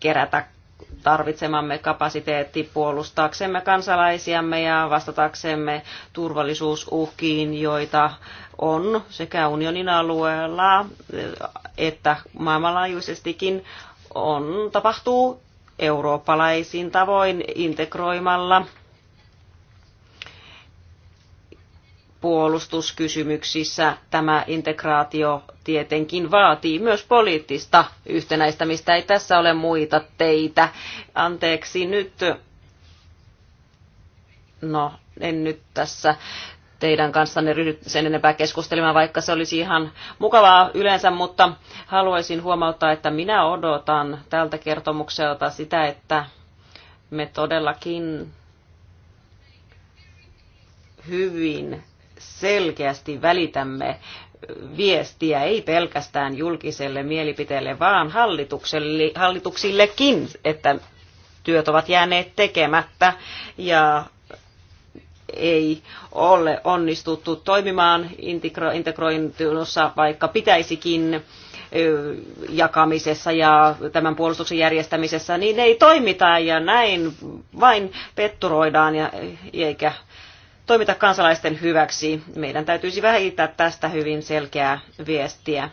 kerätä tarvitsemamme kapasiteetti puolustaaksemme kansalaisiamme ja vastataksemme turvallisuusuhkiin, joita on sekä unionin alueella että maailmanlaajuisestikin on, tapahtuu eurooppalaisiin tavoin integroimalla puolustuskysymyksissä tämä integraatio tietenkin vaatii myös poliittista yhtenäistämistä. Ei tässä ole muita teitä. Anteeksi nyt. No, en nyt tässä teidän kanssanne ryhdy sen enempää keskustelemaan, vaikka se olisi ihan mukavaa yleensä, mutta haluaisin huomauttaa, että minä odotan tältä kertomukselta sitä, että me todellakin hyvin selkeästi välitämme viestiä ei pelkästään julkiselle mielipiteelle, vaan hallitukselle, hallituksillekin, että työt ovat jääneet tekemättä ja ei ole onnistuttu toimimaan integrointunossa, vaikka pitäisikin jakamisessa ja tämän puolustuksen järjestämisessä, niin ei toimita ja näin vain petturoidaan ja, eikä toimita kansalaisten hyväksi. Meidän täytyisi vähittää tästä hyvin selkeää viestiä.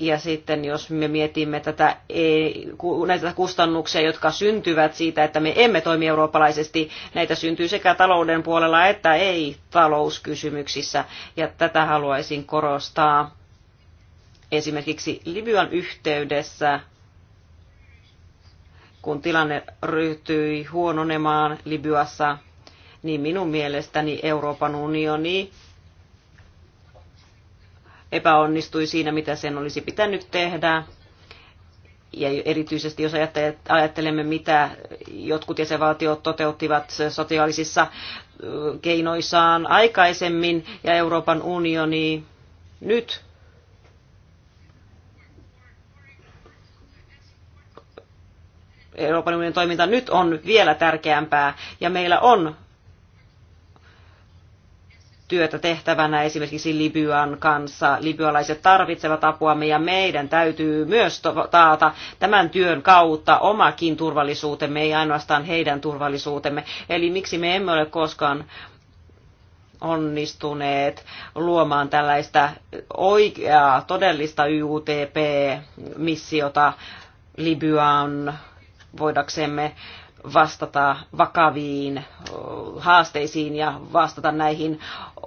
Ja sitten jos me mietimme tätä, e, näitä kustannuksia, jotka syntyvät siitä, että me emme toimi eurooppalaisesti, näitä syntyy sekä talouden puolella että ei-talouskysymyksissä. Ja tätä haluaisin korostaa esimerkiksi Libyan yhteydessä, kun tilanne ryhtyi huononemaan Libyassa, niin minun mielestäni Euroopan unioni epäonnistui siinä, mitä sen olisi pitänyt tehdä. Ja erityisesti jos ajattelemme, mitä jotkut jäsenvaltiot toteuttivat sosiaalisissa keinoissaan aikaisemmin ja Euroopan unioni nyt Euroopan unionin toiminta nyt on vielä tärkeämpää ja meillä on työtä tehtävänä esimerkiksi Libyan kanssa. Libyalaiset tarvitsevat apua ja meidän täytyy myös taata tämän työn kautta omakin turvallisuutemme, ei ainoastaan heidän turvallisuutemme. Eli miksi me emme ole koskaan onnistuneet luomaan tällaista oikeaa, todellista YUTP-missiota Libyan voidaksemme vastata vakaviin haasteisiin ja vastata näihin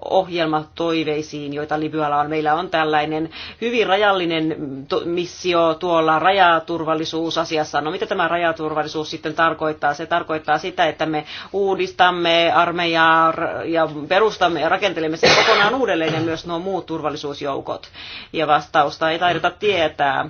ohjelmatoiveisiin, joita Libyalla on. Meillä on tällainen hyvin rajallinen mm, missio tuolla rajaturvallisuusasiassa. No mitä tämä rajaturvallisuus sitten tarkoittaa? Se tarkoittaa sitä, että me uudistamme armeijaa ja perustamme ja rakentelemme sen kokonaan uudelleen ja myös nuo muut turvallisuusjoukot. Ja vastausta ei taideta tietää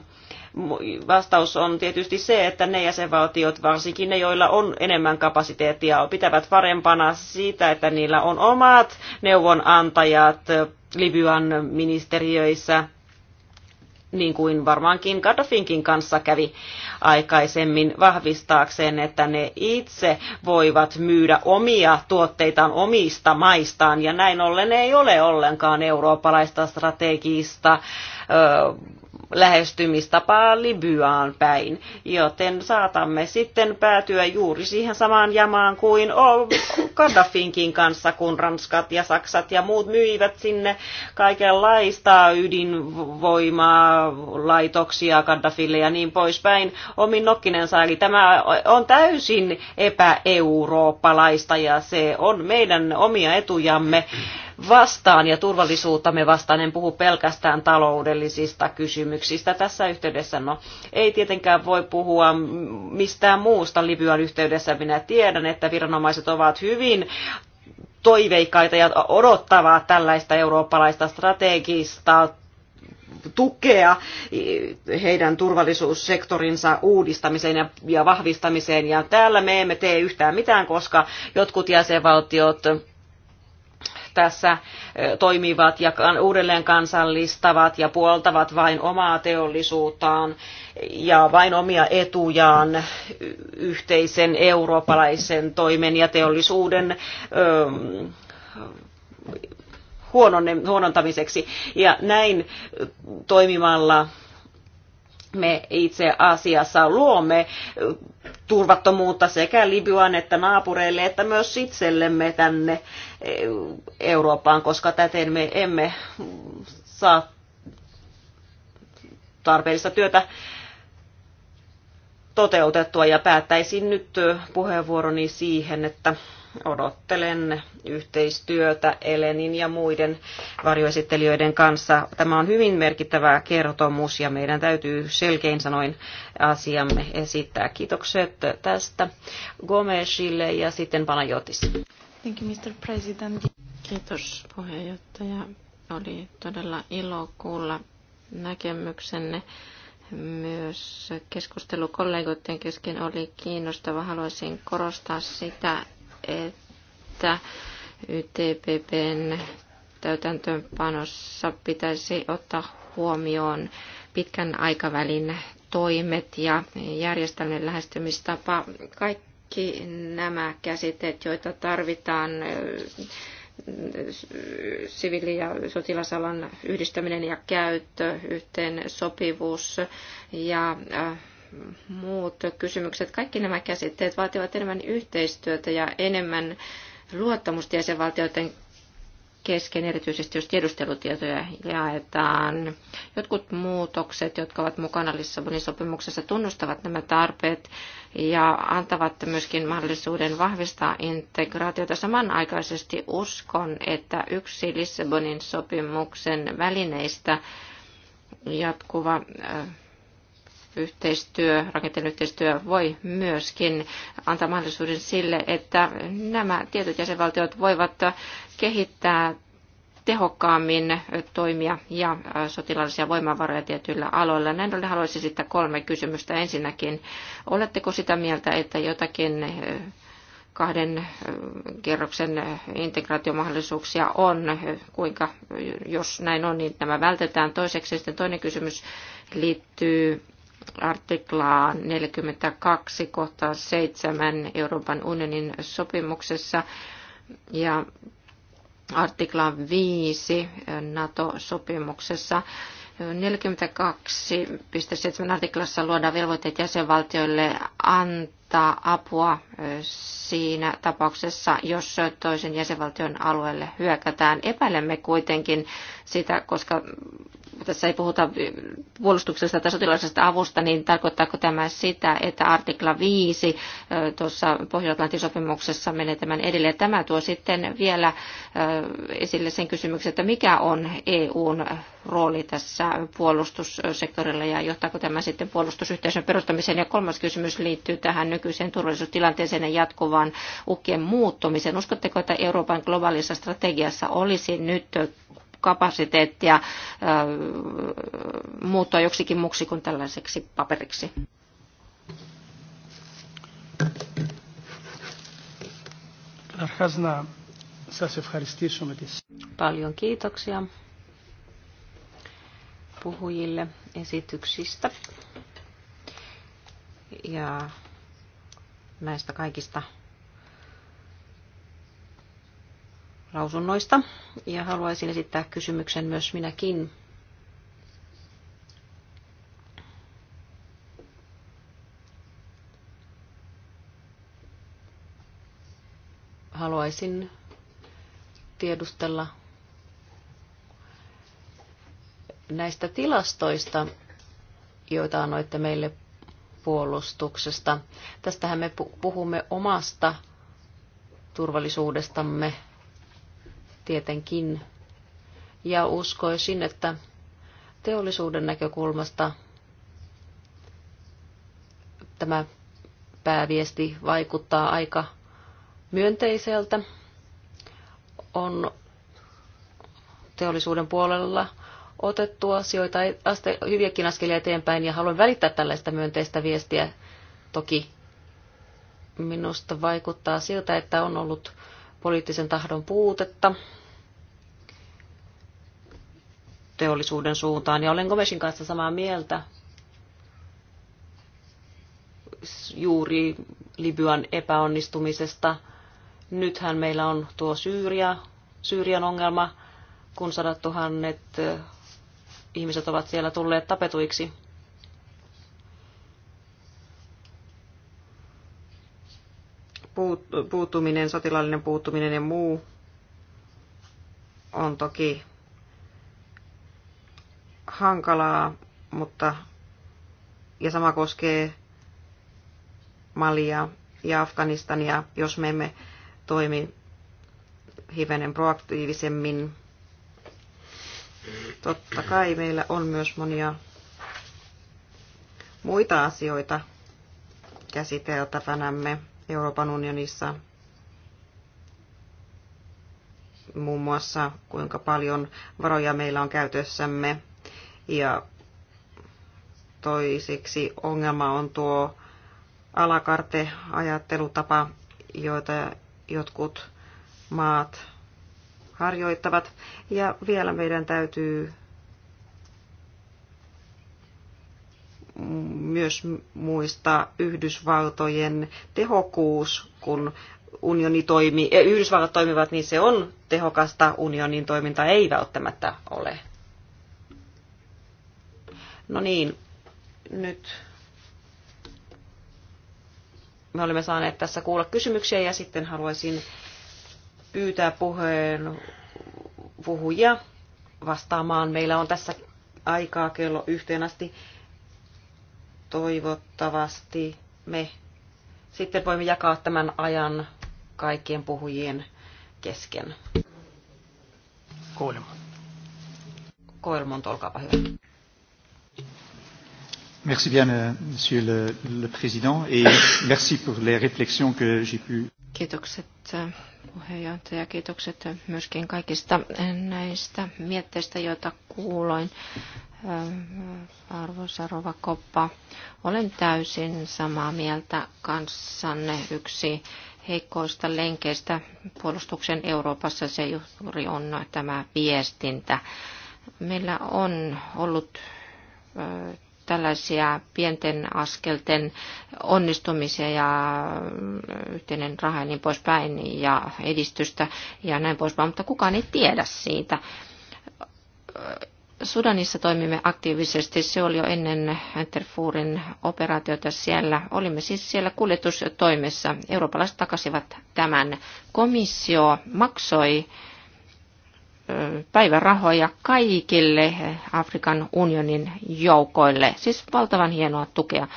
Vastaus on tietysti se, että ne jäsenvaltiot, varsinkin ne, joilla on enemmän kapasiteettia, pitävät parempana siitä, että niillä on omat neuvonantajat Libyan ministeriöissä, niin kuin varmaankin Gaddafinkin kanssa kävi aikaisemmin vahvistaakseen, että ne itse voivat myydä omia tuotteitaan omista maistaan, ja näin ollen ei ole ollenkaan eurooppalaista strategista ö, lähestymistapaa Libyaan päin, joten saatamme sitten päätyä juuri siihen samaan jamaan kuin Gaddafinkin kanssa, kun Ranskat ja Saksat ja muut myivät sinne kaikenlaista ydinvoimaa, laitoksia Gaddafille ja niin poispäin omin nokkinensa. Eli tämä on täysin epäeurooppalaista ja se on meidän omia etujamme vastaan ja turvallisuuttamme vastaan. En puhu pelkästään taloudellisista kysymyksistä tässä yhteydessä. No, ei tietenkään voi puhua mistään muusta Libyan yhteydessä. Minä tiedän, että viranomaiset ovat hyvin toiveikkaita ja odottavaa tällaista eurooppalaista strategista tukea heidän turvallisuussektorinsa uudistamiseen ja, ja vahvistamiseen. Ja täällä me emme tee yhtään mitään, koska jotkut jäsenvaltiot tässä toimivat ja uudelleen kansallistavat ja puoltavat vain omaa teollisuuttaan ja vain omia etujaan yhteisen eurooppalaisen toimen ja teollisuuden huonontamiseksi. Ja näin toimimalla me itse asiassa luomme turvattomuutta sekä Libyan että naapureille, että myös itsellemme tänne Eurooppaan, koska täten me emme saa tarpeellista työtä toteutettua ja päättäisin nyt puheenvuoroni siihen, että odottelen yhteistyötä Elenin ja muiden varjoesittelijöiden kanssa. Tämä on hyvin merkittävä kertomus ja meidän täytyy selkein sanoin asiamme esittää. Kiitokset tästä Gomesille ja sitten Panajotis. Thank you, Mr. President. Kiitos puheenjohtaja. Oli todella ilo kuulla näkemyksenne. Myös keskustelu kollegoiden kesken oli kiinnostava. Haluaisin korostaa sitä, että YTPPn täytäntöönpanossa pitäisi ottaa huomioon pitkän aikavälin toimet ja järjestelmän lähestymistapa. Kaikki kaikki nämä käsitteet, joita tarvitaan siviili- ja sotilasalan yhdistäminen ja käyttö, yhteen sopivuus ja muut kysymykset. Kaikki nämä käsitteet vaativat enemmän yhteistyötä ja enemmän luottamusta jäsenvaltioiden kesken, erityisesti jos tiedustelutietoja jaetaan. Jotkut muutokset, jotka ovat mukana Lissabonin sopimuksessa, tunnustavat nämä tarpeet ja antavat myöskin mahdollisuuden vahvistaa integraatiota. Samanaikaisesti uskon, että yksi Lissabonin sopimuksen välineistä jatkuva äh, yhteistyö, rakenteellinen yhteistyö voi myöskin antaa mahdollisuuden sille, että nämä tietyt jäsenvaltiot voivat kehittää tehokkaammin toimia ja sotilaallisia voimavaroja tietyillä aloilla. Näin ollen haluaisin sitten kolme kysymystä. Ensinnäkin, oletteko sitä mieltä, että jotakin kahden kerroksen integraatiomahdollisuuksia on, kuinka, jos näin on, niin tämä vältetään. Toiseksi sitten toinen kysymys liittyy artiklaa 42 kohtaan 7 Euroopan unionin sopimuksessa ja artikla 5 NATO-sopimuksessa. 42.7 artiklassa luodaan velvoitteet jäsenvaltioille antaa apua siinä tapauksessa, jos toisen jäsenvaltion alueelle hyökätään. Epäilemme kuitenkin sitä, koska tässä ei puhuta puolustuksesta tai sotilaallisesta avusta, niin tarkoittaako tämä sitä, että artikla 5 tuossa Pohjois-Atlantin sopimuksessa menee tämän edelleen. Tämä tuo sitten vielä esille sen kysymyksen, että mikä on EUn rooli tässä puolustussektorilla ja johtaako tämä sitten puolustusyhteisön perustamiseen. Ja kolmas kysymys liittyy tähän nykyiseen turvallisuustilanteeseen ja jatkuvaan uhkien muuttumiseen. Uskotteko, että Euroopan globaalissa strategiassa olisi nyt kapasiteettia muuttua joksikin muksi kuin tällaiseksi paperiksi. Paljon kiitoksia puhujille esityksistä ja näistä kaikista lausunnoista ja haluaisin esittää kysymyksen myös minäkin. Haluaisin tiedustella näistä tilastoista, joita annoitte meille puolustuksesta. Tästähän me puhumme omasta turvallisuudestamme tietenkin. Ja uskoisin, että teollisuuden näkökulmasta tämä pääviesti vaikuttaa aika myönteiseltä. On teollisuuden puolella otettu asioita, aste, hyviäkin askelia eteenpäin ja haluan välittää tällaista myönteistä viestiä. Toki minusta vaikuttaa siltä, että on ollut poliittisen tahdon puutetta teollisuuden suuntaan. Ja olen Gomesin kanssa samaa mieltä juuri Libyan epäonnistumisesta. Nythän meillä on tuo Syyria, Syyrian ongelma, kun sadat tuhannet eh, ihmiset ovat siellä tulleet tapetuiksi. puuttuminen, sotilaallinen puuttuminen ja muu on toki hankalaa, mutta ja sama koskee Malia ja Afganistania, jos me emme toimi hivenen proaktiivisemmin. Totta kai meillä on myös monia muita asioita käsiteltävänämme. Euroopan unionissa. Muun muassa kuinka paljon varoja meillä on käytössämme. Ja toiseksi ongelma on tuo alakarte-ajattelutapa, joita jotkut maat harjoittavat. Ja vielä meidän täytyy myös muista Yhdysvaltojen tehokkuus, kun unioni toimii, eh, Yhdysvallat toimivat, niin se on tehokasta, unionin toiminta ei välttämättä ole. No niin, nyt me olemme saaneet tässä kuulla kysymyksiä ja sitten haluaisin pyytää puheen puhujia vastaamaan. Meillä on tässä aikaa kello yhteen asti Toivottavasti me sitten voimme jakaa tämän ajan kaikkien puhujien kesken. Koilmont. Koilmont, olkaapa hyvä. Merci bien, euh, Monsieur le, le Président, et merci pour les réflexions que j'ai pu. Kiitokset äh, puheenjohtaja, kiitokset myöskin kaikista näistä mietteistä, joita kuuloin. Äh, arvoisa Rova Koppa, olen täysin samaa mieltä kanssanne yksi heikkoista lenkeistä puolustuksen Euroopassa. Se juuri on tämä viestintä. Meillä on ollut äh, tällaisia pienten askelten onnistumisia ja yhteinen raha ja niin poispäin ja edistystä ja näin poispäin, mutta kukaan ei tiedä siitä. Sudanissa toimimme aktiivisesti. Se oli jo ennen Interfurin operaatiota siellä. Olimme siis siellä kuljetustoimessa. Eurooppalaiset takasivat tämän. Komissio maksoi päivärahoja kaikille Afrikan unionin joukoille. Siis valtavan hienoa tukea.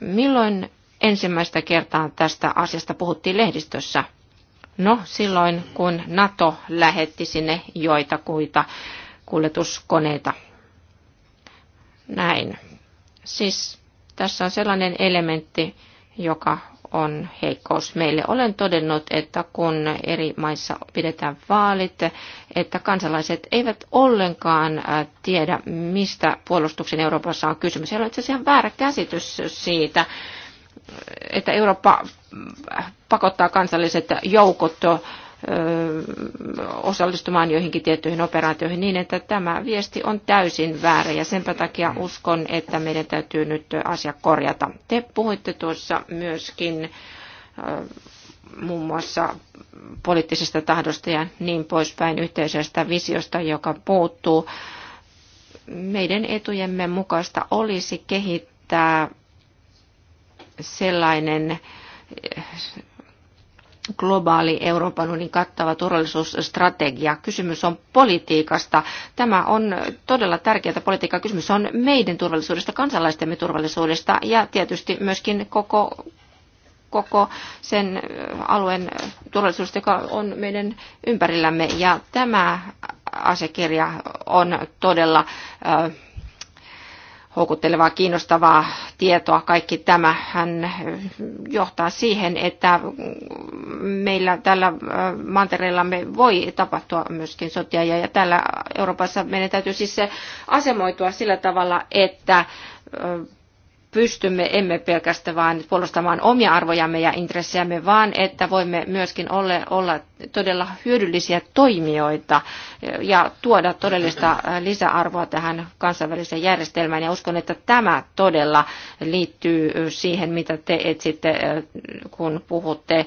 Milloin ensimmäistä kertaa tästä asiasta puhuttiin lehdistössä? No silloin, kun NATO lähetti sinne joitakuita kuljetuskoneita. Näin. Siis tässä on sellainen elementti, joka on heikkous meille. Olen todennut, että kun eri maissa pidetään vaalit, että kansalaiset eivät ollenkaan äh, tiedä, mistä puolustuksen Euroopassa on kysymys. Heillä on itse asiassa väärä käsitys siitä, että Eurooppa äh, pakottaa kansalliset joukot äh, osallistumaan joihinkin tiettyihin operaatioihin niin, että tämä viesti on täysin väärä ja senpä takia uskon, että meidän täytyy nyt asia korjata. Te puhuitte tuossa myöskin muun muassa poliittisesta tahdosta ja niin poispäin yhteisestä visiosta, joka puuttuu. Meidän etujemme mukaista olisi kehittää sellainen globaali Euroopan unionin kattava turvallisuusstrategia. Kysymys on politiikasta. Tämä on todella tärkeää politiikkaa. Kysymys on meidän turvallisuudesta, kansalaistemme turvallisuudesta ja tietysti myöskin koko koko sen alueen turvallisuudesta joka on meidän ympärillämme. Ja tämä asiakirja on todella äh, houkuttelevaa, kiinnostavaa tietoa, kaikki tämä hän johtaa siihen, että meillä tällä me voi tapahtua myöskin sotia ja täällä Euroopassa meidän täytyy siis se asemoitua sillä tavalla, että pystymme emme pelkästään vain puolustamaan omia arvojamme ja intressejämme, vaan että voimme myöskin olla, olla todella hyödyllisiä toimijoita ja tuoda todellista lisäarvoa tähän kansainväliseen järjestelmään. Ja uskon, että tämä todella liittyy siihen, mitä te etsitte, kun puhutte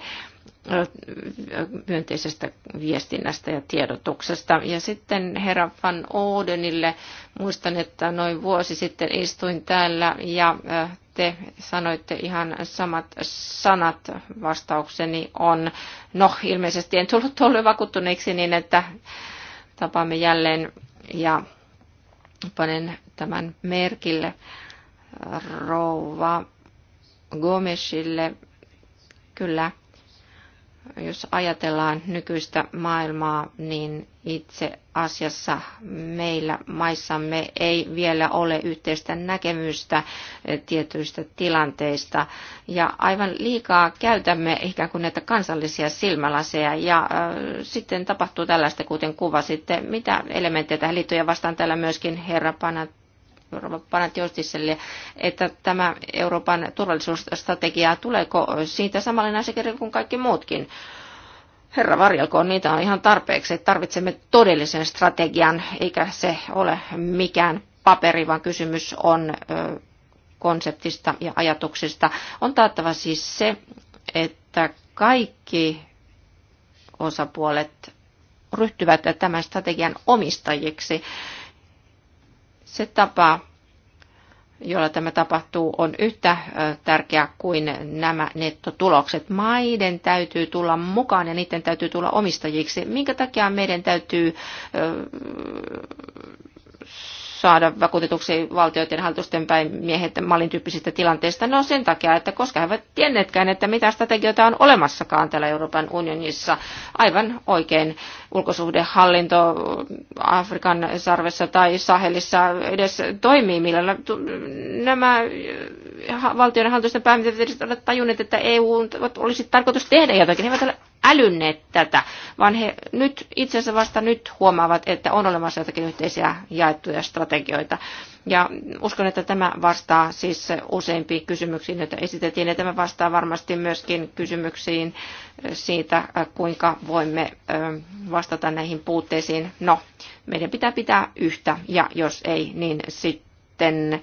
myönteisestä viestinnästä ja tiedotuksesta. Ja sitten herra Van Oudenille, muistan, että noin vuosi sitten istuin täällä ja te sanoitte ihan samat sanat. Vastaukseni on, no ilmeisesti en tullut tuolle vakuuttuneeksi niin, että tapaamme jälleen ja panen tämän merkille rouva Gomesille. Kyllä jos ajatellaan nykyistä maailmaa, niin itse asiassa meillä maissamme ei vielä ole yhteistä näkemystä eh, tietyistä tilanteista. Ja aivan liikaa käytämme ikään kuin näitä kansallisia silmälaseja. Ja äh, sitten tapahtuu tällaista, kuten kuva sitten Mitä elementtejä tähän liittyy? Ja vastaan täällä myöskin herra Panat Panatjostiselle, että tämä Euroopan turvallisuusstrategia, tuleeko siitä samanlainen asiakirja kuin kaikki muutkin? Herra varjelkoon, niitä on ihan tarpeeksi. Tarvitsemme todellisen strategian, eikä se ole mikään paperi, vaan kysymys on konseptista ja ajatuksista. On taattava siis se, että kaikki osapuolet ryhtyvät tämän strategian omistajiksi. Se tapa, jolla tämä tapahtuu, on yhtä tärkeä kuin nämä nettotulokset. Maiden täytyy tulla mukaan ja niiden täytyy tulla omistajiksi. Minkä takia meidän täytyy saada vakuutetuksi valtioiden hallitusten päin miehet Malin tyyppisistä tilanteista? No sen takia, että koska he eivät tienneetkään, että mitä strategioita on olemassakaan täällä Euroopan unionissa. Aivan oikein ulkosuhdehallinto Afrikan sarvessa tai Sahelissa edes toimii, millä nämä äh, valtioiden hallitusten pääministerit ovat tajunneet, että EU olisi tarkoitus tehdä jotakin. He eivät ole älynneet tätä, vaan he nyt itse asiassa vasta nyt huomaavat, että on olemassa jotakin yhteisiä jaettuja strategioita strategioita. Ja uskon, että tämä vastaa siis useimpiin kysymyksiin, joita esitettiin, ja tämä vastaa varmasti myöskin kysymyksiin siitä, kuinka voimme vastata näihin puutteisiin. No, meidän pitää pitää yhtä, ja jos ei, niin sitten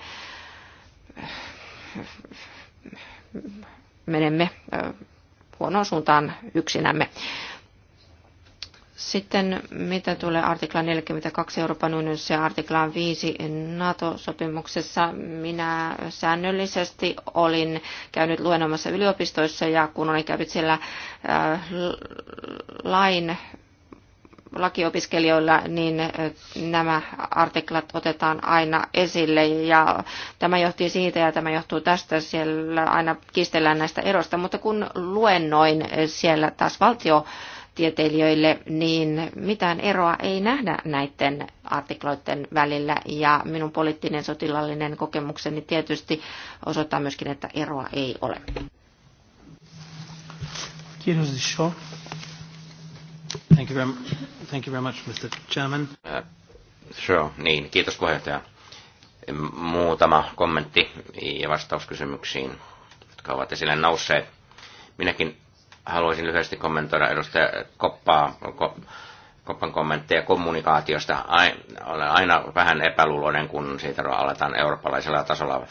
menemme huonoon suuntaan yksinämme. Sitten mitä tulee artikla 42 Euroopan unionissa ja artikla 5 NATO-sopimuksessa, minä säännöllisesti olin käynyt luennoimassa yliopistoissa ja kun olin käynyt siellä äh, lain lakiopiskelijoilla, niin äh, nämä artiklat otetaan aina esille ja tämä johti siitä ja tämä johtuu tästä, siellä aina kistellään näistä erosta, mutta kun luennoin siellä taas valtio tieteilijöille, niin mitään eroa ei nähdä näiden artikloiden välillä. Ja minun poliittinen sotilallinen kokemukseni tietysti osoittaa myöskin, että eroa ei ole. Kiitos, Thank you very, thank you very much, Mr. Chairman. Uh, äh, sure, niin, kiitos puheenjohtaja. Muutama kommentti ja vastauskysymyksiin, kysymyksiin, jotka ovat esille nousseet. Minäkin haluaisin lyhyesti kommentoida edustaja Koppaa, Koppan kommentteja kommunikaatiosta. Olen aina vähän epäluuloinen, kun siitä aletaan eurooppalaisella tasolla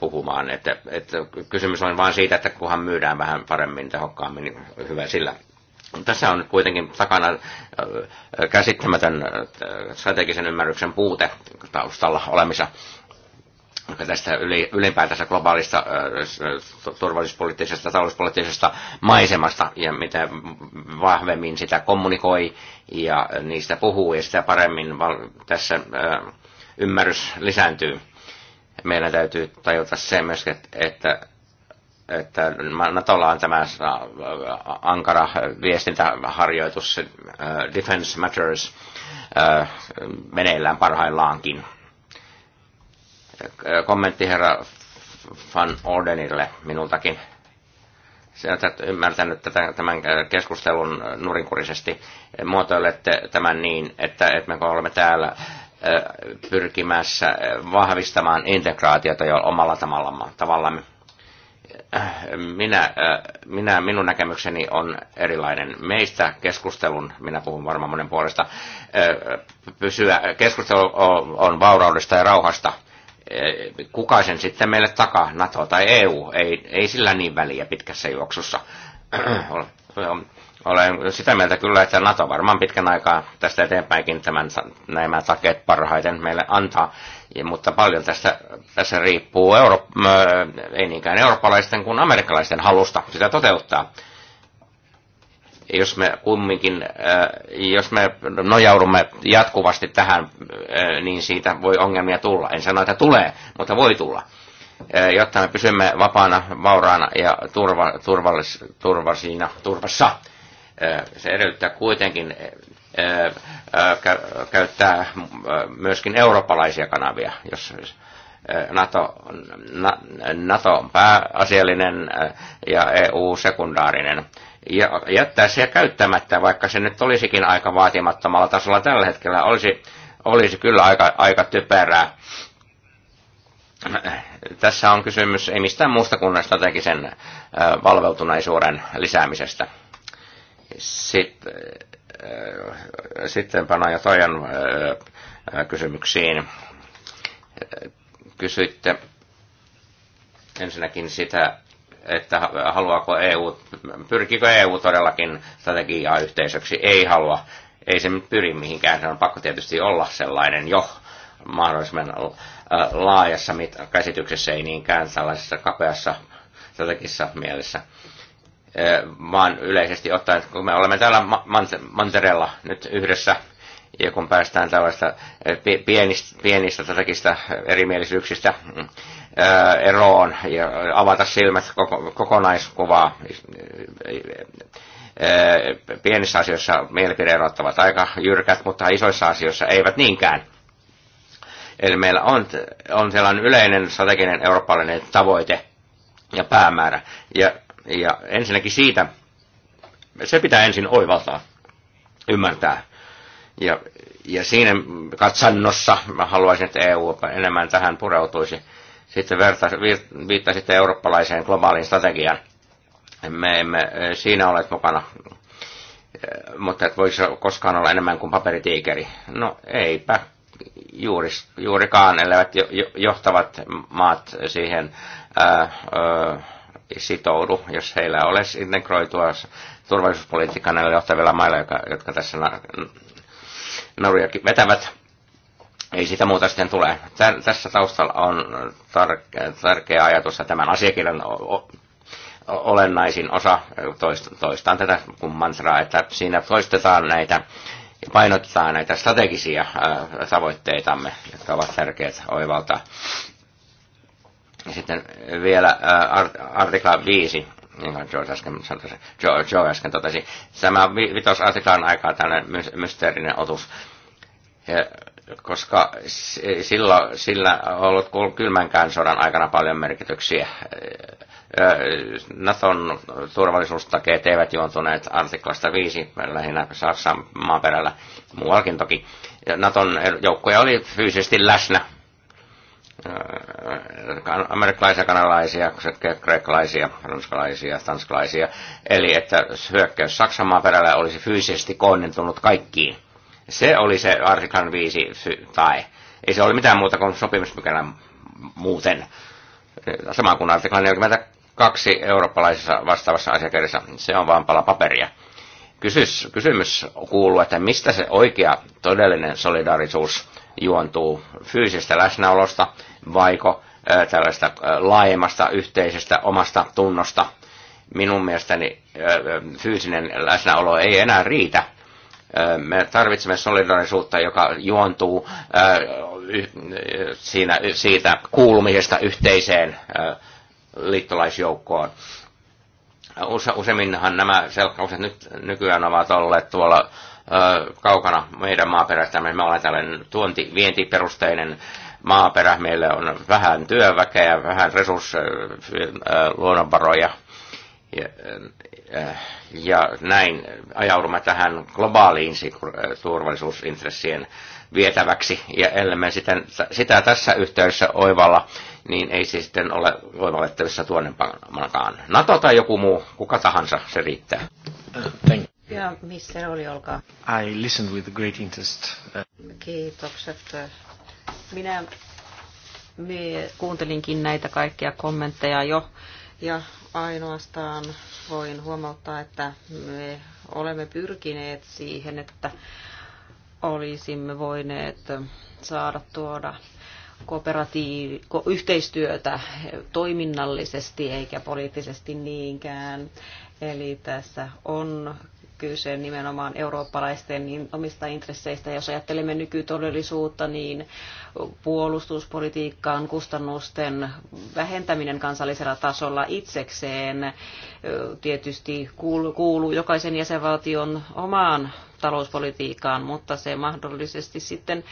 puhumaan. Että, et, kysymys on vain siitä, että kunhan myydään vähän paremmin, tehokkaammin, niin hyvä sillä. Tässä on nyt kuitenkin takana käsittämätön strategisen ymmärryksen puute taustalla olemissa tästä yli, ylipäätänsä globaalista turvallisuuspoliittisesta, talouspoliittisesta maisemasta ja mitä vahvemmin sitä kommunikoi ja niistä puhuu ja sitä paremmin tässä ymmärrys lisääntyy. Meidän täytyy tajuta se myös, että, että Natolla on tämä ankara viestintäharjoitus Defense Matters meneillään parhaillaankin kommentti herra Van Ordenille minultakin. Se, että ymmärtänyt tämän keskustelun nurinkurisesti. Muotoilette tämän niin, että, että me olemme täällä pyrkimässä vahvistamaan integraatiota jo omalla tavallamme. Minä, minä, minun näkemykseni on erilainen meistä keskustelun, minä puhun varmaan monen puolesta, pysyä, keskustelu on vauraudesta ja rauhasta, Eh, kuka sen sitten meille takaa, NATO tai EU, ei, ei sillä niin väliä pitkässä juoksussa. *clears throat* Olen sitä mieltä kyllä, että NATO varmaan pitkän aikaa tästä eteenpäinkin tämän, nämä takeet parhaiten meille antaa, ja, mutta paljon tästä, tässä riippuu euro, ei niinkään eurooppalaisten kuin amerikkalaisten halusta sitä toteuttaa jos me kumminkin, äh, jos me nojaudumme jatkuvasti tähän, äh, niin siitä voi ongelmia tulla. En sano, että tulee, mutta voi tulla. Äh, jotta me pysymme vapaana, vauraana ja turva, turvallis, turvasina, turvassa. Se edellyttää kuitenkin käyttää myöskin eurooppalaisia kanavia, jos NATO, NATO on pääasiallinen ja EU sekundaarinen ja jättää se käyttämättä, vaikka se nyt olisikin aika vaatimattomalla tasolla tällä hetkellä, olisi, olisi kyllä aika, aika typerää. Tässä on kysymys ei mistään muusta kuin strategisen valveutuneisuuden lisäämisestä. Sitten, sitten jo toijan kysymyksiin. Kysyitte ensinnäkin sitä, että haluaako EU, pyrkikö EU todellakin strategiaa yhteisöksi. Ei halua, ei se nyt pyri mihinkään, se on pakko tietysti olla sellainen jo mahdollisimman äh, laajassa käsityksessä, ei niinkään tällaisessa kapeassa strategisessa mielessä äh, vaan yleisesti ottaen, kun me olemme täällä mantereella nyt yhdessä ja kun päästään tällaista eh, pienistä, pienistä tosakista erimielisyyksistä mm, eh, eroon ja avata silmät kokonaiskuvaa, eh, pienissä asioissa mielipideerot ovat aika jyrkät, mutta isoissa asioissa eivät niinkään. Eli meillä on, on sellainen yleinen strateginen eurooppalainen tavoite ja päämäärä. Ja, ja ensinnäkin siitä, se pitää ensin oivaltaa, ymmärtää. Ja, ja siinä katsannossa mä haluaisin, että EU enemmän tähän pureutuisi. Sitten viittasit eurooppalaiseen globaaliin strategiaan. Me emme e, siinä ole mukana, e, mutta et voisi koskaan olla enemmän kuin paperitiikeri. No eipä juuri, juurikaan, elävät johtavat maat siihen ää, ää, sitoudu, jos heillä olisi integroitua turvallisuuspolitiikkaa näillä johtavilla mailla, jotka tässä narujakin vetävät. Ei sitä muuta sitten tule. Tässä taustalla on tärkeä ajatus ja tämän asiakirjan olennaisin osa, toistaan tätä kun mantraa, että siinä toistetaan näitä ja painotetaan näitä strategisia tavoitteitamme, jotka ovat tärkeät oivaltaa. Sitten vielä artikla 5 niin kuin George äsken, sanoi, Joe, Joe äsken totesi, tämä vitosartiklan aikaa tällainen my, mysteerinen otus. Ja, koska sillä, sillä on ollut kylmänkään sodan aikana paljon merkityksiä. Naton turvallisuustakeet eivät juontuneet artiklasta 5, lähinnä Saksan maaperällä, muuallakin toki. Naton joukkoja oli fyysisesti läsnä Äh, amerikkalaisia, kanalaisia, kreikkalaisia, ranskalaisia, tanskalaisia. Eli että hyökkäys Saksan maaperällä olisi fyysisesti kohdentunut kaikkiin. Se oli se artiklan 5 tai. Ei se ole mitään muuta kuin sopimuspykälän muuten. Sama kuin artikla 42 eurooppalaisessa vastaavassa asiakirjassa. Se on vaan pala paperia. Kysymys, kysymys kuuluu, että mistä se oikea todellinen solidaarisuus – juontuu fyysisestä läsnäolosta vaiko tällaista laajemmasta yhteisestä omasta tunnosta. Minun mielestäni fyysinen läsnäolo ei enää riitä. Me tarvitsemme solidarisuutta, joka juontuu siinä, siitä kuulumisesta yhteiseen liittolaisjoukkoon. Useimminhan nämä selkkaukset nyt nykyään ovat olleet tuolla kaukana meidän maaperästämme. Me olemme tällainen tuonti, vientiperusteinen maaperä. Meillä on vähän työväkeä, vähän resursseja, Ja, ja näin ajaudumme tähän globaaliin turvallisuusintressien vietäväksi. Ja ellemme sitten, sitä tässä yhteydessä oivalla, niin ei se sitten ole voimallettavissa tuonnepanakaan. NATO tai joku muu, kuka tahansa, se riittää. Thank Joo, missä oli, olkaa. I listened with great interest. Uh, Kiitokset. Minä kuuntelinkin näitä kaikkia kommentteja jo ja ainoastaan voin huomauttaa, että me olemme pyrkineet siihen, että olisimme voineet saada tuoda kooperatiiv- yhteistyötä toiminnallisesti eikä poliittisesti niinkään. Eli tässä on kyse nimenomaan eurooppalaisten niin omista intresseistä. Jos ajattelemme nykytodellisuutta, niin puolustuspolitiikkaan kustannusten vähentäminen kansallisella tasolla itsekseen tietysti kuuluu jokaisen jäsenvaltion omaan talouspolitiikkaan, mutta se mahdollisesti sitten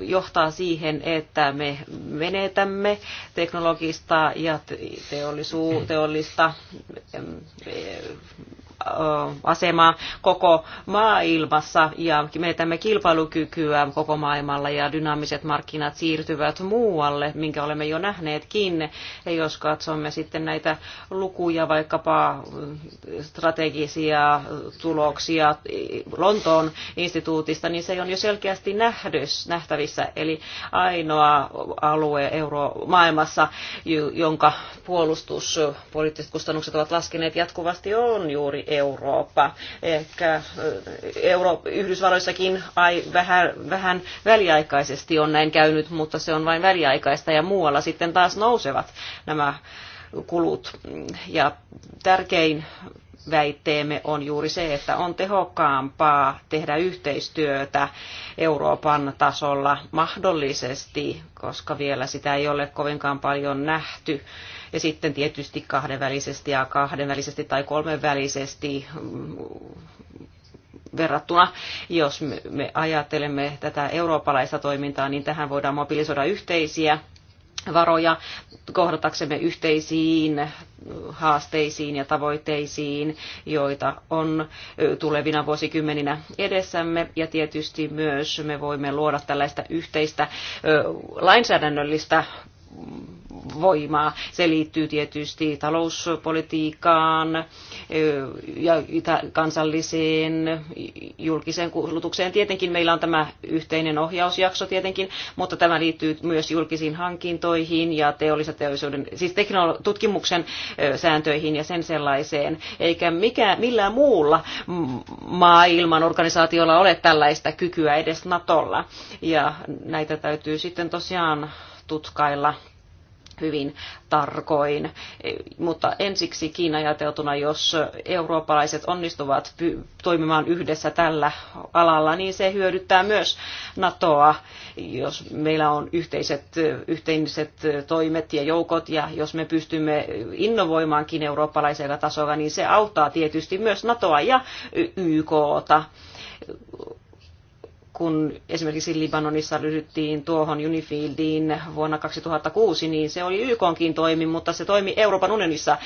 johtaa siihen, että me menetämme teknologista ja teollisu- teollista asemaa koko maailmassa ja menetämme kilpailukykyä koko maailmalla ja dynaamiset markkinat siirtyvät muualle, minkä olemme jo nähneetkin. Ja jos katsomme sitten näitä lukuja, vaikkapa strategisia tuloksia Lontoon instituutista, niin se on jo selkeästi nähdys, nähtävissä. Eli ainoa alue euro maailmassa, jonka puolustuspoliittiset kustannukset ovat laskeneet jatkuvasti, on juuri Eurooppa. Ehkä eh, Euro- Yhdysvalloissakin ai, vähän, vähän väliaikaisesti on näin käynyt, mutta se on vain väliaikaista ja muualla sitten taas nousevat nämä kulut. Ja tärkein väitteemme on juuri se, että on tehokkaampaa tehdä yhteistyötä Euroopan tasolla mahdollisesti, koska vielä sitä ei ole kovinkaan paljon nähty. Ja sitten tietysti kahdenvälisesti ja kahdenvälisesti tai kolmenvälisesti mm, verrattuna, jos me ajattelemme tätä eurooppalaista toimintaa, niin tähän voidaan mobilisoida yhteisiä varoja kohdataksemme yhteisiin haasteisiin ja tavoitteisiin, joita on tulevina vuosikymmeninä edessämme. Ja tietysti myös me voimme luoda tällaista yhteistä lainsäädännöllistä voimaa. Se liittyy tietysti talouspolitiikkaan ja kansalliseen julkiseen kulutukseen. Tietenkin meillä on tämä yhteinen ohjausjakso tietenkin, mutta tämä liittyy myös julkisiin hankintoihin ja teollisuuden, siis teknolo- tutkimuksen sääntöihin ja sen sellaiseen. Eikä mikä, millään muulla maailman organisaatiolla ole tällaista kykyä edes Natolla. Ja näitä täytyy sitten tosiaan tutkailla hyvin tarkoin. Mutta ensiksikin ajateltuna, jos eurooppalaiset onnistuvat toimimaan yhdessä tällä alalla, niin se hyödyttää myös NATOa, jos meillä on yhteiset, yhteiset toimet ja joukot, ja jos me pystymme innovoimaankin eurooppalaisella tasolla, niin se auttaa tietysti myös NATOa ja YKta kun esimerkiksi Libanonissa ryhdyttiin tuohon Unifieldiin vuonna 2006, niin se oli YKkin toimi, mutta se toimi Euroopan unionissa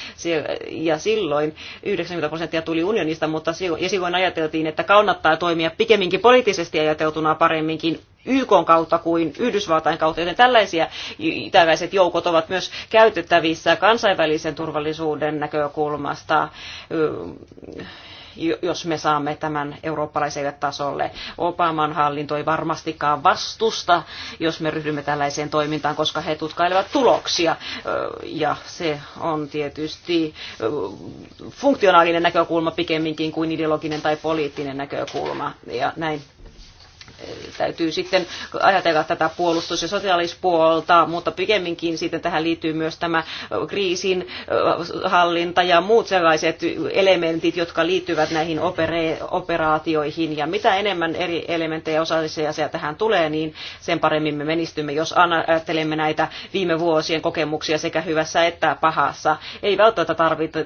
ja silloin 90 prosenttia tuli unionista, mutta ja silloin ajateltiin, että kannattaa toimia pikemminkin poliittisesti ajateltuna paremminkin YK kautta kuin Yhdysvaltain kautta, joten tällaisia, tällaiset joukot ovat myös käytettävissä kansainvälisen turvallisuuden näkökulmasta jos me saamme tämän eurooppalaiselle tasolle. Obaman hallinto ei varmastikaan vastusta, jos me ryhdymme tällaiseen toimintaan, koska he tutkailevat tuloksia. Ja se on tietysti funktionaalinen näkökulma pikemminkin kuin ideologinen tai poliittinen näkökulma. Ja näin täytyy sitten ajatella tätä puolustus- ja sosiaalispuolta, mutta pikemminkin sitten tähän liittyy myös tämä kriisin hallinta ja muut sellaiset elementit, jotka liittyvät näihin operaatioihin. Ja mitä enemmän eri elementtejä osallisia tähän tulee, niin sen paremmin me menistymme, jos ajattelemme näitä viime vuosien kokemuksia sekä hyvässä että pahassa. Ei välttämättä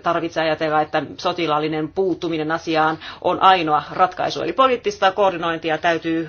tarvitse ajatella, että sotilaallinen puuttuminen asiaan on ainoa ratkaisu. Eli poliittista koordinointia täytyy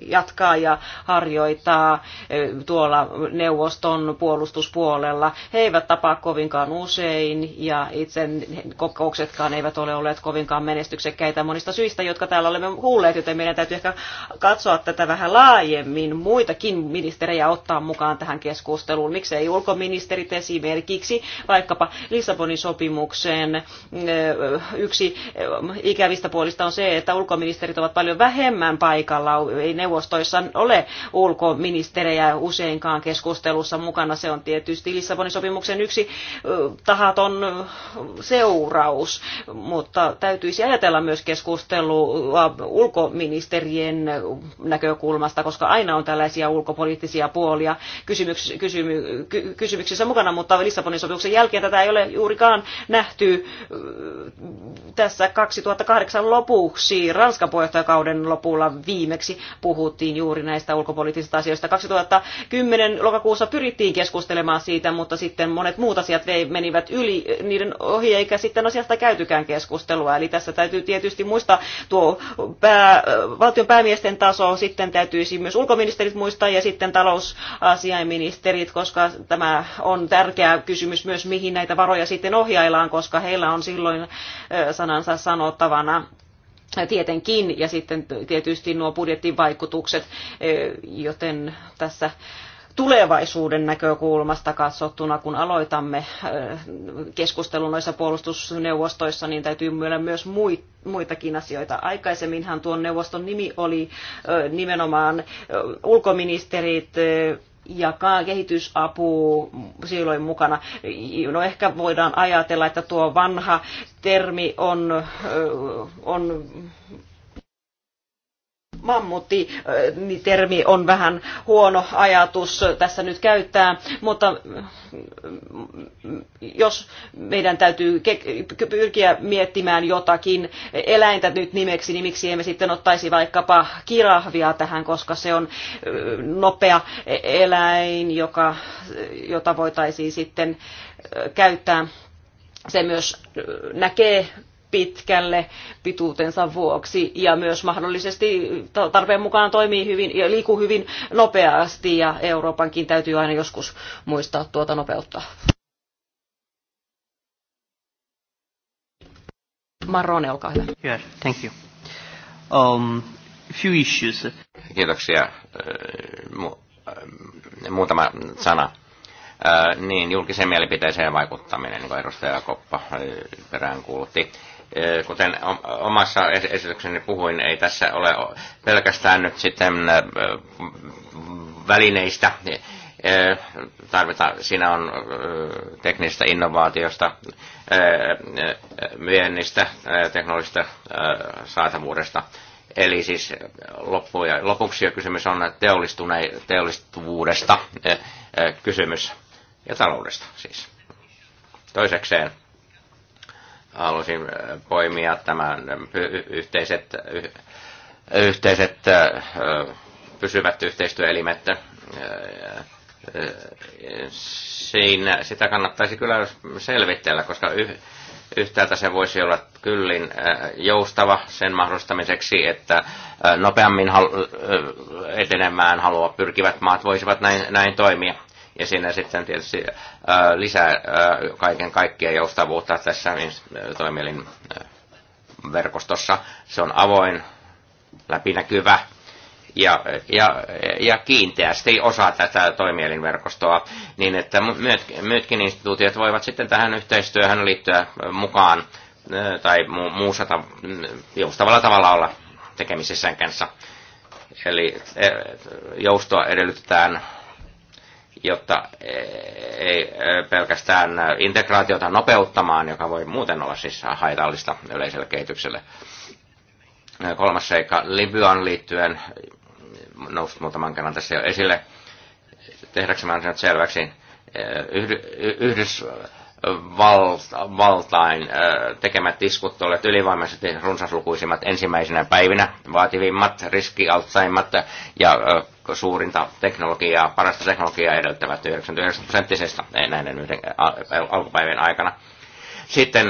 jatkaa ja harjoittaa tuolla neuvoston puolustuspuolella. He eivät tapaa kovinkaan usein ja itse kokouksetkaan eivät ole olleet kovinkaan menestyksekkäitä monista syistä, jotka täällä olemme kuulleet, joten meidän täytyy ehkä katsoa tätä vähän laajemmin, muitakin ministerejä ottaa mukaan tähän keskusteluun. Miksei ulkoministerit esimerkiksi vaikkapa Lissabonin sopimukseen yksi ikävistä puolista on se, että ulkoministerit ovat paljon vähemmän paikalla, ei ne neuvostoissa ole ulkoministerejä useinkaan keskustelussa mukana. Se on tietysti Lissabonin sopimuksen yksi tahaton seuraus, mutta täytyisi ajatella myös keskustelua ulkoministerien näkökulmasta, koska aina on tällaisia ulkopoliittisia puolia kysymyks, kysymy, ky, kysymyksissä mukana, mutta Lissabonin sopimuksen jälkeen tätä ei ole juurikaan nähty tässä 2008 lopuksi Ranskan puheenjohtajakauden lopulla viimeksi puhuttiin puhuttiin juuri näistä ulkopoliittisista asioista. 2010 lokakuussa pyrittiin keskustelemaan siitä, mutta sitten monet muut asiat menivät yli niiden ohi, eikä sitten asiasta käytykään keskustelua. Eli tässä täytyy tietysti muistaa tuo pää, valtion päämiesten taso, sitten täytyisi myös ulkoministerit muistaa ja sitten talousasiainministerit, koska tämä on tärkeä kysymys myös, mihin näitä varoja sitten ohjaillaan, koska heillä on silloin sanansa sanottavana tietenkin, ja sitten tietysti nuo budjetin vaikutukset, e, joten tässä tulevaisuuden näkökulmasta katsottuna, kun aloitamme e, keskustelun noissa puolustusneuvostoissa, niin täytyy myöllä myös muitakin asioita. Aikaisemminhan tuon neuvoston nimi oli e, nimenomaan ulkoministerit, jakaa kehitysapu silloin mukana. No ehkä voidaan ajatella, että tuo vanha termi on, on mammutti-termi äh, on vähän huono ajatus tässä nyt käyttää, mutta äh, jos meidän täytyy pyrkiä miettimään jotakin eläintä nyt nimeksi, niin miksi emme sitten ottaisi vaikkapa kirahvia tähän, koska se on äh, nopea eläin, joka, jota voitaisiin sitten käyttää se myös näkee pitkälle pituutensa vuoksi ja myös mahdollisesti tarpeen mukaan toimii hyvin ja liikkuu hyvin nopeasti ja Euroopankin täytyy aina joskus muistaa tuota nopeutta. Marone, olkaa hyvä. thank you. Um, few issues. Kiitoksia. Muutama sana äh, niin julkiseen mielipiteeseen vaikuttaminen, niin kuin edustaja Koppa äh, perään kuulutti. Eh, kuten omassa esitykseni puhuin, ei tässä ole pelkästään nyt sitten eh, välineistä. Eh, Tarvitaan, siinä on teknistä innovaatiosta, myönnistä, teknologisesta saatavuudesta. Eli siis lopuksi jo kysymys on teollistuvuudesta kysymys ja taloudesta siis. Toisekseen halusin äh, poimia tämän äh, yhteiset, yhteiset äh, pysyvät yhteistyöelimet. Siinä, sitä kannattaisi kyllä selvitellä, koska yhtäältä se voisi olla kyllin joustava sen mahdollistamiseksi, että nopeammin etenemään haluaa pyrkivät maat voisivat näin, näin toimia ja siinä sitten tietysti äh, lisää äh, kaiken kaikkia joustavuutta tässä niin, äh, toimielin verkostossa. Se on avoin, läpinäkyvä ja, ja, ja kiinteästi osa tätä toimielinverkostoa, niin että myötkin instituutiot voivat sitten tähän yhteistyöhön liittyä mukaan tai mu, muussa ta, joustavalla tavalla olla tekemisissä kanssa. Eli joustoa edellytetään jotta e, ei e, pelkästään integraatiota nopeuttamaan, joka voi muuten olla siis haitallista yleiselle kehitykselle. Kolmas seikka Libyan liittyen, noussut muutaman kerran tässä jo esille, tehdäkseni sen selväksi, e, Yhdys, valtain tekemät iskut olleet ylivoimaisesti runsaslukuisimmat ensimmäisenä päivinä, vaativimmat, riskialtsaimmat ja suurinta teknologiaa, parasta teknologiaa edeltävät 99 prosenttisesta näiden yhden alkupäivien aikana. Sitten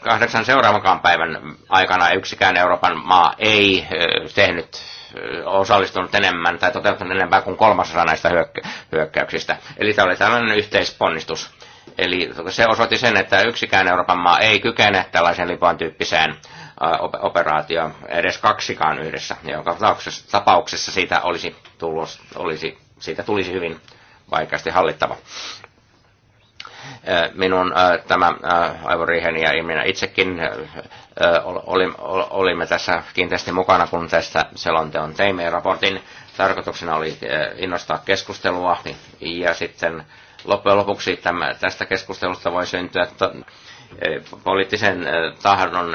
kahdeksan seuraavankaan päivän aikana yksikään Euroopan maa ei tehnyt osallistunut enemmän tai toteuttanut enemmän kuin kolmasosa näistä hyökkäyksistä. Eli tämä oli tällainen yhteisponnistus. Eli se osoitti sen, että yksikään Euroopan maa ei kykene tällaisen Liban tyyppiseen operaatioon, edes kaksikaan yhdessä, jonka tapauksessa siitä olisi, tullut, olisi, siitä tulisi hyvin vaikeasti hallittava minun tämä aivoriiheni ja minä itsekin olimme tässä kiinteästi mukana, kun tästä selonteon teimme. Raportin tarkoituksena oli innostaa keskustelua ja sitten loppujen lopuksi tästä keskustelusta voi syntyä poliittisen tahdon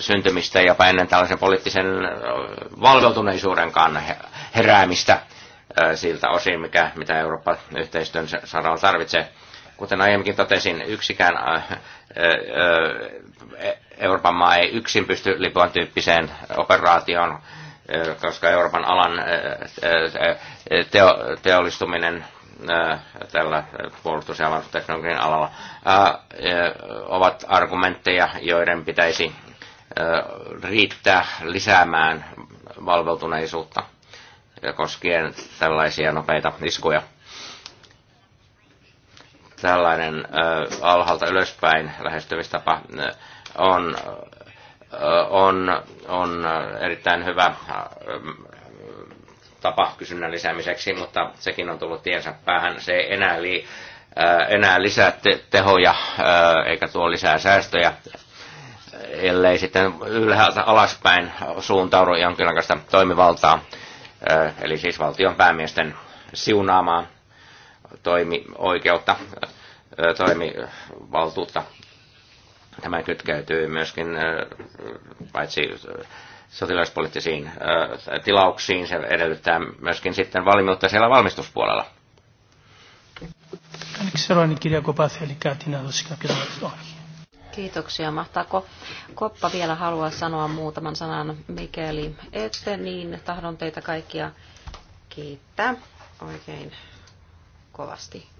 syntymistä ja jopa ennen tällaisen poliittisen valveutuneisuuden heräämistä siltä osin, mikä, mitä Euroopan yhteistyön saralla tarvitsee. Kuten aiemminkin totesin, yksikään Euroopan maa ei yksin pysty Libyan tyyppiseen operaatioon, koska Euroopan alan teollistuminen tällä puolustus- ja teknologian alalla ovat argumentteja, joiden pitäisi riittää lisäämään valveutuneisuutta koskien tällaisia nopeita iskuja. Tällainen alhaalta ylöspäin lähestymistapa on, on, on erittäin hyvä tapa kysynnän lisäämiseksi, mutta sekin on tullut tiensä päähän. Se ei enää, li, enää lisää te, tehoja eikä tuo lisää säästöjä, ellei sitten ylhäältä alaspäin suuntaudu jonkinlaista toimivaltaa eli siis valtion päämiesten siunaamaa toimioikeutta, toimivaltuutta. Tämä kytkeytyy myöskin paitsi sotilaspoliittisiin tilauksiin, se edellyttää myöskin sitten valmiutta siellä valmistuspuolella. Δεν ξέρω αν η κυρία Κοπάθη Αλικάτη να Kiitoksia. Mahtaako Koppa vielä haluaa sanoa muutaman sanan, mikäli ette, niin tahdon teitä kaikkia kiittää oikein kovasti.